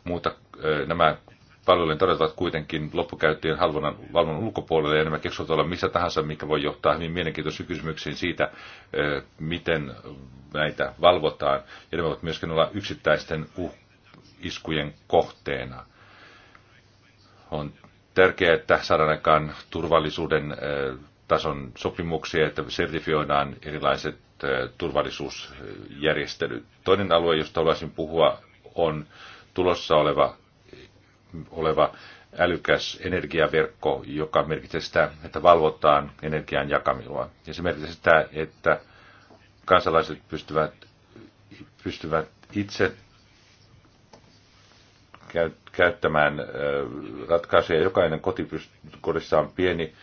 Muuta, eh, nämä palvelujen todetavat kuitenkin loppukäyttäjien halvonnan valvonnan ulkopuolelle, ja nämä keksut olla missä tahansa, mikä voi johtaa hyvin mielenkiintoisiin kysymyksiin siitä, eh, miten näitä valvotaan, ja ne voivat myöskin olla yksittäisten iskujen kohteena. On tärkeää, että saadaan aikaan turvallisuuden tason sopimuksia, että sertifioidaan erilaiset turvallisuusjärjestelyt. Toinen alue, josta haluaisin puhua, on tulossa oleva, oleva älykäs energiaverkko, joka merkitsee sitä, että valvotaan energian jakamilua. Ja se merkitsee sitä, että kansalaiset pystyvät, pystyvät itse käyttämään ratkaisuja. Jokainen kotikodissa on pieni,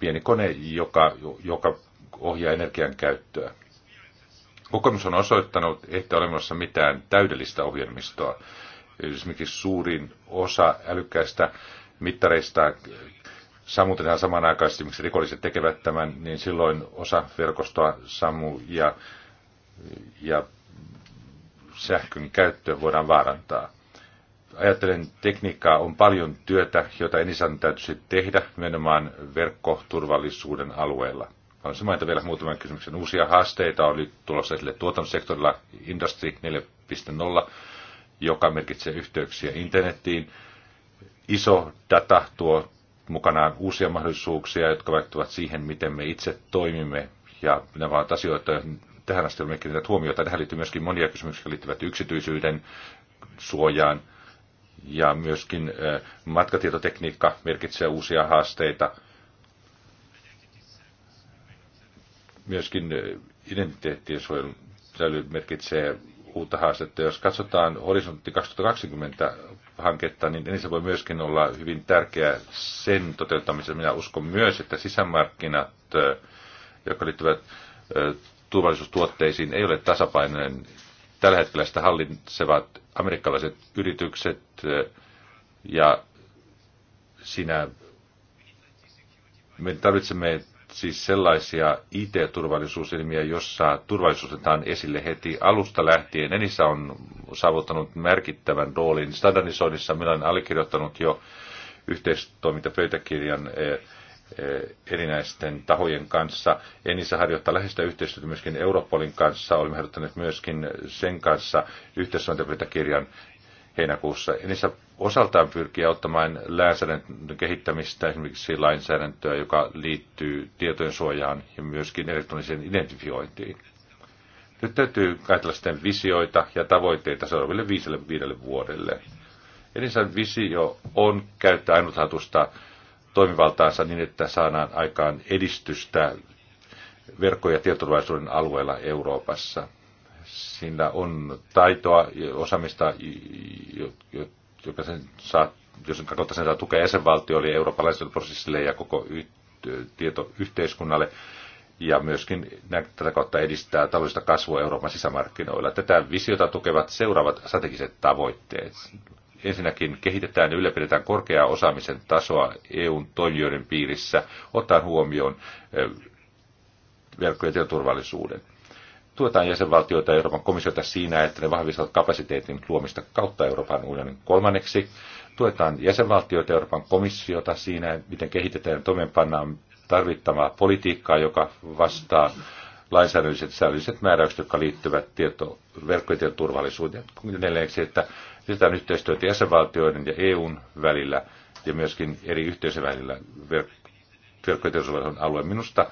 pieni kone, joka, joka ohjaa energian käyttöä. Kokemus on osoittanut, että olemassa mitään täydellistä ohjelmistoa. Esimerkiksi suurin osa älykkäistä mittareista sammutetaan samanaikaisesti, miksi rikolliset tekevät tämän, niin silloin osa verkostoa sammuu ja, ja sähkön käyttö voidaan vaarantaa ajattelen tekniikkaa, on paljon työtä, jota Enisan täytyisi tehdä nimenomaan verkkoturvallisuuden alueella. Haluaisin mainita vielä muutaman kysymyksen. Uusia haasteita oli tulossa esille tuotantosektorilla Industry 4.0, joka merkitsee yhteyksiä internettiin. Iso data tuo mukanaan uusia mahdollisuuksia, jotka vaikuttavat siihen, miten me itse toimimme. Ja nämä ovat asioita, joihin tähän asti on huomiota. Tähän liittyy myöskin monia kysymyksiä, jotka liittyvät yksityisyyden suojaan, ja myöskin eh, matkatietotekniikka merkitsee uusia haasteita. Myöskin eh, identiteettien suojelu merkitsee uutta haastetta. Jos katsotaan horisontti 2020 hanketta, niin se voi myöskin olla hyvin tärkeä sen toteuttamisessa. Minä uskon myös, että sisämarkkinat, eh, jotka liittyvät turvallisuustuotteisiin, ei ole tasapainoinen Tällä hetkellä sitä hallitsevat amerikkalaiset yritykset eh, ja sinä me tarvitsemme siis sellaisia IT-turvallisuusilmiä, jossa turvallisuus otetaan esille heti alusta lähtien. Enissä on saavuttanut merkittävän roolin standardisoinnissa. Minä olen allekirjoittanut jo yhteistoimintapöytäkirjan eh, Eh, erinäisten tahojen kanssa. Enissä harjoittaa läheistä yhteistyötä myöskin Europolin kanssa. Olemme harjoittaneet myöskin sen kanssa yhteistyöntäpöytäkirjan heinäkuussa. Enissä osaltaan pyrkii auttamaan lainsäädännön kehittämistä, esimerkiksi lainsäädäntöä, joka liittyy tietojen suojaan ja myöskin elektroniseen identifiointiin. Nyt täytyy ajatella sitten visioita ja tavoitteita seuraaville viiselle viidelle vuodelle. Enissä visio on käyttää ainutlaatuista toimivaltaansa niin, että saadaan aikaan edistystä verkko- ja tietoturvallisuuden alueella Euroopassa. Sillä on taitoa ja osaamista, joka sen saa, jos kautta sen saa tukea jäsenvaltioille ja eurooppalaiselle prosessille ja koko tietoyhteiskunnalle ja myöskin tätä kautta edistää taloudellista kasvua Euroopan sisämarkkinoilla. Tätä visiota tukevat seuraavat strategiset tavoitteet ensinnäkin kehitetään ja ylläpidetään korkeaa osaamisen tasoa EUn toimijoiden piirissä, ottaen huomioon verkkojen tietoturvallisuuden. Tuetaan jäsenvaltioita ja Euroopan komissiota siinä, että ne vahvistavat kapasiteetin luomista kautta Euroopan unionin kolmanneksi. Tuetaan jäsenvaltioita ja Euroopan komissiota siinä, miten kehitetään ja toimeenpannaan tarvittavaa politiikkaa, joka vastaa lainsäädännölliset säännölliset määräykset, jotka liittyvät tieto, verkkojen turvallisuuteen. Neljänneksi, että Lisätään yhteistyötä jäsenvaltioiden ja EUn välillä ja myöskin eri yhteisöjen välillä verk- verkkoteollisuuden alue. Minusta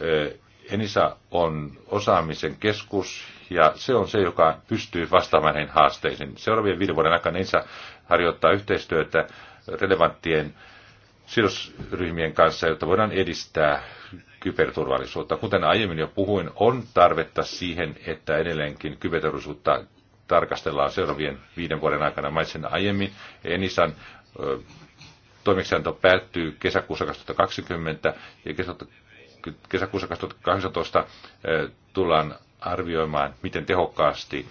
eh, Enisa on osaamisen keskus ja se on se, joka pystyy vastaamaan näihin haasteisiin. Seuraavien viiden vuoden aikana Enisa harjoittaa yhteistyötä relevanttien sidosryhmien kanssa, jotta voidaan edistää kyberturvallisuutta. Kuten aiemmin jo puhuin, on tarvetta siihen, että edelleenkin kyberturvallisuutta tarkastellaan seuraavien viiden vuoden aikana. Mainitsin aiemmin Enisan toimeksianto päättyy kesäkuussa 2020 ja kesäkuussa 2018 tullaan arvioimaan, miten tehokkaasti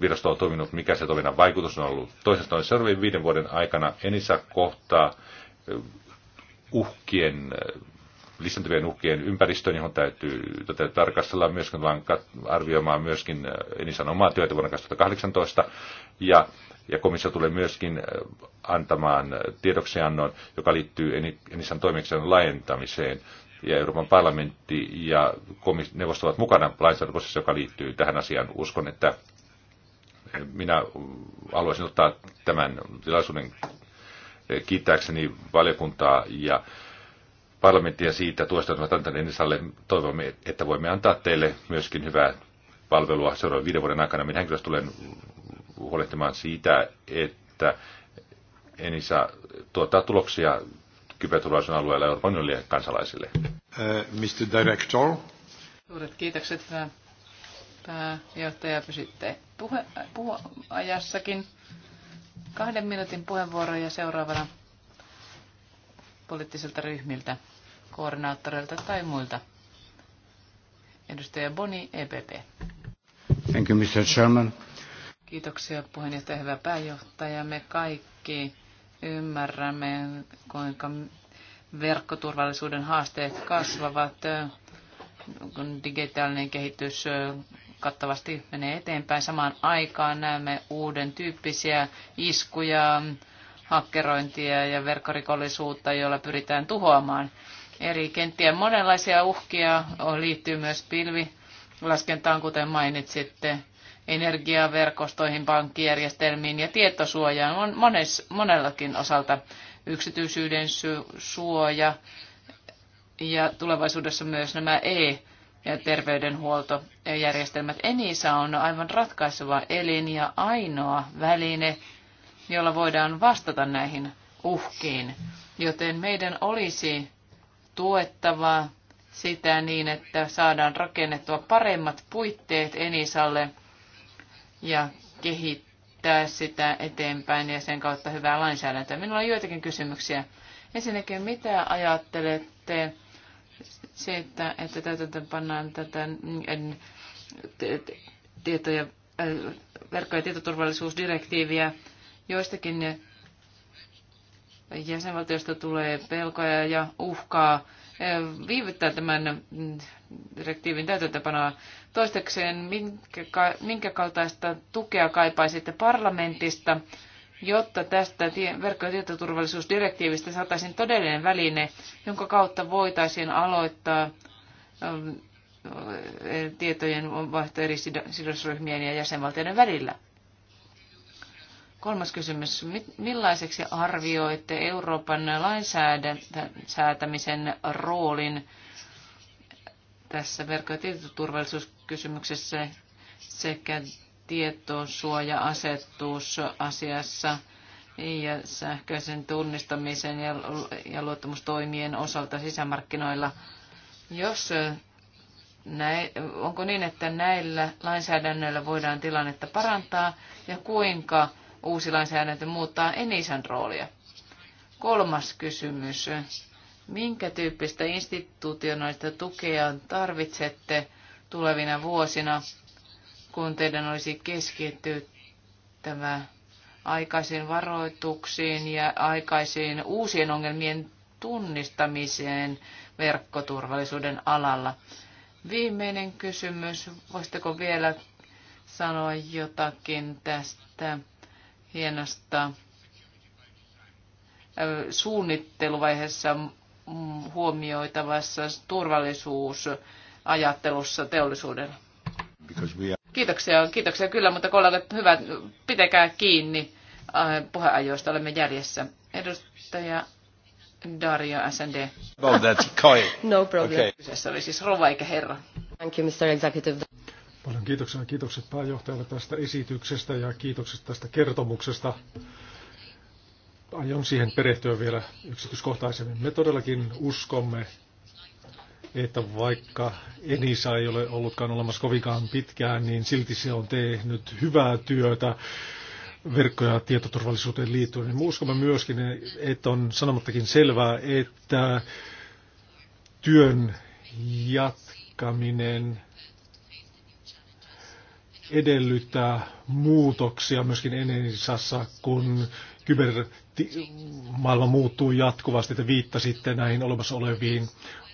virasto on toiminut, mikä se toiminnan vaikutus on ollut. Toisaalta on seuraavien viiden vuoden aikana Enisa kohtaa uhkien lisääntyvien uhkien ympäristöön, johon täytyy tätä tarkastella myöskin, vaan arvioimaan myöskin äh, Enisan omaa työtä vuonna 2018. Ja, ja komissio tulee myöskin äh, antamaan äh, tiedoksiannon, joka liittyy Enisan toimeksiannon laajentamiseen. Ja Euroopan parlamentti ja neuvosto ovat mukana lainsäädäntöprosessissa, joka liittyy tähän asiaan. Uskon, että minä haluaisin ottaa tämän tilaisuuden kiittääkseni valiokuntaa ja parlamenttia siitä tuosta, että antaneet Nisalle. Toivomme, että voimme antaa teille myöskin hyvää palvelua seuraavan viiden vuoden aikana. Minä henkilöstö tulen huolehtimaan siitä, että Enisa tuottaa tuloksia kyberturvallisuuden alueella Euroopan unionin kansalaisille. Uh, Mr. Director. Suuret kiitokset, hyvä pääjohtaja. Pysytte puhe, Kahden minuutin puheenvuoro ja seuraavana poliittisilta ryhmiltä, koordinaattoreilta tai muilta. Edustaja Boni, EPP. Thank you, Mr. Chairman. Kiitoksia puheenjohtaja, hyvä pääjohtaja. Me kaikki ymmärrämme, kuinka verkkoturvallisuuden haasteet kasvavat, kun digitaalinen kehitys kattavasti menee eteenpäin. Samaan aikaan näemme uuden tyyppisiä iskuja, hakkerointia ja verkkorikollisuutta, joilla pyritään tuhoamaan. Eri kenttien monenlaisia uhkia liittyy myös pilvilaskentaan, kuten mainitsitte, energiaverkostoihin, pankkijärjestelmiin ja tietosuojaan on mones, monellakin osalta yksityisyyden suoja ja tulevaisuudessa myös nämä e- ja terveydenhuoltojärjestelmät. Enisa on aivan ratkaiseva elin ja ainoa väline, jolla voidaan vastata näihin uhkiin. Joten meidän olisi tuettava sitä niin, että saadaan rakennettua paremmat puitteet Enisalle ja kehittää sitä eteenpäin ja sen kautta hyvää lainsäädäntöä. Minulla on joitakin kysymyksiä. Ensinnäkin, mitä ajattelette siitä, että täytäntöön pannaan tätä mm, tietoja, verkko- ja tietoturvallisuusdirektiiviä Joistakin jäsenvaltioista tulee pelkoja ja uhkaa eh, viivyttää tämän direktiivin täytäntöpanoa. Toistakseen, minkä, minkä kaltaista tukea kaipaisitte parlamentista, jotta tästä verkko- ja tietoturvallisuusdirektiivistä saataisiin todellinen väline, jonka kautta voitaisiin aloittaa eh, tietojen vaihto eri sidosryhmien ja jäsenvaltioiden välillä? Kolmas kysymys. Millaiseksi arvioitte Euroopan lainsäätämisen roolin tässä verkko- ja tietoturvallisuuskysymyksessä sekä tietosuoja-asetusasiassa ja sähköisen tunnistamisen ja, ja luottamustoimien osalta sisämarkkinoilla. Jos näin, onko niin, että näillä lainsäädännöillä voidaan tilannetta parantaa ja kuinka uusi lainsäädäntö muuttaa enisän roolia? Kolmas kysymys. Minkä tyyppistä institutionaalista tukea tarvitsette tulevina vuosina, kun teidän olisi keskittyttävä aikaisiin varoituksiin ja aikaisiin uusien ongelmien tunnistamiseen verkkoturvallisuuden alalla? Viimeinen kysymys. Voisitteko vielä sanoa jotakin tästä hienosta suunnitteluvaiheessa huomioitavassa turvallisuusajattelussa teollisuudella. Kiitoksia, kiitoksia kyllä, mutta kollegat, hyvä, pitäkää kiinni puheajoista, olemme jäljessä. Edustaja Dario SND. Well, that's No problem. Okay. Kyseessä oli siis rouva eikä herra. Thank you, Mr. Executive. Paljon kiitoksia. Kiitokset pääjohtajalle tästä esityksestä ja kiitokset tästä kertomuksesta. Aion siihen perehtyä vielä yksityiskohtaisemmin. Me todellakin uskomme, että vaikka Enisa ei ole ollutkaan olemassa kovinkaan pitkään, niin silti se on tehnyt hyvää työtä verkko- ja tietoturvallisuuteen liittyen. Niin me uskomme myöskin, että on sanomattakin selvää, että työn jatkaminen edellyttää muutoksia myöskin Enisassa, kun kybermaailma muuttuu jatkuvasti, että viittasitte näihin olemassa oleviin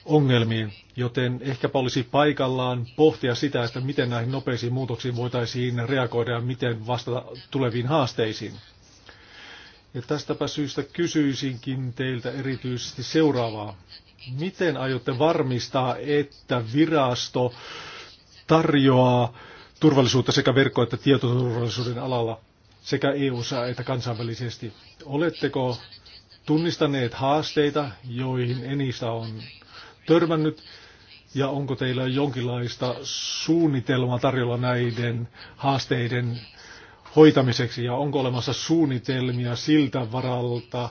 ongelmiin, joten ehkä olisi paikallaan pohtia sitä, että miten näihin nopeisiin muutoksiin voitaisiin reagoida ja miten vastata tuleviin haasteisiin. Ja tästäpä syystä kysyisinkin teiltä erityisesti seuraavaa. Miten aiotte varmistaa, että virasto tarjoaa turvallisuutta sekä verkko- että tietoturvallisuuden alalla sekä EU:ssa että kansainvälisesti. Oletteko tunnistaneet haasteita, joihin enistä on törmännyt, ja onko teillä jonkinlaista suunnitelmaa tarjolla näiden haasteiden hoitamiseksi, ja onko olemassa suunnitelmia siltä varalta,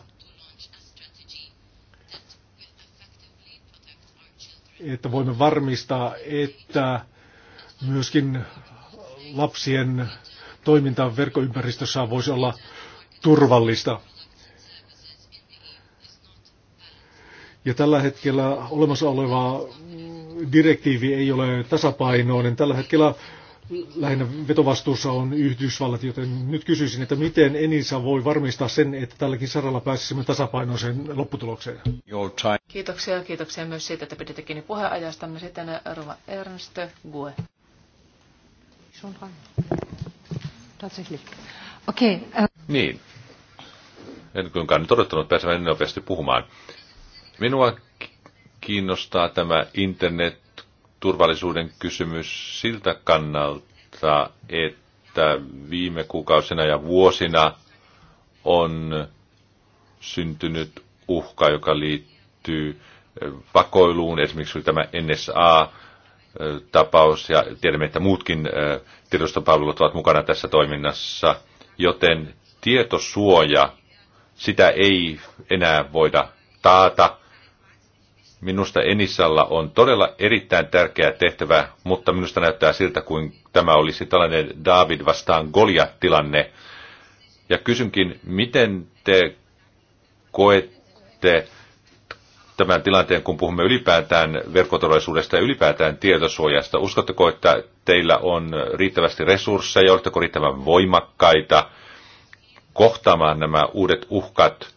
että voimme varmistaa, että myöskin lapsien toiminta verkkoympäristössä voisi olla turvallista. Ja tällä hetkellä olemassa oleva direktiivi ei ole tasapainoinen. Tällä hetkellä lähinnä vetovastuussa on Yhdysvallat, joten nyt kysyisin, että miten Enisa voi varmistaa sen, että tälläkin saralla pääsisimme tasapainoiseen lopputulokseen? Kiitoksia, kiitoksia myös siitä, että piditte kiinni puheenajastamme. Me sitten Erva Ernstö Gue schon dran. Tatsächlich. Okay. Äh... Niin. En kuinkaan nyt odottanut pääsemään niin nopeasti puhumaan. Minua kiinnostaa tämä internet-turvallisuuden kysymys siltä kannalta, että viime kuukausina ja vuosina on syntynyt uhka, joka liittyy vakoiluun, esimerkiksi tämä NSA, tapaus ja tiedämme, että muutkin tiedostopalvelut ovat mukana tässä toiminnassa, joten tietosuoja, sitä ei enää voida taata. Minusta Enisalla on todella erittäin tärkeä tehtävä, mutta minusta näyttää siltä, kuin tämä olisi tällainen David vastaan Goliat-tilanne. Ja kysynkin, miten te koette, tämän tilanteen, kun puhumme ylipäätään verkkoturvallisuudesta ja ylipäätään tietosuojasta? Uskotteko, että teillä on riittävästi resursseja, oletteko riittävän voimakkaita kohtaamaan nämä uudet uhkat?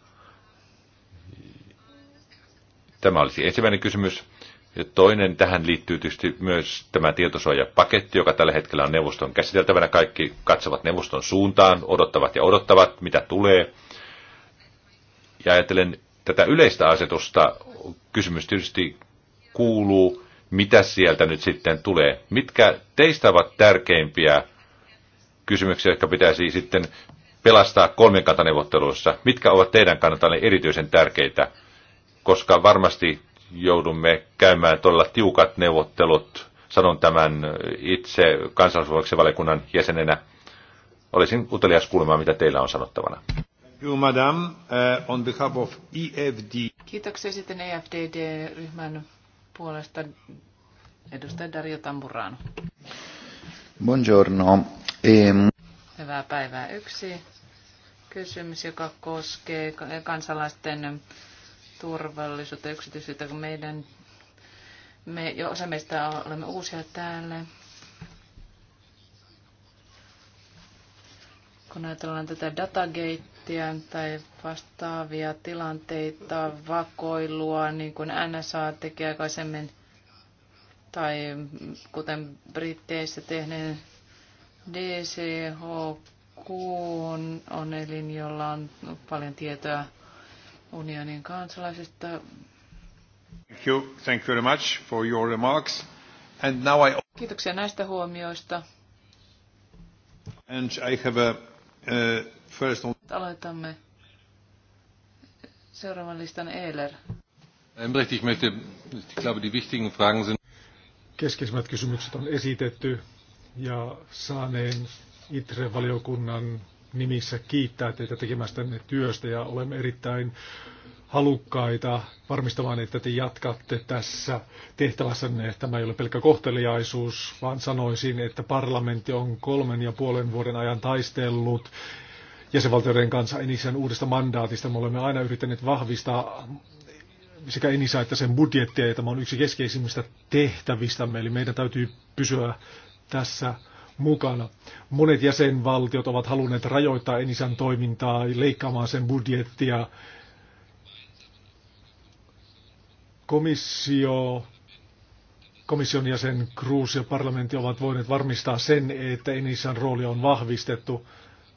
Tämä olisi ensimmäinen kysymys. Ja toinen tähän liittyy tietysti myös tämä tietosuojapaketti, joka tällä hetkellä on neuvoston käsiteltävänä. Kaikki katsovat neuvoston suuntaan, odottavat ja odottavat, mitä tulee. Ja ajattelen tätä yleistä asetusta kysymys tietysti kuuluu, mitä sieltä nyt sitten tulee. Mitkä teistä ovat tärkeimpiä kysymyksiä, jotka pitäisi sitten pelastaa kolmikantaneuvotteluissa? Mitkä ovat teidän kannaltanne erityisen tärkeitä? Koska varmasti joudumme käymään todella tiukat neuvottelut, sanon tämän itse kansallisvaliokunnan jäsenenä. Olisin utelias kuulemaan, mitä teillä on sanottavana you, madam. Uh, on behalf of EFD. Kiitoksia sitten EFDD-ryhmän puolesta edustaja Dario Tamburano. Buongiorno. Ehm. Hyvää päivää. Yksi kysymys, joka koskee kansalaisten turvallisuutta, yksityisyyttä, kun meidän, me, jo osa meistä olemme uusia täällä. Kun ajatellaan tätä datagate konfliktia tai vastaavia tilanteita, vakoilua, niin kuin NSA teki aikaisemmin, tai kuten Britteissä tehneen DCHQ on, on elin, jolla on paljon tietoa unionin kansalaisista. Thank you. Thank you very much for your remarks. And now I... Kiitoksia näistä huomioista. And I have a, uh, first on aloitamme seuraavan listan Eeler. Embrecht, ich möchte, ich glaube, die wichtigen Fragen sind... Keskeisimmät kysymykset on esitetty ja saaneen ITRE-valiokunnan nimissä kiittää teitä tekemästänne työstä ja olemme erittäin halukkaita varmistamaan, että te jatkatte tässä tehtävässänne. Tämä ei ole pelkkä kohteliaisuus, vaan sanoisin, että parlamentti on kolmen ja puolen vuoden ajan taistellut jäsenvaltioiden kanssa Enisan uudesta mandaatista. Me olemme aina yrittäneet vahvistaa sekä Enisa että sen budjettia, ja tämä on yksi keskeisimmistä tehtävistämme, eli meidän täytyy pysyä tässä mukana. Monet jäsenvaltiot ovat halunneet rajoittaa Enisan toimintaa, leikkaamaan sen budjettia. Komissio, komission jäsen Cruz ja parlamentti ovat voineet varmistaa sen, että Enisan roolia on vahvistettu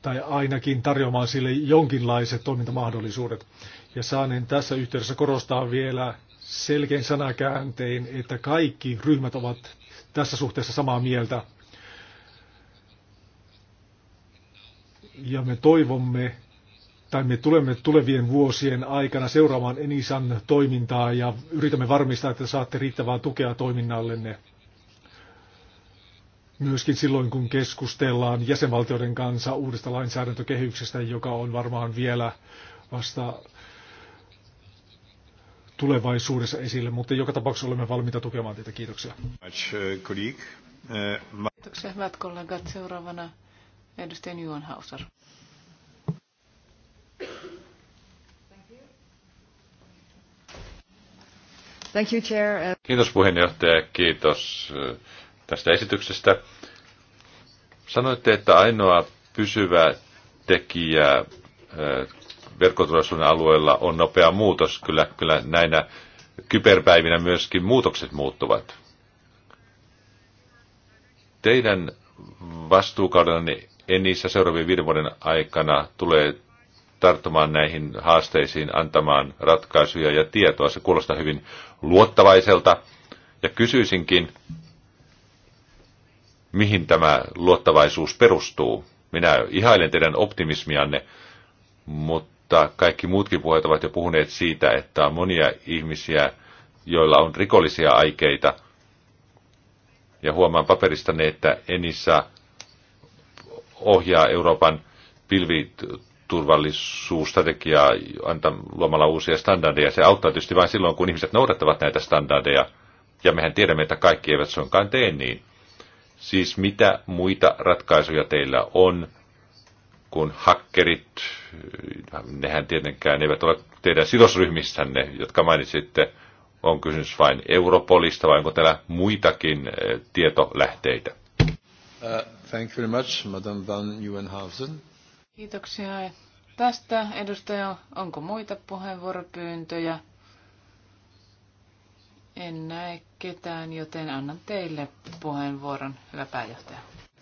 tai ainakin tarjoamaan sille jonkinlaiset toimintamahdollisuudet. Ja saanen tässä yhteydessä korostaa vielä selkein sanakääntein, että kaikki ryhmät ovat tässä suhteessa samaa mieltä. Ja me toivomme, tai me tulemme tulevien vuosien aikana seuraamaan Enisan toimintaa ja yritämme varmistaa, että saatte riittävää tukea toiminnallenne myöskin silloin, kun keskustellaan jäsenvaltioiden kanssa uudesta lainsäädäntökehyksestä, joka on varmaan vielä vasta tulevaisuudessa esille, mutta joka tapauksessa olemme valmiita tukemaan teitä. Kiitoksia. Kiitoksia, hyvät kollegat. Seuraavana edustaja Juonhauser. Kiitos puheenjohtaja, kiitos tästä esityksestä. Sanoitte, että ainoa pysyvä tekijä verkkoturvallisuuden alueella on nopea muutos. Kyllä, kyllä näinä kyberpäivinä myöskin muutokset muuttuvat. Teidän vastuukaudellanne niissä seuraavien viiden vuoden aikana tulee tarttumaan näihin haasteisiin, antamaan ratkaisuja ja tietoa. Se kuulostaa hyvin luottavaiselta. Ja kysyisinkin, mihin tämä luottavaisuus perustuu. Minä ihailen teidän optimismianne, mutta kaikki muutkin puheet ovat jo puhuneet siitä, että on monia ihmisiä, joilla on rikollisia aikeita. Ja huomaan paperistanne, että Enissa ohjaa Euroopan pilviturvallisuusstrategiaa antaa luomalla uusia standardeja. Se auttaa tietysti vain silloin, kun ihmiset noudattavat näitä standardeja. Ja mehän tiedämme, että kaikki eivät suinkaan tee niin. Siis mitä muita ratkaisuja teillä on, kun hakkerit, nehän tietenkään eivät ole teidän sidosryhmissänne, jotka mainitsitte, on kysymys vain Europolista vai onko täällä muitakin eh, tietolähteitä? Uh, thank you very much, Madame Van Juenhausen. Kiitoksia tästä. Edustaja, onko muita puheenvuoropyyntöjä? En näe ketään, joten annan teille puheenvuoron, hyvä pääjohtaja.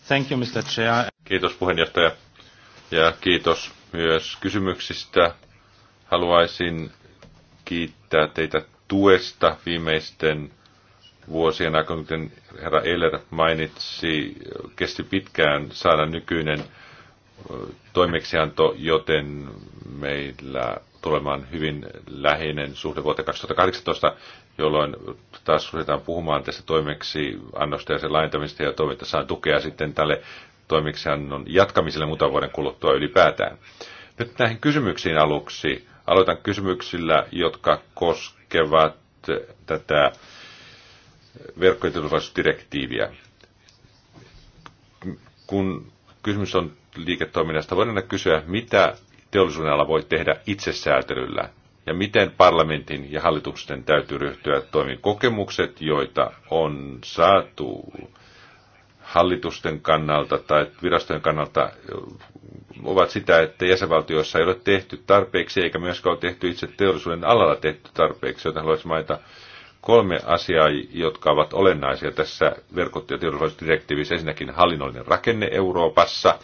Thank you, Mr. Chair. Kiitos puheenjohtaja ja kiitos myös kysymyksistä. Haluaisin kiittää teitä tuesta viimeisten vuosien aikana, kuten herra Eller mainitsi, kesti pitkään saada nykyinen toimeksianto, joten meillä tulemaan hyvin läheinen suhde vuoteen 2018, jolloin taas ruvetaan puhumaan tästä toimeksi annosta ja sen laajentamista ja toivon, että saan tukea sitten tälle toimeksiannon jatkamiselle muutaman vuoden kuluttua ylipäätään. Nyt näihin kysymyksiin aluksi. Aloitan kysymyksillä, jotka koskevat tätä verkko- Kun kysymys on liiketoiminnasta, voidaan kysyä, mitä teollisuuden ala voi tehdä itsesäätelyllä ja miten parlamentin ja hallituksen täytyy ryhtyä toimiin. Kokemukset, joita on saatu hallitusten kannalta tai virastojen kannalta, ovat sitä, että jäsenvaltioissa ei ole tehty tarpeeksi, eikä myöskään ole tehty itse teollisuuden alalla tehty tarpeeksi, joten haluaisin mainita kolme asiaa, jotka ovat olennaisia tässä verkot- ja teollisuusdirektiivissä. Ensinnäkin hallinnollinen rakenne Euroopassa,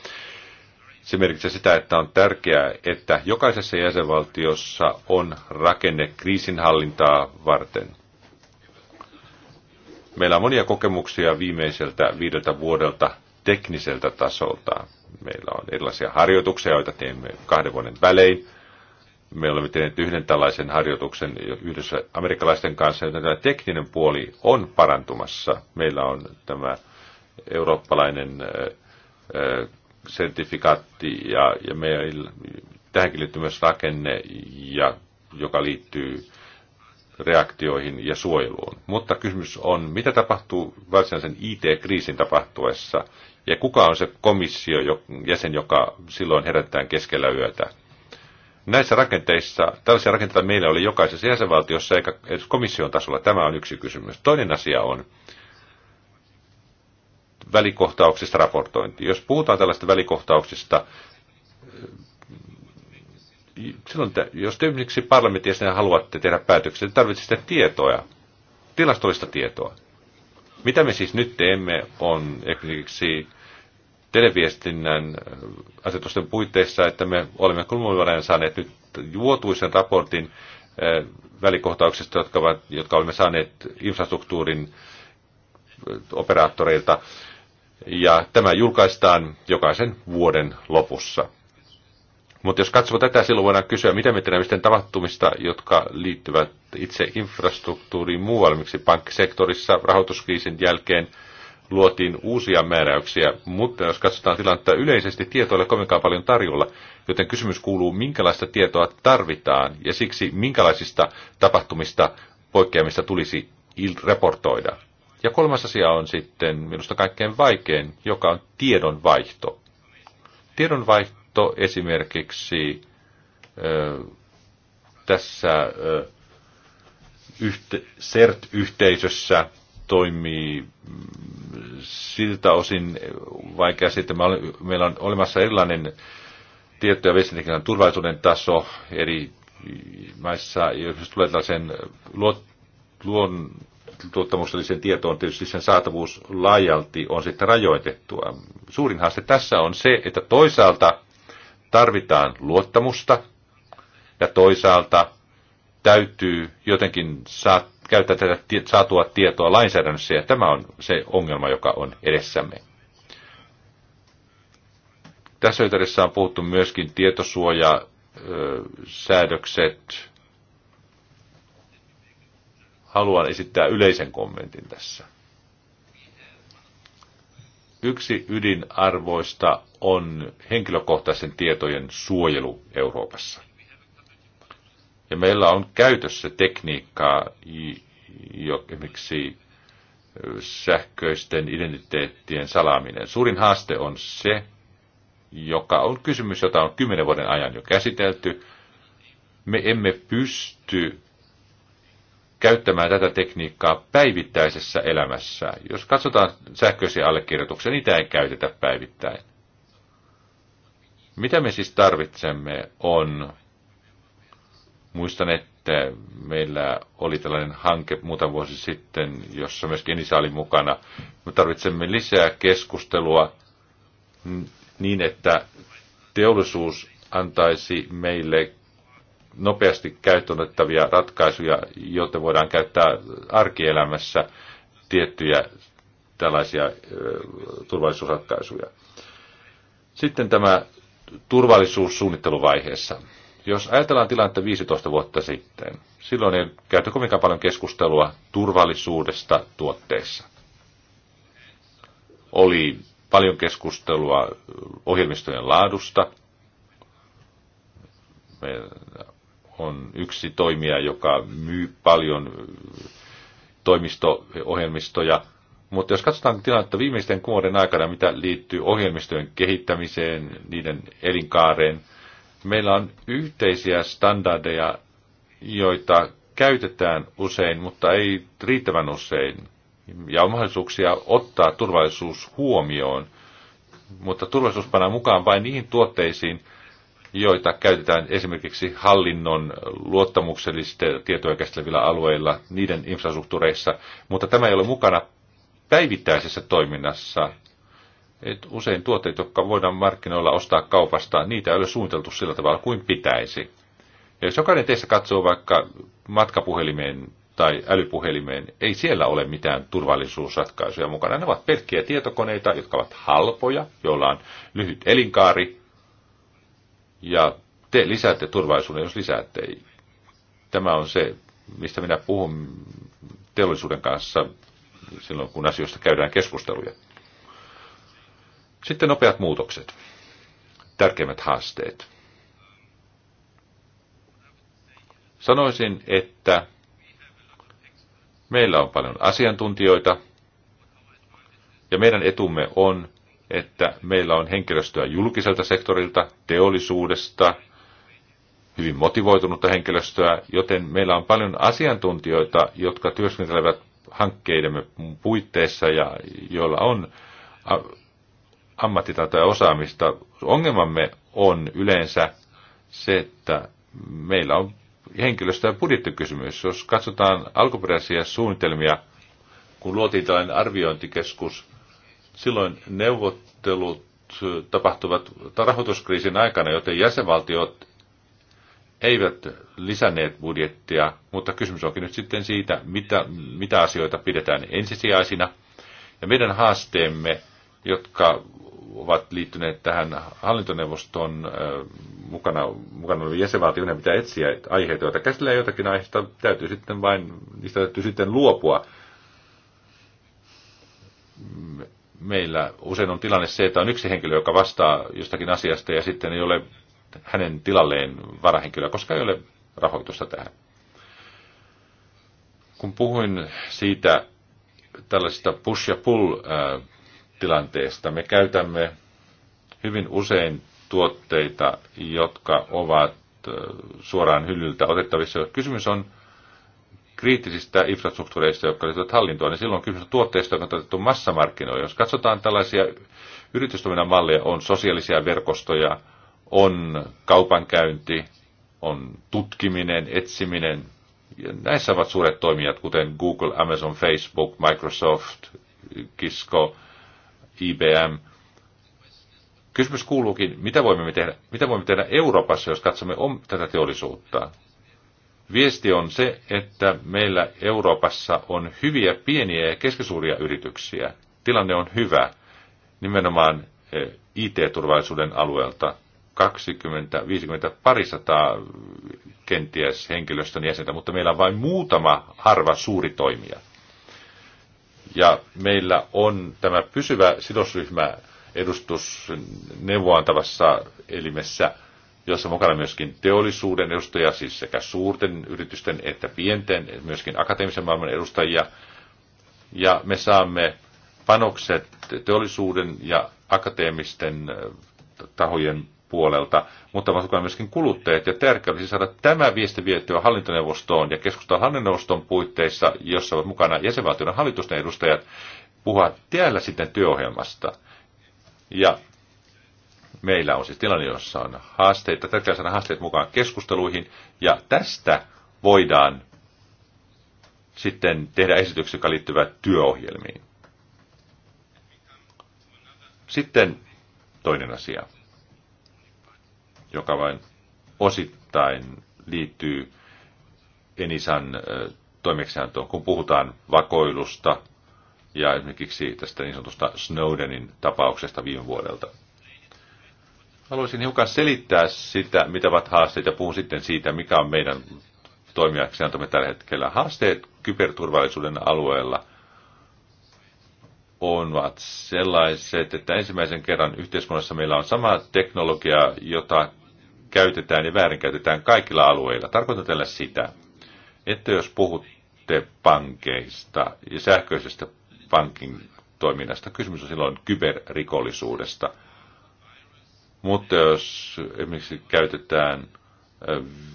se merkitsee sitä, että on tärkeää, että jokaisessa jäsenvaltiossa on rakenne kriisinhallintaa varten. Meillä on monia kokemuksia viimeiseltä viideltä vuodelta tekniseltä tasolta. Meillä on erilaisia harjoituksia, joita teemme kahden vuoden välein. Me olemme tehneet yhden tällaisen harjoituksen yhdessä amerikkalaisten kanssa, joten tämä tekninen puoli on parantumassa. Meillä on tämä eurooppalainen sertifikaatti ja, ja meillä, tähänkin liittyy myös rakenne, ja, joka liittyy reaktioihin ja suojeluun. Mutta kysymys on, mitä tapahtuu varsinaisen IT-kriisin tapahtuessa ja kuka on se komissio jäsen, joka silloin herättää keskellä yötä. Näissä rakenteissa, tällaisia rakenteita meillä oli jokaisessa jäsenvaltiossa eikä edes komission tasolla. Tämä on yksi kysymys. Toinen asia on, välikohtauksista raportointi. Jos puhutaan tällaista välikohtauksista, silloin, te, jos te esimerkiksi parlamentin haluatte tehdä päätöksiä, te tarvitsette tietoa, tilastollista tietoa. Mitä me siis nyt teemme on esimerkiksi televiestinnän asetusten puitteissa, että me olemme kulmuvuoden saaneet nyt juotuisen raportin eh, välikohtauksista, jotka, ovat, jotka olemme saaneet infrastruktuurin eh, operaattoreilta ja tämä julkaistaan jokaisen vuoden lopussa. Mutta jos katsoo tätä, silloin voidaan kysyä, mitä me teemme tapahtumista, jotka liittyvät itse infrastruktuuriin muualle, miksi pankkisektorissa rahoituskriisin jälkeen luotiin uusia määräyksiä, mutta jos katsotaan tilannetta yleisesti, tietoa ei ole kovinkaan paljon tarjolla, joten kysymys kuuluu, minkälaista tietoa tarvitaan ja siksi minkälaisista tapahtumista poikkeamista tulisi raportoida. Ja kolmas asia on sitten minusta kaikkein vaikein, joka on tiedonvaihto. Tiedonvaihto esimerkiksi ö, tässä ö, yhte, CERT-yhteisössä toimii mm, siltä osin vaikea sitten. Meillä on olemassa erilainen tietty ja viestintäkirjan turvallisuuden taso eri maissa, jos tulee tällaisen luon tuottamukselliseen tietoon tietysti sen saatavuus laajalti on sitten rajoitettua. Suurin haaste tässä on se, että toisaalta tarvitaan luottamusta ja toisaalta täytyy jotenkin saa, käyttää tätä saatua tietoa lainsäädännössä ja tämä on se ongelma, joka on edessämme. Tässä yhteydessä on puhuttu myöskin tietosuojasäädökset, haluan esittää yleisen kommentin tässä. Yksi ydinarvoista on henkilökohtaisen tietojen suojelu Euroopassa. Ja meillä on käytössä tekniikkaa, esimerkiksi miksi sähköisten identiteettien salaaminen. Suurin haaste on se, joka on kysymys, jota on kymmenen vuoden ajan jo käsitelty. Me emme pysty käyttämään tätä tekniikkaa päivittäisessä elämässä. Jos katsotaan sähköisiä allekirjoituksia, niitä ei käytetä päivittäin. Mitä me siis tarvitsemme on, muistan, että meillä oli tällainen hanke muutama vuosi sitten, jossa myös Enisa oli mukana. Me tarvitsemme lisää keskustelua niin, että teollisuus antaisi meille nopeasti käyttöönottavia ratkaisuja, joita voidaan käyttää arkielämässä tiettyjä tällaisia turvallisuusratkaisuja. Sitten tämä turvallisuussuunnitteluvaiheessa, Jos ajatellaan tilannetta 15 vuotta sitten, silloin ei käyty kovinkaan paljon keskustelua turvallisuudesta tuotteissa. Oli paljon keskustelua ohjelmistojen laadusta on yksi toimija, joka myy paljon äh, toimisto-ohjelmistoja. Mutta jos katsotaan tilannetta viimeisten kuuden aikana, mitä liittyy ohjelmistojen kehittämiseen, niiden elinkaareen, meillä on yhteisiä standardeja, joita käytetään usein, mutta ei riittävän usein. Ja on mahdollisuuksia ottaa turvallisuus huomioon, mutta turvallisuus pannaan mukaan vain niihin tuotteisiin, joita käytetään esimerkiksi hallinnon luottamuksellisten tietoja käsittelevillä alueilla, niiden infrastruktuureissa, mutta tämä ei ole mukana päivittäisessä toiminnassa. Et usein tuotteet, jotka voidaan markkinoilla ostaa kaupasta, niitä ei ole suunniteltu sillä tavalla kuin pitäisi. Ja jos jokainen teistä katsoo vaikka matkapuhelimeen tai älypuhelimeen, ei siellä ole mitään turvallisuusratkaisuja mukana. Ne ovat pelkkiä tietokoneita, jotka ovat halpoja, joilla on lyhyt elinkaari, ja te lisäätte turvallisuuden, jos lisäätte. Tämä on se, mistä minä puhun teollisuuden kanssa silloin, kun asioista käydään keskusteluja. Sitten nopeat muutokset. Tärkeimmät haasteet. Sanoisin, että meillä on paljon asiantuntijoita, ja meidän etumme on että meillä on henkilöstöä julkiselta sektorilta, teollisuudesta, hyvin motivoitunutta henkilöstöä, joten meillä on paljon asiantuntijoita, jotka työskentelevät hankkeidemme puitteissa ja joilla on ammattitaitoa ja osaamista. Ongelmamme on yleensä se, että meillä on henkilöstö- ja budjettikysymys. Jos katsotaan alkuperäisiä suunnitelmia, kun luotiin tällainen arviointikeskus, Silloin neuvottelut tapahtuvat rahoituskriisin aikana, joten jäsenvaltiot eivät lisänneet budjettia, mutta kysymys onkin nyt sitten siitä, mitä, mitä asioita pidetään ensisijaisina. Ja meidän haasteemme, jotka ovat liittyneet tähän hallintoneuvoston mukana, mukana olevien jäsenvaltioiden, mitä etsiä aiheita, joita käsitellään jotakin aiheista täytyy sitten vain, niistä täytyy sitten luopua meillä usein on tilanne se, että on yksi henkilö, joka vastaa jostakin asiasta ja sitten ei ole hänen tilalleen varahenkilöä, koska ei ole rahoitusta tähän. Kun puhuin siitä tällaisesta push ja pull äh, tilanteesta, me käytämme hyvin usein tuotteita, jotka ovat äh, suoraan hyllyltä otettavissa. Kysymys on kriittisistä infrastruktuureista, jotka liittyvät hallintoon, niin silloin on kysymys tuotteista, jotka on otettu massamarkkinoille. Jos katsotaan tällaisia yritystoiminnan malleja, on sosiaalisia verkostoja, on kaupankäynti, on tutkiminen, etsiminen. Ja näissä ovat suuret toimijat, kuten Google, Amazon, Facebook, Microsoft, Kisko, IBM. Kysymys kuuluukin, mitä voimme tehdä, mitä voimme tehdä Euroopassa, jos katsomme om, tätä teollisuutta? Viesti on se, että meillä Euroopassa on hyviä pieniä ja keskisuuria yrityksiä. Tilanne on hyvä nimenomaan eh, IT-turvallisuuden alueelta. 20, 50, parisataa kenties henkilöstön jäsentä, mutta meillä on vain muutama harva suuri toimija. Ja meillä on tämä pysyvä sidosryhmä edustus neuvoantavassa elimessä – jossa mukana myöskin teollisuuden edustajia, siis sekä suurten yritysten että pienten, myöskin akateemisen maailman edustajia. Ja me saamme panokset teollisuuden ja akateemisten tahojen puolelta, mutta mukana myöskin kuluttajat. Ja tärkeää olisi saada tämä viesti vietyä hallintoneuvostoon ja keskustella hallintoneuvoston puitteissa, jossa ovat mukana jäsenvaltioiden hallitusten edustajat, puhua täällä sitten työohjelmasta. Ja Meillä on siis tilanne, jossa on haasteita. Täytyy saada haasteet mukaan keskusteluihin. Ja tästä voidaan sitten tehdä esityksiä, jotka liittyvät työohjelmiin. Sitten toinen asia, joka vain osittain liittyy Enisan toimeksiantoon, kun puhutaan vakoilusta ja esimerkiksi tästä niin sanotusta Snowdenin tapauksesta viime vuodelta. Haluaisin hiukan selittää sitä, mitä ovat haasteet, ja puhun sitten siitä, mikä on meidän toimijaksiantomme tällä hetkellä. Haasteet kyberturvallisuuden alueella ovat sellaiset, että ensimmäisen kerran yhteiskunnassa meillä on sama teknologia, jota käytetään ja väärinkäytetään kaikilla alueilla. Tarkoitan tällä sitä, että jos puhutte pankeista ja sähköisestä pankin toiminnasta, kysymys on silloin kyberrikollisuudesta – mutta jos esimerkiksi käytetään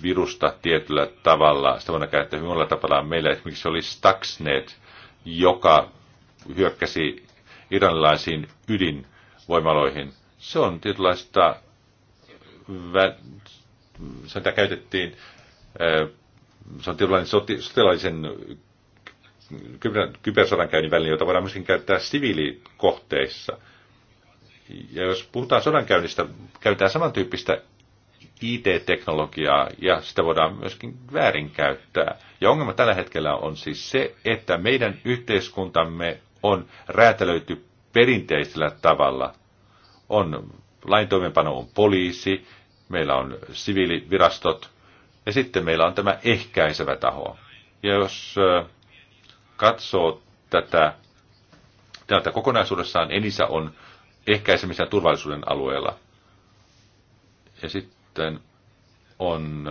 virusta tietyllä tavalla, sitä voidaan käyttää hyvällä tavalla. Meillä esimerkiksi oli Stuxnet, joka hyökkäsi iranilaisiin ydinvoimaloihin. Se on tietynlaista, sitä käytettiin, se on tietynlainen sotilaisen kybersodankäynnin väline, jota voidaan myöskin käyttää siviilikohteissa – ja jos puhutaan sodankäynnistä, käytetään samantyyppistä IT-teknologiaa ja sitä voidaan myöskin väärinkäyttää. Ja ongelma tällä hetkellä on siis se, että meidän yhteiskuntamme on räätälöity perinteisellä tavalla. On lain toimeenpano on poliisi, meillä on siviilivirastot ja sitten meillä on tämä ehkäisevä taho. Ja jos katsoo tätä, tätä kokonaisuudessaan Enisa on ehkäisemisen ja turvallisuuden alueella. Ja sitten on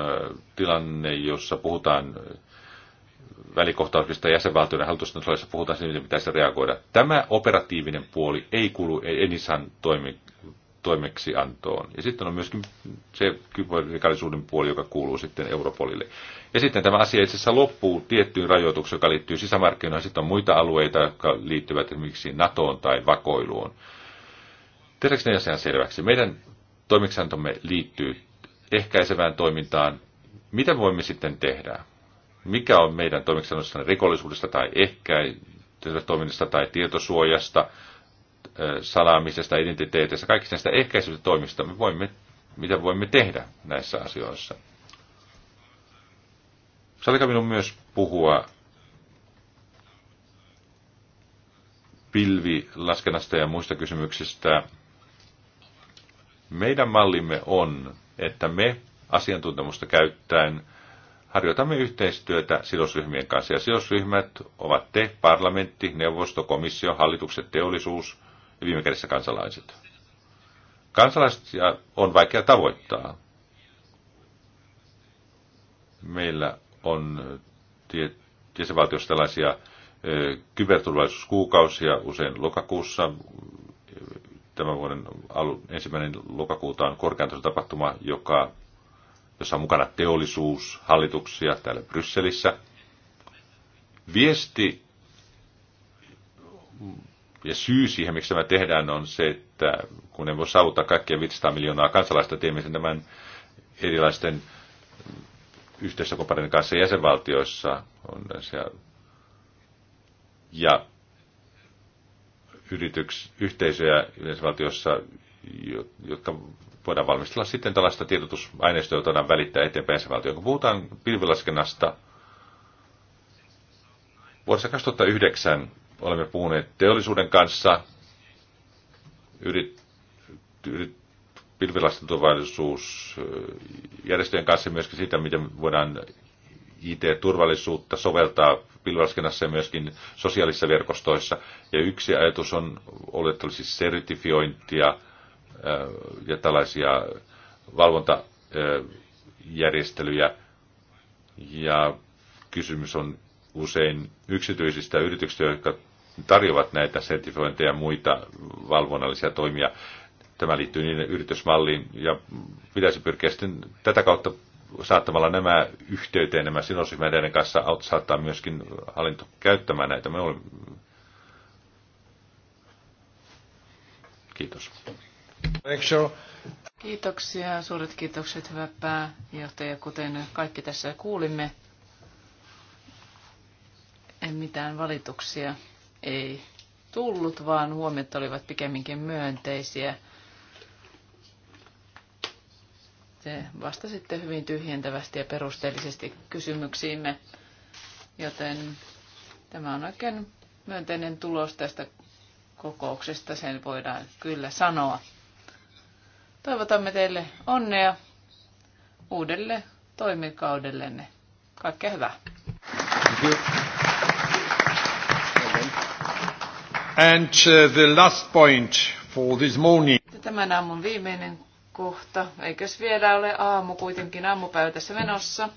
tilanne, jossa puhutaan välikohtauksista jäsenvaltioiden hallitusten osallisessa puhutaan siitä, miten pitäisi reagoida. Tämä operatiivinen puoli ei kuulu Enisan toimi, toimeksiantoon. Ja sitten on myöskin se kyberrikallisuuden puoli, joka kuuluu sitten Europolille. Ja sitten tämä asia itse asiassa loppuu tiettyyn rajoitukseen, joka liittyy sisämarkkinoihin. Sitten on muita alueita, jotka liittyvät esimerkiksi NATOon tai vakoiluun. Tehdäänkö ne asian selväksi? Meidän toimiksantomme liittyy ehkäisevään toimintaan. Mitä voimme sitten tehdä? Mikä on meidän toimeksiannossa rikollisuudesta tai ehkäisevästä toiminnasta tai tietosuojasta, salaamisesta, identiteetistä, kaikista näistä ehkäisevistä toimista me voimme, mitä voimme tehdä näissä asioissa? Sallikaa minun myös puhua pilvilaskennasta ja muista kysymyksistä meidän mallimme on, että me asiantuntemusta käyttäen harjoitamme yhteistyötä sidosryhmien kanssa. Ja sidosryhmät ovat te, parlamentti, neuvosto, komissio, hallitukset, teollisuus ja viime kädessä kansalaiset. Kansalaisia on vaikea tavoittaa. Meillä on jäsenvaltiossa tällaisia kyberturvallisuuskuukausia usein lokakuussa tämän vuoden alu, ensimmäinen lokakuuta on korkeantason tapahtuma, joka, jossa on mukana teollisuus, hallituksia täällä Brysselissä. Viesti ja syy siihen, miksi tämä tehdään, on se, että kun emme voi saavuttaa kaikkia 500 miljoonaa kansalaista, teemme sen tämän erilaisten yhteistyökumppaneiden kanssa jäsenvaltioissa. On ja yrityks, yhteisöjä yleisvaltiossa, jotka voidaan valmistella sitten tällaista tiedotusaineistoa, jota voidaan välittää eteenpäin valtio. Kun puhutaan pilvilaskennasta, vuodessa 2009 olemme puhuneet teollisuuden kanssa, yrit, yrit, pilvilastenturvallisuusjärjestöjen kanssa myöskin siitä, miten voidaan IT-turvallisuutta soveltaa pilvelaskennassa ja myöskin sosiaalisissa verkostoissa. Ja yksi ajatus on ollut, että olisi sertifiointia äh, ja tällaisia valvontajärjestelyjä. Äh, ja kysymys on usein yksityisistä yrityksistä, jotka tarjoavat näitä sertifiointeja ja muita valvonnallisia toimia. Tämä liittyy niiden yritysmalliin ja pitäisi pyrkiä sitten tätä kautta saattamalla nämä yhteyteen, nämä sidosryhmäiden kanssa saattaa myöskin hallinto käyttämään näitä. Me olemme... Kiitos. Kiitoksia, suuret kiitokset, hyvä pääjohtaja. Kuten kaikki tässä kuulimme, en mitään valituksia ei tullut, vaan huomiot olivat pikemminkin myönteisiä. Te vastasitte hyvin tyhjentävästi ja perusteellisesti kysymyksiimme, joten tämä on oikein myönteinen tulos tästä kokouksesta, sen voidaan kyllä sanoa. Toivotamme teille onnea uudelle toimikaudellenne. Kaikkea hyvää. And uh, the last point for this morning. Tämän aamun viimeinen kohta. Eikös vielä ole aamu kuitenkin aamupäivä tässä menossa?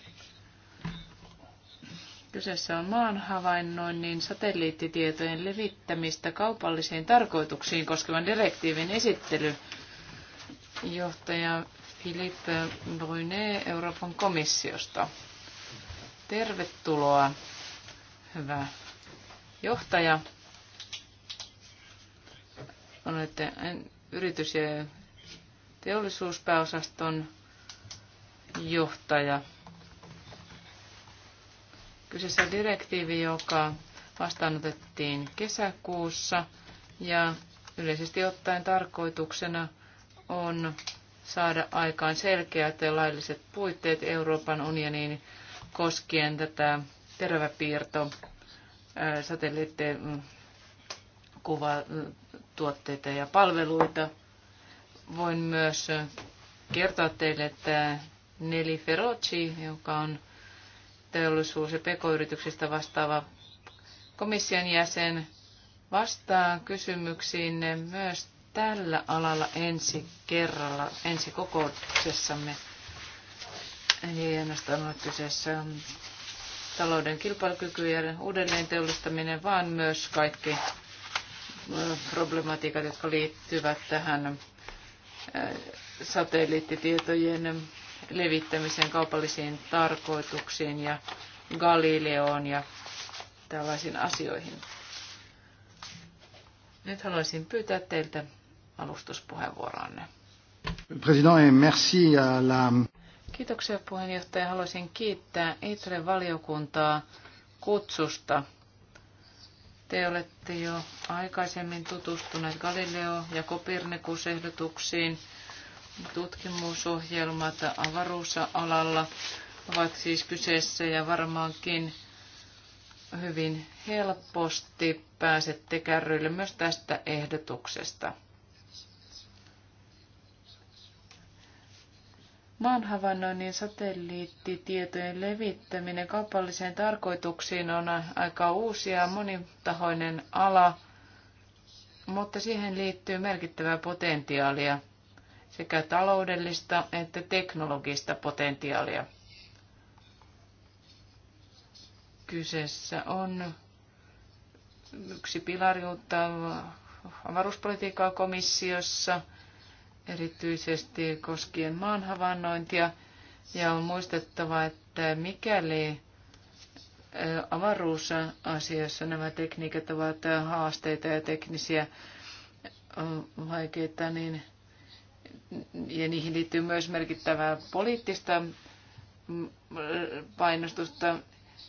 Kyseessä on maan havainnoinnin satelliittitietojen levittämistä kaupallisiin tarkoituksiin koskevan direktiivin esittely. Johtaja Philippe Brunet Euroopan komissiosta. Tervetuloa, hyvä johtaja. Olette yritys- ja teollisuuspääosaston johtaja. Kyseessä on direktiivi, joka vastaanotettiin kesäkuussa ja yleisesti ottaen tarkoituksena on saada aikaan selkeät ja lailliset puitteet Euroopan unioniin koskien tätä teräväpiirto satelliittien kuvatuotteita ja palveluita. Voin myös äh, kertoa teille, että Neli Ferocci, joka on teollisuus- ja pekoyrityksistä vastaava komission jäsen, vastaa kysymyksiin myös tällä alalla ensi kerralla, ensi kokouksessamme. Eli ainoastaan ole kyseessä talouden kilpailukyky ja uudelleen teollistaminen, vaan myös kaikki äh, problematiikat, jotka liittyvät tähän satelliittitietojen levittämiseen kaupallisiin tarkoituksiin ja Galileoon ja tällaisiin asioihin. Nyt haluaisin pyytää teiltä alustuspuheenvuoronne. merci à la... Kiitoksia puheenjohtaja. Haluaisin kiittää Itren valiokuntaa kutsusta te olette jo aikaisemmin tutustuneet Galileo- ja Kopernikus-ehdotuksiin. Tutkimusohjelmat avaruusalalla ovat siis kyseessä ja varmaankin hyvin helposti pääsette kärryille myös tästä ehdotuksesta. Maanhavainnoinnin satelliittitietojen levittäminen kaupalliseen tarkoituksiin on aika uusi ja monitahoinen ala, mutta siihen liittyy merkittävää potentiaalia, sekä taloudellista että teknologista potentiaalia. Kyseessä on yksi pilariutta avaruuspolitiikkaa komissiossa – erityisesti koskien maan havainnointia. Ja on muistettava, että mikäli avaruusasiassa nämä tekniikat ovat haasteita ja teknisiä vaikeita, niin ja niihin liittyy myös merkittävää poliittista mm, painostusta,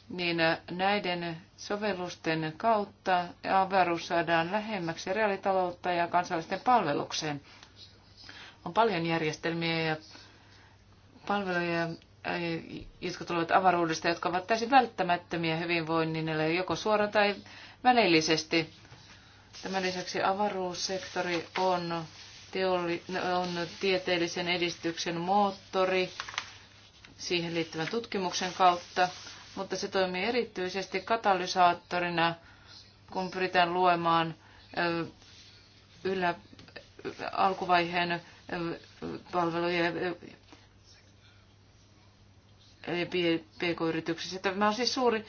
niin näiden sovellusten kautta avaruus saadaan lähemmäksi reaalitaloutta ja kansalaisten palvelukseen. On paljon järjestelmiä ja palveluja, eh, jotka tulevat avaruudesta, jotka ovat täysin välttämättömiä hyvinvoinnille, joko suoraan tai välillisesti. Tämän lisäksi avaruussektori on, teoli- on tieteellisen edistyksen moottori siihen liittyvän tutkimuksen kautta, mutta se toimii erityisesti katalysaattorina, kun pyritään luemaan eh, yllä alkuvaiheen palveluja PK-yrityksissä. Tämä on siis suuri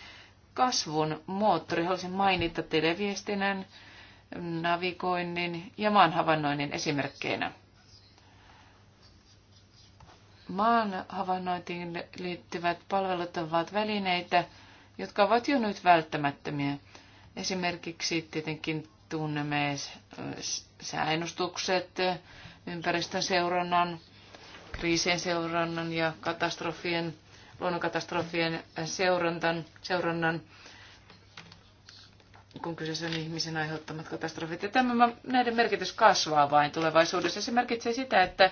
kasvun moottori. Haluaisin mainita televiestinnän, navigoinnin ja maanhavainnoinnin esimerkkeinä. Maan liittyvät palvelut ovat välineitä, jotka ovat jo nyt välttämättömiä. Esimerkiksi tietenkin tunnemme sääennustukset, ympäristön seurannan, kriisien seurannan ja katastrofien, luonnonkatastrofien seurantan, seurannan, kun kyseessä on ihmisen aiheuttamat katastrofit. Ja tämä, näiden merkitys kasvaa vain tulevaisuudessa. Se merkitsee sitä, että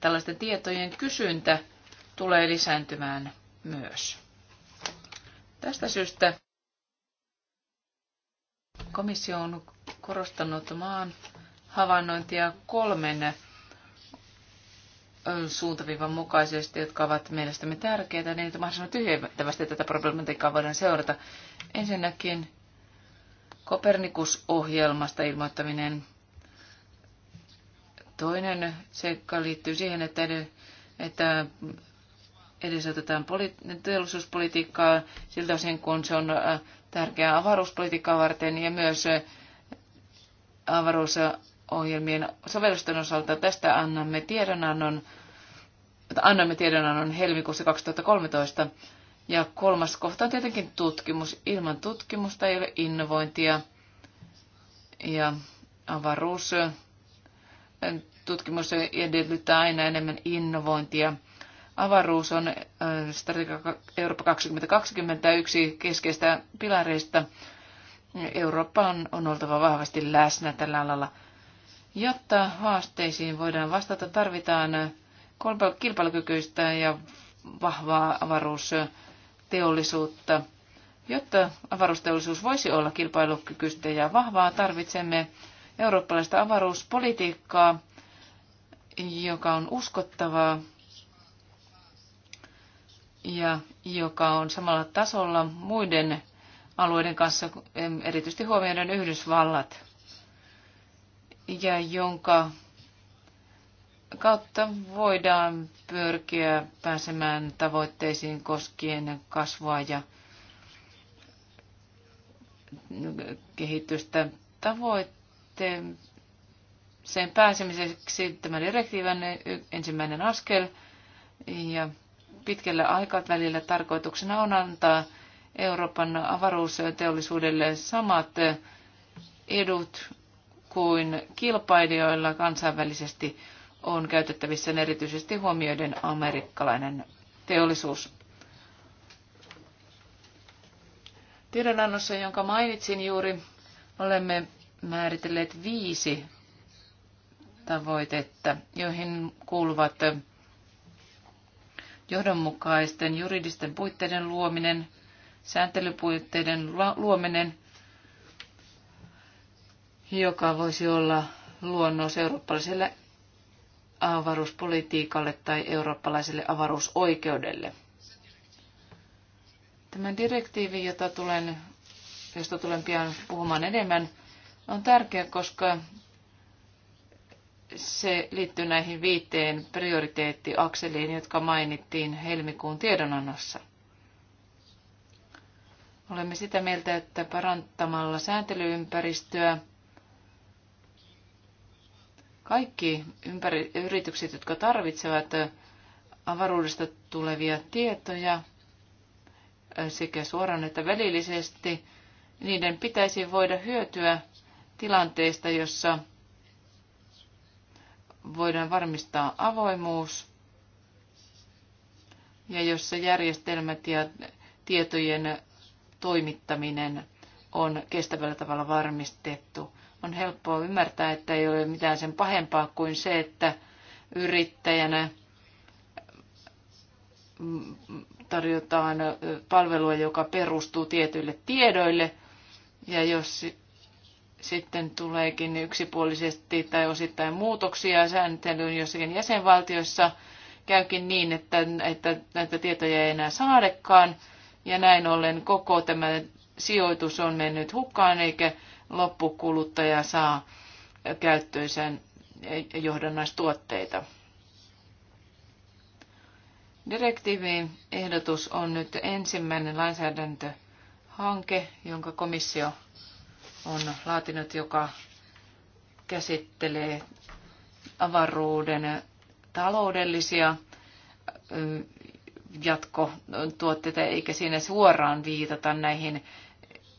tällaisten tietojen kysyntä tulee lisääntymään myös. Tästä syystä komissio on korostanut maan havainnointia kolmen suuntaviivan mukaisesti, jotka ovat mielestämme tärkeitä, niin että mahdollisimman tyhjentävästi tätä problematiikkaa voidaan seurata. Ensinnäkin Kopernikus-ohjelmasta ilmoittaminen. Toinen seikka liittyy siihen, että, ed- että edesotetaan poli- teollisuuspolitiikkaa siltä osin, kun se on tärkeää avaruuspolitiikkaa varten ja myös avaruusohjelmien sovellusten osalta. Tästä annamme tiedonannon, annamme tiedonannon helmikuussa 2013. Ja kolmas kohta on tietenkin tutkimus. Ilman tutkimusta ei ole innovointia. Ja avaruus eh, tutkimus edellyttää aina enemmän innovointia. Avaruus on eh, strategia Eurooppa 2021 keskeistä pilareista. Eurooppa on, on oltava vahvasti läsnä tällä alalla. Jotta haasteisiin voidaan vastata, tarvitaan kilpailukykyistä ja vahvaa avaruusteollisuutta. Jotta avaruusteollisuus voisi olla kilpailukykyistä ja vahvaa, tarvitsemme eurooppalaista avaruuspolitiikkaa, joka on uskottavaa ja joka on samalla tasolla muiden alueiden kanssa, erityisesti huomioiden Yhdysvallat, ja jonka kautta voidaan pyrkiä pääsemään tavoitteisiin koskien kasvua ja kehitystä tavoitteen sen pääsemiseksi tämä direktiivän ensimmäinen askel ja pitkällä aikavälillä tarkoituksena on antaa Euroopan avaruusteollisuudelle samat edut kuin kilpailijoilla kansainvälisesti on käytettävissä erityisesti huomioiden amerikkalainen teollisuus. Tiedonannossa, jonka mainitsin juuri, olemme määritelleet viisi tavoitetta, joihin kuuluvat johdonmukaisten juridisten puitteiden luominen – sääntelypuitteiden luominen, joka voisi olla luonnos eurooppalaiselle avaruuspolitiikalle tai eurooppalaiselle avaruusoikeudelle. Tämä direktiivi, jota tulen, josta tulen pian puhumaan enemmän, on tärkeä, koska se liittyy näihin viiteen prioriteettiakseliin, jotka mainittiin helmikuun tiedonannossa – Olemme sitä mieltä, että parantamalla sääntelyympäristöä kaikki ympäri, yritykset, jotka tarvitsevat avaruudesta tulevia tietoja sekä suoraan että välillisesti, niiden pitäisi voida hyötyä tilanteesta, jossa voidaan varmistaa avoimuus ja jossa järjestelmät ja tietojen toimittaminen on kestävällä tavalla varmistettu. On helppoa ymmärtää, että ei ole mitään sen pahempaa kuin se, että yrittäjänä mm, tarjotaan palvelua, joka perustuu tietyille tiedoille, ja jos sitten tuleekin yksipuolisesti tai osittain muutoksia sääntelyyn jossakin jäsenvaltiossa, käykin niin, että, että näitä tietoja ei enää saadekaan, ja näin ollen koko tämä sijoitus on mennyt hukkaan eikä loppukuluttaja saa käyttöönsä johdannaistuotteita. Direktiivin ehdotus on nyt ensimmäinen lainsäädäntöhanke, jonka komissio on laatinut, joka käsittelee avaruuden taloudellisia jatkotuotteita, eikä siinä suoraan viitata näihin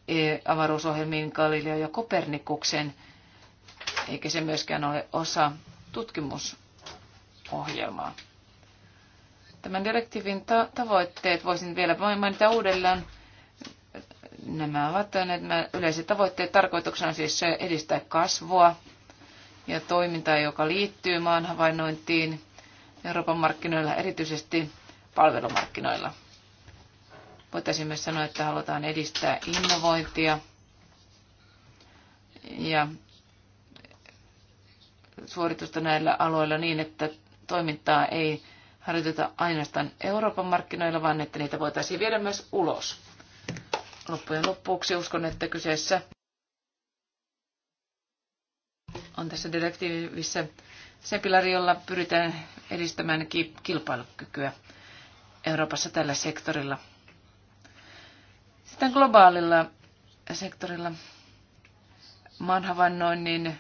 e, avaruusohjelmiin Galileo ja Kopernikuksen, eikä se myöskään ole osa tutkimusohjelmaa. Tämän direktiivin ta- tavoitteet voisin vielä mainita uudelleen. Nämä ovat nämä yleiset tavoitteet. Tarkoituksena on siis edistää kasvua ja toimintaa, joka liittyy maan Euroopan markkinoilla erityisesti palvelumarkkinoilla. Voitaisiin myös sanoa, että halutaan edistää innovointia ja suoritusta näillä aloilla niin, että toimintaa ei harjoiteta ainoastaan Euroopan markkinoilla, vaan että niitä voitaisiin viedä myös ulos. Loppujen loppuksi uskon, että kyseessä on tässä direktiivissä se pilari, jolla pyritään edistämään kilpailukykyä. Euroopassa tällä sektorilla. Sitten globaalilla sektorilla niin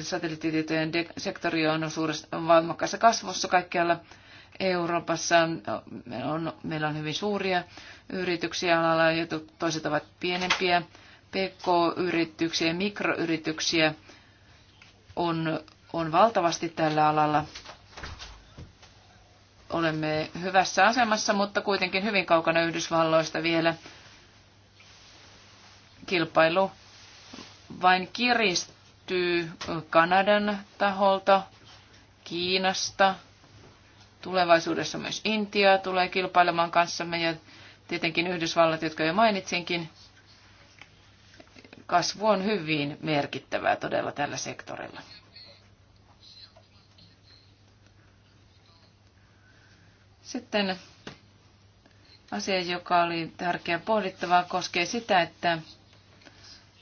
satelliittitietojen sektori on suuressa voimakkaassa kasvussa kaikkialla Euroopassa. No, on, meillä on hyvin suuria yrityksiä alalla, ja toiset ovat pienempiä. PK-yrityksiä ja mikroyrityksiä on, on valtavasti tällä alalla olemme hyvässä asemassa, mutta kuitenkin hyvin kaukana Yhdysvalloista vielä. Kilpailu vain kiristyy Kanadan taholta, Kiinasta. Tulevaisuudessa myös Intia tulee kilpailemaan kanssamme ja tietenkin Yhdysvallat, jotka jo mainitsinkin. Kasvu on hyvin merkittävää todella tällä sektorilla. Sitten asia, joka oli tärkeä pohdittavaa, koskee sitä, että,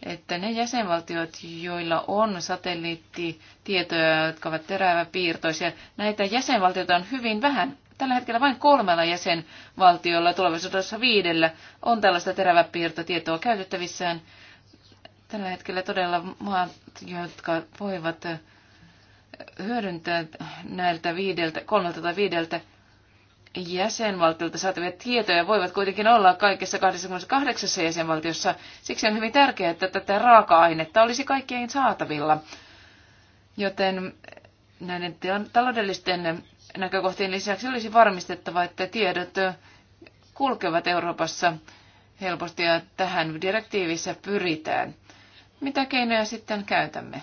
että ne jäsenvaltiot, joilla on satelliittitietoja, jotka ovat teräväpiirtoisia, näitä jäsenvaltioita on hyvin vähän. Tällä hetkellä vain kolmella jäsenvaltiolla, tulevaisuudessa viidellä, on tällaista teräväpiirtotietoa käytettävissään. Tällä hetkellä todella maat, jotka voivat hyödyntää näiltä viideltä, kolmelta tai viideltä jäsenvaltiolta saatavia tietoja voivat kuitenkin olla kaikessa 28 jäsenvaltiossa. Siksi on hyvin tärkeää, että tätä raaka-ainetta olisi kaikkien saatavilla. Joten näiden taloudellisten näkökohtien lisäksi olisi varmistettava, että tiedot kulkevat Euroopassa helposti ja tähän direktiivissä pyritään. Mitä keinoja sitten käytämme?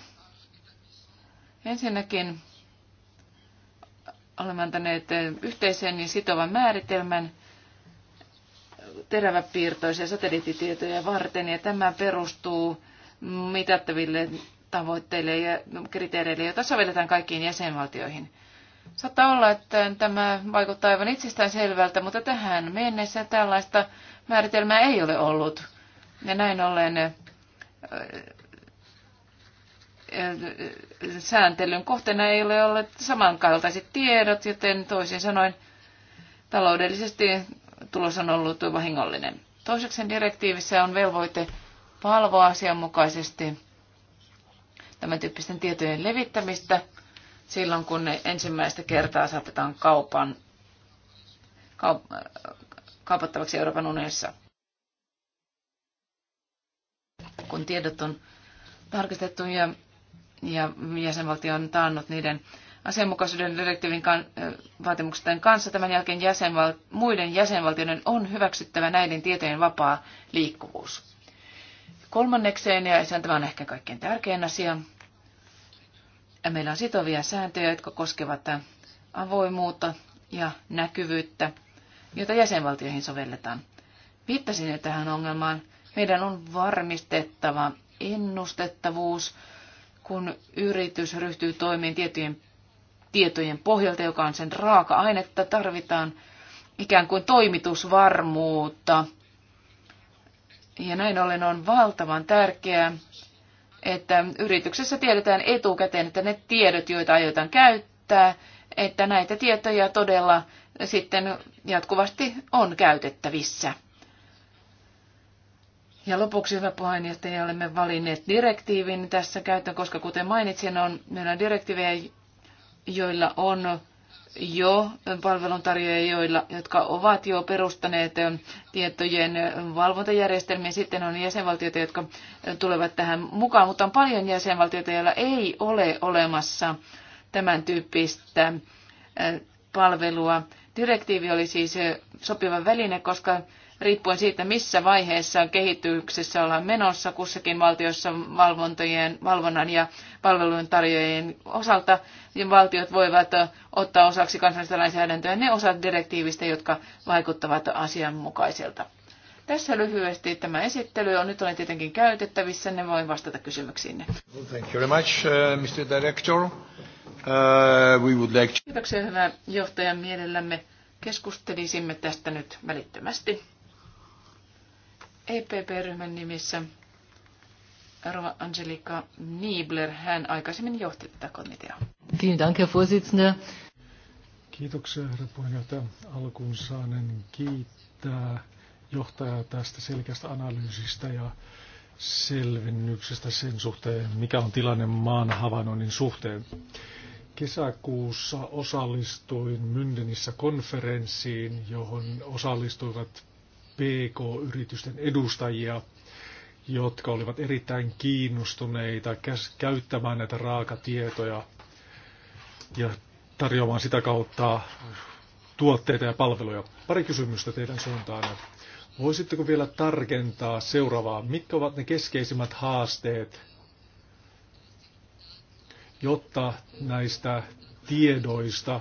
Ensinnäkin olemme antaneet eh, yhteisen ja sitovan määritelmän teräväpiirtoisia satelliittitietoja varten, ja tämä perustuu mitattaville tavoitteille ja kriteereille, joita sovelletaan kaikkiin jäsenvaltioihin. Saattaa olla, että tämä vaikuttaa aivan itsestään selvältä, mutta tähän mennessä tällaista määritelmää ei ole ollut. Ja näin ollen eh, sääntelyn kohteena ei ole ollut samankaltaiset tiedot, joten toisin sanoen taloudellisesti tulos on ollut vahingollinen. Toiseksi direktiivissä on velvoite valvoa asianmukaisesti tämän tyyppisten tietojen levittämistä silloin, kun ne ensimmäistä kertaa saatetaan kaupan, kaup- kaupattavaksi Euroopan unionissa. Kun tiedot on tarkistettu ja ja jäsenvaltio on taannut niiden asianmukaisuuden direktiivin kan, vaatimusten kanssa. Tämän jälkeen jäsenval, muiden jäsenvaltioiden on hyväksyttävä näiden tietojen vapaa liikkuvuus. Kolmannekseen, ja tämä on ehkä kaikkein tärkein asia, meillä on sitovia sääntöjä, jotka koskevat avoimuutta ja näkyvyyttä, jota jäsenvaltioihin sovelletaan. Viittasin jo tähän ongelmaan. Meidän on varmistettava ennustettavuus, kun yritys ryhtyy toimiin tiettyjen tietojen pohjalta, joka on sen raaka-ainetta, tarvitaan ikään kuin toimitusvarmuutta. Ja näin ollen on valtavan tärkeää, että yrityksessä tiedetään etukäteen, että ne tiedot, joita aiotaan käyttää, että näitä tietoja todella sitten jatkuvasti on käytettävissä. Ja lopuksi, hyvä puheenjohtaja, olemme valinneet direktiivin tässä käyttöön, koska kuten mainitsin, on, meillä on direktiivejä, joilla on jo palveluntarjoajia, joilla, jotka ovat jo perustaneet tietojen valvontajärjestelmiä. Sitten on jäsenvaltioita, jotka tulevat tähän mukaan, mutta on paljon jäsenvaltioita, joilla ei ole olemassa tämän tyyppistä palvelua. Direktiivi oli siis sopiva väline, koska riippuen siitä, missä vaiheessa kehityksessä ollaan menossa kussakin valtiossa valvontojen, valvonnan ja palvelujen tarjoajien osalta. Niin valtiot voivat ottaa osaksi kansallista lainsäädäntöä ne osat direktiivistä, jotka vaikuttavat asianmukaiselta. Tässä lyhyesti tämä esittely on. Nyt olen tietenkin käytettävissä, ne voin vastata kysymyksiinne. Thank you very much, uh, Mr. Director. Uh, we would like... Kiitoksia, hyvä johtaja. Mielellämme keskustelisimme tästä nyt välittömästi. EPP-ryhmän nimissä Rova Angelika Niebler. Hän aikaisemmin johti tätä komiteaa. Vielen Dank, Herr Vorsitzender. Kiitoksia, herra puheenjohtaja. Alkuun saanen kiittää johtajaa tästä selkeästä analyysistä ja selvennyksestä sen suhteen, mikä on tilanne maan havainnoinnin suhteen. Kesäkuussa osallistuin Mündenissä konferenssiin, johon osallistuivat PK-yritysten edustajia, jotka olivat erittäin kiinnostuneita käyttämään näitä raakatietoja ja tarjoamaan sitä kautta tuotteita ja palveluja. Pari kysymystä teidän suuntaan. Voisitteko vielä tarkentaa seuraavaa? Mitkä ovat ne keskeisimmät haasteet, jotta näistä tiedoista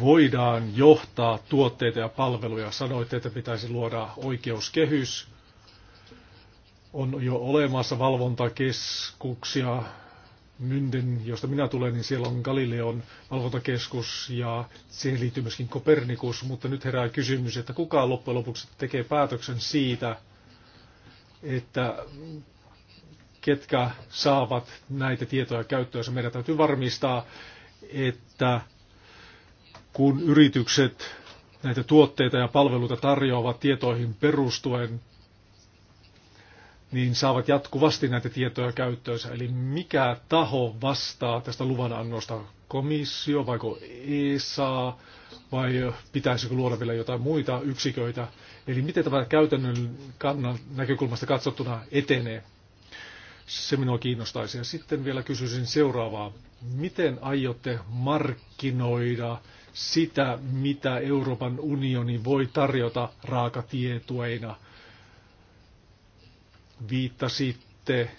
voidaan johtaa tuotteita ja palveluja. Sanoitte, että pitäisi luoda oikeuskehys. On jo olemassa valvontakeskuksia. Mynden, josta minä tulen, niin siellä on Galileon valvontakeskus ja siihen liittyy myöskin Kopernikus, mutta nyt herää kysymys, että kuka loppujen lopuksi tekee päätöksen siitä, että ketkä saavat näitä tietoja käyttöönsä. Meidän täytyy varmistaa, että kun yritykset näitä tuotteita ja palveluita tarjoavat tietoihin perustuen, niin saavat jatkuvasti näitä tietoja käyttöönsä. Eli mikä taho vastaa tästä luvanannosta? Komissio, vaiko ESA, vai pitäisikö luoda vielä jotain muita yksiköitä? Eli miten tämä käytännön kannan näkökulmasta katsottuna etenee? Se minua kiinnostaisi. Ja sitten vielä kysyisin seuraavaa. Miten aiotte markkinoida sitä, mitä Euroopan unioni voi tarjota raakatietueina. Viittasitte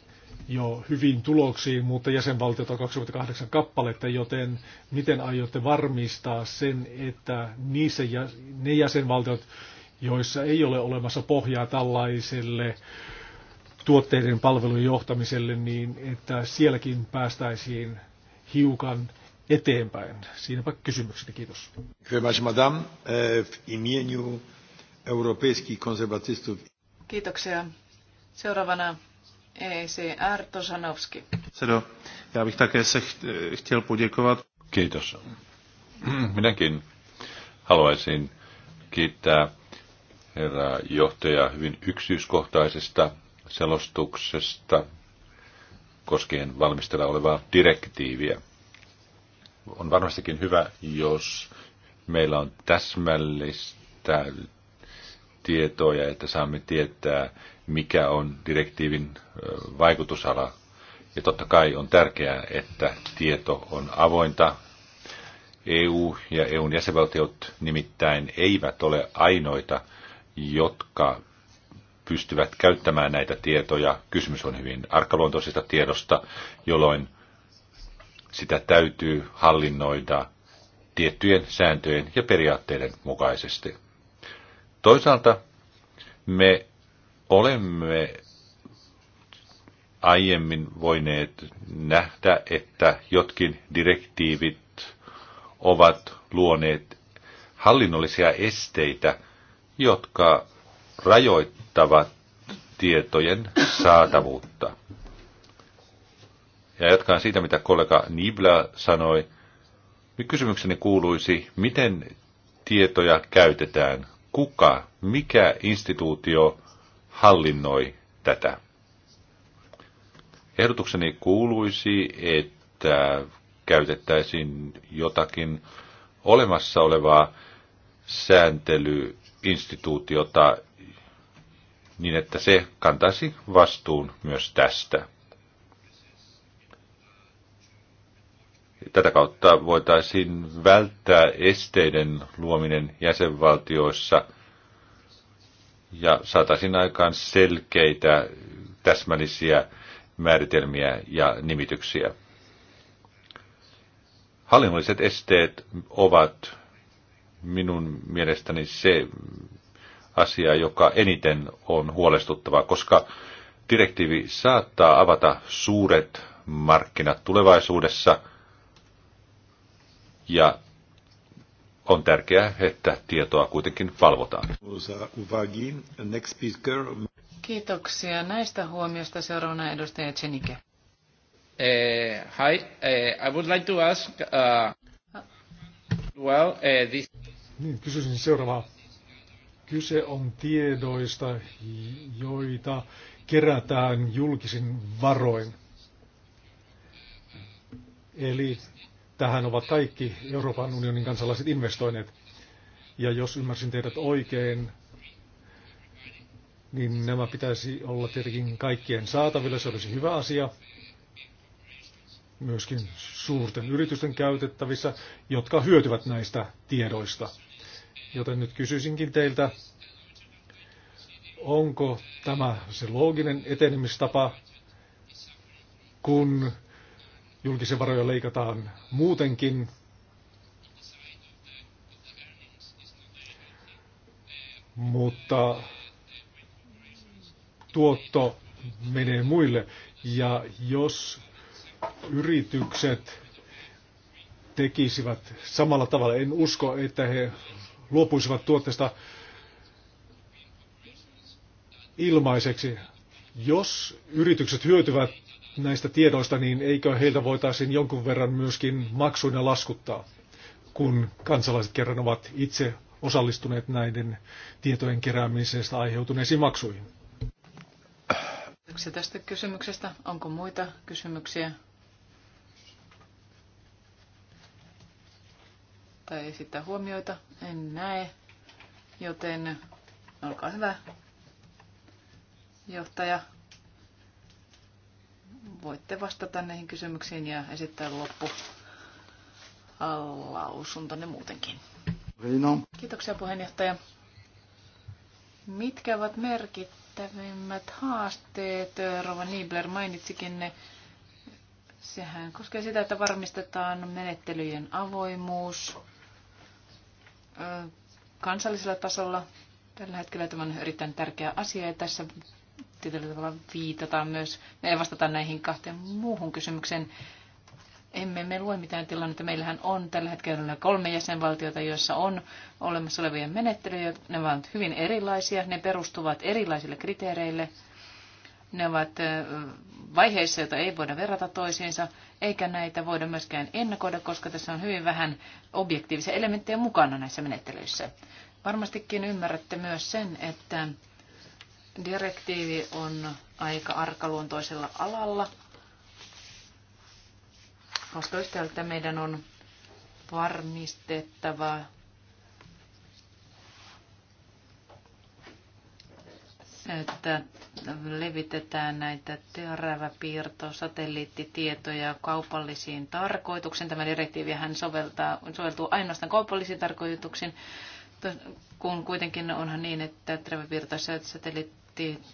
jo hyvin tuloksiin, mutta jäsenvaltiota 28 kappaletta, joten miten aiotte varmistaa sen, että niissä, ne jäsenvaltiot, joissa ei ole olemassa pohjaa tällaiselle tuotteiden palvelujen johtamiselle, niin että sielläkin päästäisiin hiukan eteenpäin. Siinäpä kysymykseni. Kiitos. Eh, Kiitoksia. Seuraavana ECR Tosanovski. Sedo, já bych také se chtěl poděkovat. Kiitos. Minäkin haluaisin kiittää herra johtaja hyvin yksityiskohtaisesta selostuksesta koskien valmistella olevaa direktiiviä on varmastikin hyvä, jos meillä on täsmällistä tietoa ja että saamme tietää, mikä on direktiivin vaikutusala. Ja totta kai on tärkeää, että tieto on avointa. EU ja EUn jäsenvaltiot nimittäin eivät ole ainoita, jotka pystyvät käyttämään näitä tietoja. Kysymys on hyvin arkaluontoisesta tiedosta, jolloin sitä täytyy hallinnoida tiettyjen sääntöjen ja periaatteiden mukaisesti. Toisaalta me olemme aiemmin voineet nähdä, että jotkin direktiivit ovat luoneet hallinnollisia esteitä, jotka rajoittavat tietojen saatavuutta. Ja jatkan siitä, mitä kollega Nibla sanoi. Kysymykseni kuuluisi, miten tietoja käytetään? Kuka, mikä instituutio hallinnoi tätä? Ehdotukseni kuuluisi, että käytettäisiin jotakin olemassa olevaa sääntelyinstituutiota niin, että se kantaisi vastuun myös tästä. Tätä kautta voitaisiin välttää esteiden luominen jäsenvaltioissa ja saataisiin aikaan selkeitä, täsmällisiä määritelmiä ja nimityksiä. Hallinnolliset esteet ovat minun mielestäni se asia, joka eniten on huolestuttava, koska direktiivi saattaa avata suuret markkinat tulevaisuudessa – ja on tärkeää, että tietoa kuitenkin valvotaan. Kiitoksia näistä huomioista. Seuraavana edustaja Tsenike. Eh, hi, eh, I would like to ask, uh, well, eh, this... Niin, kysyisin seuraavaa. Kyse on tiedoista, joita kerätään julkisin varoin. Eli Tähän ovat kaikki Euroopan unionin kansalaiset investoineet. Ja jos ymmärsin teidät oikein, niin nämä pitäisi olla tietenkin kaikkien saatavilla. Se olisi hyvä asia. Myöskin suurten yritysten käytettävissä, jotka hyötyvät näistä tiedoista. Joten nyt kysyisinkin teiltä, onko tämä se looginen etenemistapa, kun Julkisen varoja leikataan muutenkin. Mutta tuotto menee muille. Ja jos yritykset tekisivät samalla tavalla, en usko, että he luopuisivat tuotteesta ilmaiseksi. Jos yritykset hyötyvät näistä tiedoista, niin eikö heiltä voitaisiin jonkun verran myöskin maksuina laskuttaa, kun kansalaiset kerran ovat itse osallistuneet näiden tietojen keräämisestä aiheutuneisiin maksuihin? Kiitoksia tästä kysymyksestä. Onko muita kysymyksiä? Tai esittää huomioita? En näe. Joten olkaa hyvä, johtaja voitte vastata näihin kysymyksiin ja esittää loppu lausuntonne muutenkin. Reino. Kiitoksia puheenjohtaja. Mitkä ovat merkittävimmät haasteet? Rova Niebler mainitsikin ne. Sehän koskee sitä, että varmistetaan menettelyjen avoimuus kansallisella tasolla. Tällä hetkellä tämä on erittäin tärkeä asia ja tässä tietyllä tavalla viitata myös ei vastata näihin kahteen muuhun kysymykseen. Emme me lue mitään tilannetta. Meillähän on tällä hetkellä kolme jäsenvaltiota, joissa on olemassa olevia menettelyjä. Ne ovat hyvin erilaisia. Ne perustuvat erilaisille kriteereille. Ne ovat vaiheissa, joita ei voida verrata toisiinsa, eikä näitä voida myöskään ennakoida, koska tässä on hyvin vähän objektiivisia elementtejä mukana näissä menettelyissä. Varmastikin ymmärrätte myös sen, että Direktiivi on aika arkaluontoisella alalla, koska yhtäältä meidän on varmistettava että levitetään näitä teräväpiirto, satelliittitietoja kaupallisiin tarkoituksiin. Tämä direktiivi hän soveltaa, soveltuu ainoastaan kaupallisiin tarkoituksiin, kun kuitenkin onhan niin, että teräväpiirto satelliitti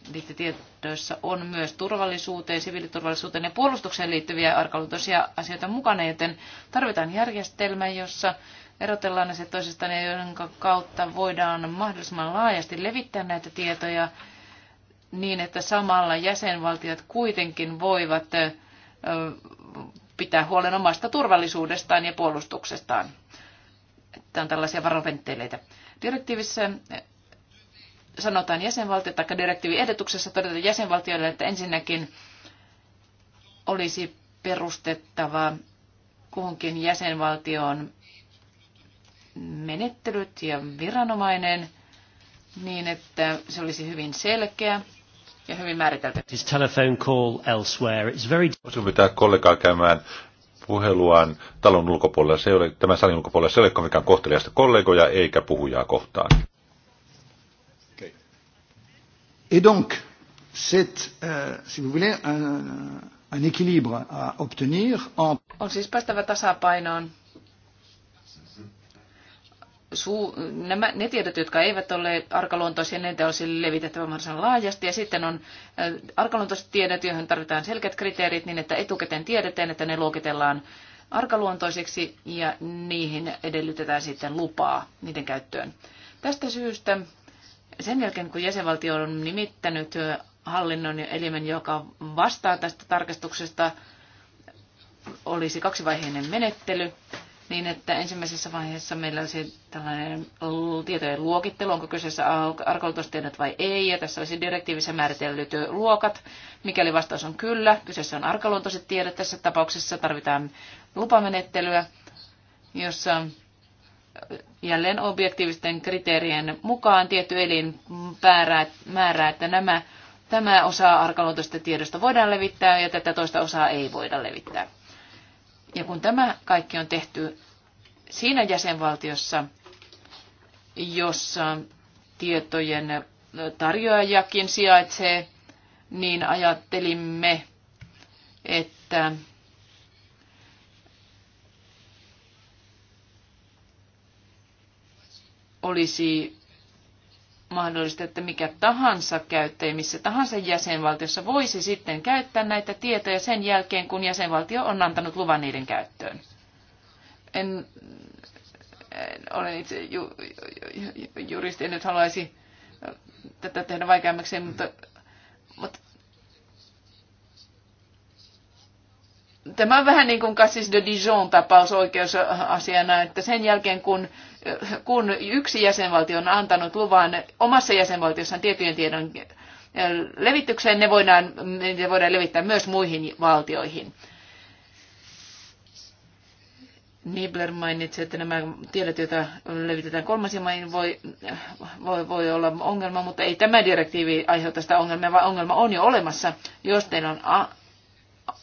budjettitiedoissa on myös turvallisuuteen, siviiliturvallisuuteen ja puolustukseen liittyviä arkaluontoisia asioita mukana, joten tarvitaan järjestelmä, jossa erotellaan ne toisistaan ja jonka kautta voidaan mahdollisimman laajasti levittää näitä tietoja niin, että samalla jäsenvaltiot kuitenkin voivat pitää huolen omasta turvallisuudestaan ja puolustuksestaan. Tämä on tällaisia varoventteleitä. Direktiivissä sanotaan jäsenvaltio, tai direktiivin ehdotuksessa todetaan jäsenvaltioille, että ensinnäkin olisi perustettava kuhunkin jäsenvaltioon menettelyt ja viranomainen niin, että se olisi hyvin selkeä ja hyvin määritelty. His telephone call elsewhere. It's very... pitää kollegaa käymään puheluaan talon ulkopuolella. Se ei ole, tämän salin ulkopuolella se ei ole mikään kohteliasta kollegoja eikä puhujaa kohtaan. Et donc, c'est, euh, si vous voulez, un, un équilibre à obtenir en... On siis päästävä tasapainoon suu, nämä, ne tiedot, jotka eivät ole arkaluontoisia, ne olisi levitettävä mahdollisimman laajasti. Ja sitten on äh, arkaluontoiset tiedot, joihin tarvitaan selkeät kriteerit niin, että etukäteen tiedetään, että ne luokitellaan arkaluontoisiksi ja niihin edellytetään sitten lupaa niiden käyttöön. Tästä syystä sen jälkeen, kun jäsenvaltio on nimittänyt hallinnon elimen, joka vastaa tästä tarkastuksesta, olisi kaksivaiheinen menettely, niin että ensimmäisessä vaiheessa meillä olisi tällainen tietojen luokittelu, onko kyseessä arkaluontoistiedot vai ei, ja tässä olisi direktiivissä määritellyt luokat. Mikäli vastaus on kyllä, kyseessä on arkaluontoiset tiedot, tässä tapauksessa tarvitaan lupamenettelyä, jossa jälleen objektiivisten kriteerien mukaan tietty elin määrää, että nämä, tämä osa arkaluontoista tiedosta voidaan levittää ja tätä toista osaa ei voida levittää. Ja kun tämä kaikki on tehty siinä jäsenvaltiossa, jossa tietojen tarjoajakin sijaitsee, niin ajattelimme, että olisi mahdollista, että mikä tahansa käyttäjä missä tahansa jäsenvaltiossa voisi sitten käyttää näitä tietoja sen jälkeen, kun jäsenvaltio on antanut luvan niiden käyttöön. En, en ole itse ju, ju, ju, juristi, en nyt haluaisi tätä tehdä vaikeammaksi, mutta, mutta tämä on vähän niin kuin Cassis de Dijon tapaus oikeusasiana, että sen jälkeen kun, kun yksi jäsenvaltio on antanut luvan omassa jäsenvaltiossaan tiettyjen tiedon levitykseen, ne voidaan, ne voidaan levittää myös muihin valtioihin. Nibler mainitsi, että nämä tiedot, joita levitetään kolmansiin maihin, voi, voi, voi olla ongelma, mutta ei tämä direktiivi aiheuta sitä ongelmaa, vaan ongelma on jo olemassa. Jos teillä on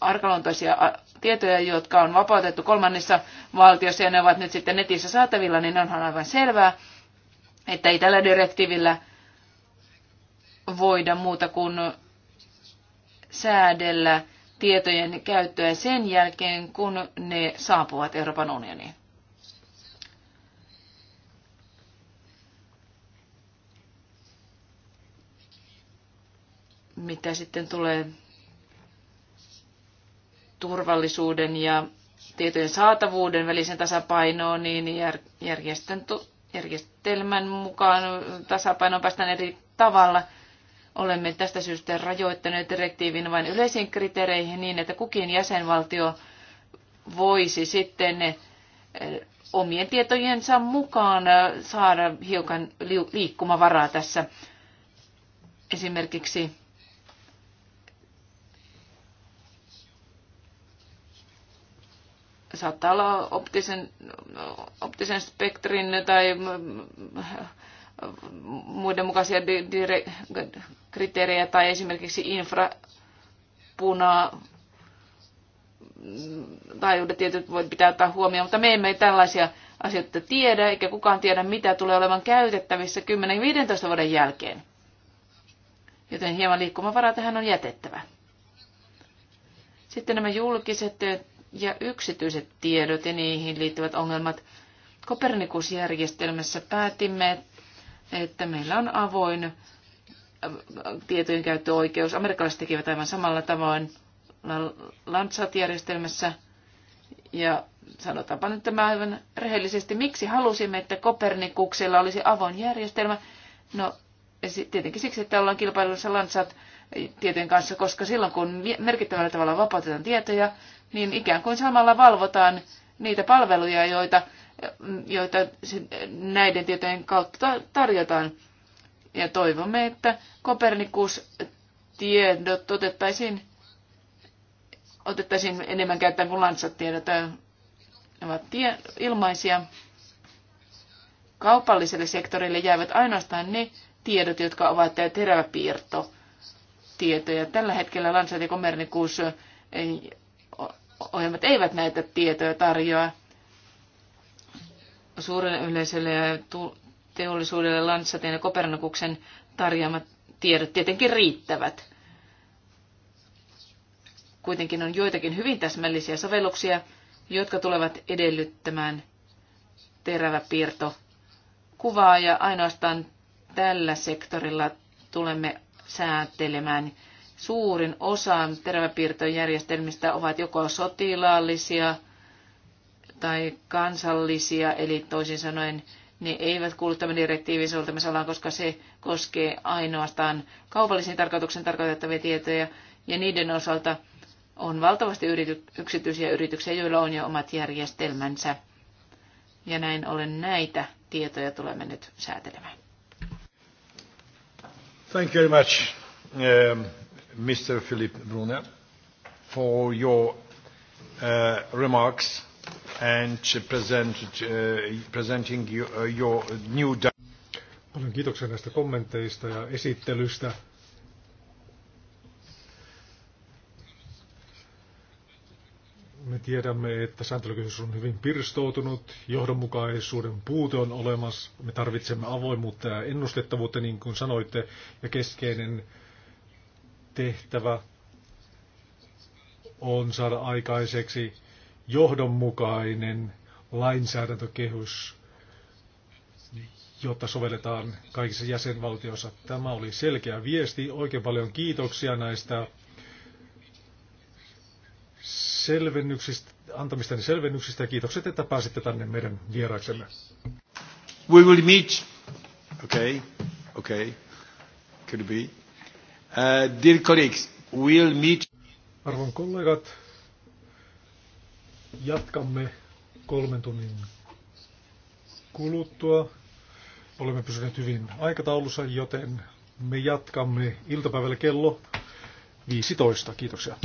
arkaluontoisia äh, tietoja, jotka on vapautettu kolmannissa valtiossa ja ne ovat nyt sitten netissä saatavilla, niin onhan aivan selvää, että ei tällä direktiivillä voida muuta kuin säädellä tietojen käyttöä sen jälkeen, kun ne saapuvat Euroopan unioniin. Mitä sitten tulee turvallisuuden ja tietojen saatavuuden välisen tasapainoon, niin järjestelmän mukaan tasapainoon päästään eri tavalla. Olemme tästä syystä rajoittaneet direktiivin vain yleisiin kriteereihin niin, että kukin jäsenvaltio voisi sitten eh, omien tietojensa mukaan eh, saada hiukan liikkumavaraa tässä. Esimerkiksi saattaa olla optisen, optisen spektrin tai muiden mukaisia kriteerejä tai esimerkiksi infrapuna uudet tietyt voi pitää ottaa huomioon, mutta me emme tällaisia asioita tiedä, eikä kukaan tiedä, mitä tulee olemaan käytettävissä 10-15 vuoden jälkeen. Joten hieman liikkumavaraa tähän on jätettävä. Sitten nämä julkiset ja yksityiset tiedot ja niihin liittyvät ongelmat. Kopernikusjärjestelmässä päätimme, että meillä on avoin äh, tietojen käyttöoikeus. Amerikkalaiset tekevät aivan samalla tavoin Landsat-järjestelmässä. Ja sanotaanpa nyt tämä aivan rehellisesti, miksi halusimme, että Kopernikuksella olisi avoin järjestelmä? No tietenkin siksi, että ollaan kilpailussa Landsat tietojen kanssa, koska silloin kun merkittävällä tavalla vapautetaan tietoja, niin ikään kuin samalla valvotaan niitä palveluja, joita, joita näiden tietojen kautta tarjotaan. Ja toivomme, että Kopernikus-tiedot otettaisiin, otettaisiin enemmän käyttöön kuin Landsat-tiedot. Ne ovat tie, ilmaisia. Kaupalliselle sektorille jäävät ainoastaan ne tiedot, jotka ovat teräväpiirto tietoja. Tällä hetkellä Lancet ja Komernikus eh, ohjelmat eivät näitä tietoja tarjoa suurelle yleisölle ja teollisuudelle Landsatin ja Kopernikuksen tarjoamat tiedot tietenkin riittävät. Kuitenkin on joitakin hyvin täsmällisiä sovelluksia, jotka tulevat edellyttämään teräväpiirto kuvaa ja ainoastaan tällä sektorilla tulemme säätelemään. Suurin osa teräväpiirtojärjestelmistä ovat joko sotilaallisia tai kansallisia, eli toisin sanoen ne eivät kuulu tämän direktiivin soveltamisalaan, koska se koskee ainoastaan kaupallisiin tarkoituksen tarkoitettavia tietoja, ja niiden osalta on valtavasti yrity- yksityisiä yrityksiä, joilla on jo omat järjestelmänsä. Ja näin ollen näitä tietoja tulemme nyt säätelemään. Thank you very much, um, Mr. Philippe Brunner, for your uh, remarks and presented, uh, presenting your, uh, your new. Paljon kiitoksia näistä kommenteista ja esittelystä. Me tiedämme, että sääntelykehys on hyvin pirstoutunut, johdonmukaisuuden puute on olemassa, me tarvitsemme avoimuutta ja ennustettavuutta, niin kuin sanoitte, ja keskeinen tehtävä on saada aikaiseksi johdonmukainen lainsäädäntökehys, jota sovelletaan kaikissa jäsenvaltioissa. Tämä oli selkeä viesti. Oikein paljon kiitoksia näistä selvennyksistä, antamistanne selvennyksistä ja kiitokset, että pääsitte tänne meidän vieraksemme. We will meet. Okay, okay. Could be. Uh, dear colleagues, we'll meet. Arvon kollegat, jatkamme kolmen tunnin kuluttua. Olemme pysyneet hyvin aikataulussa, joten me jatkamme iltapäivällä kello 15. Kiitoksia.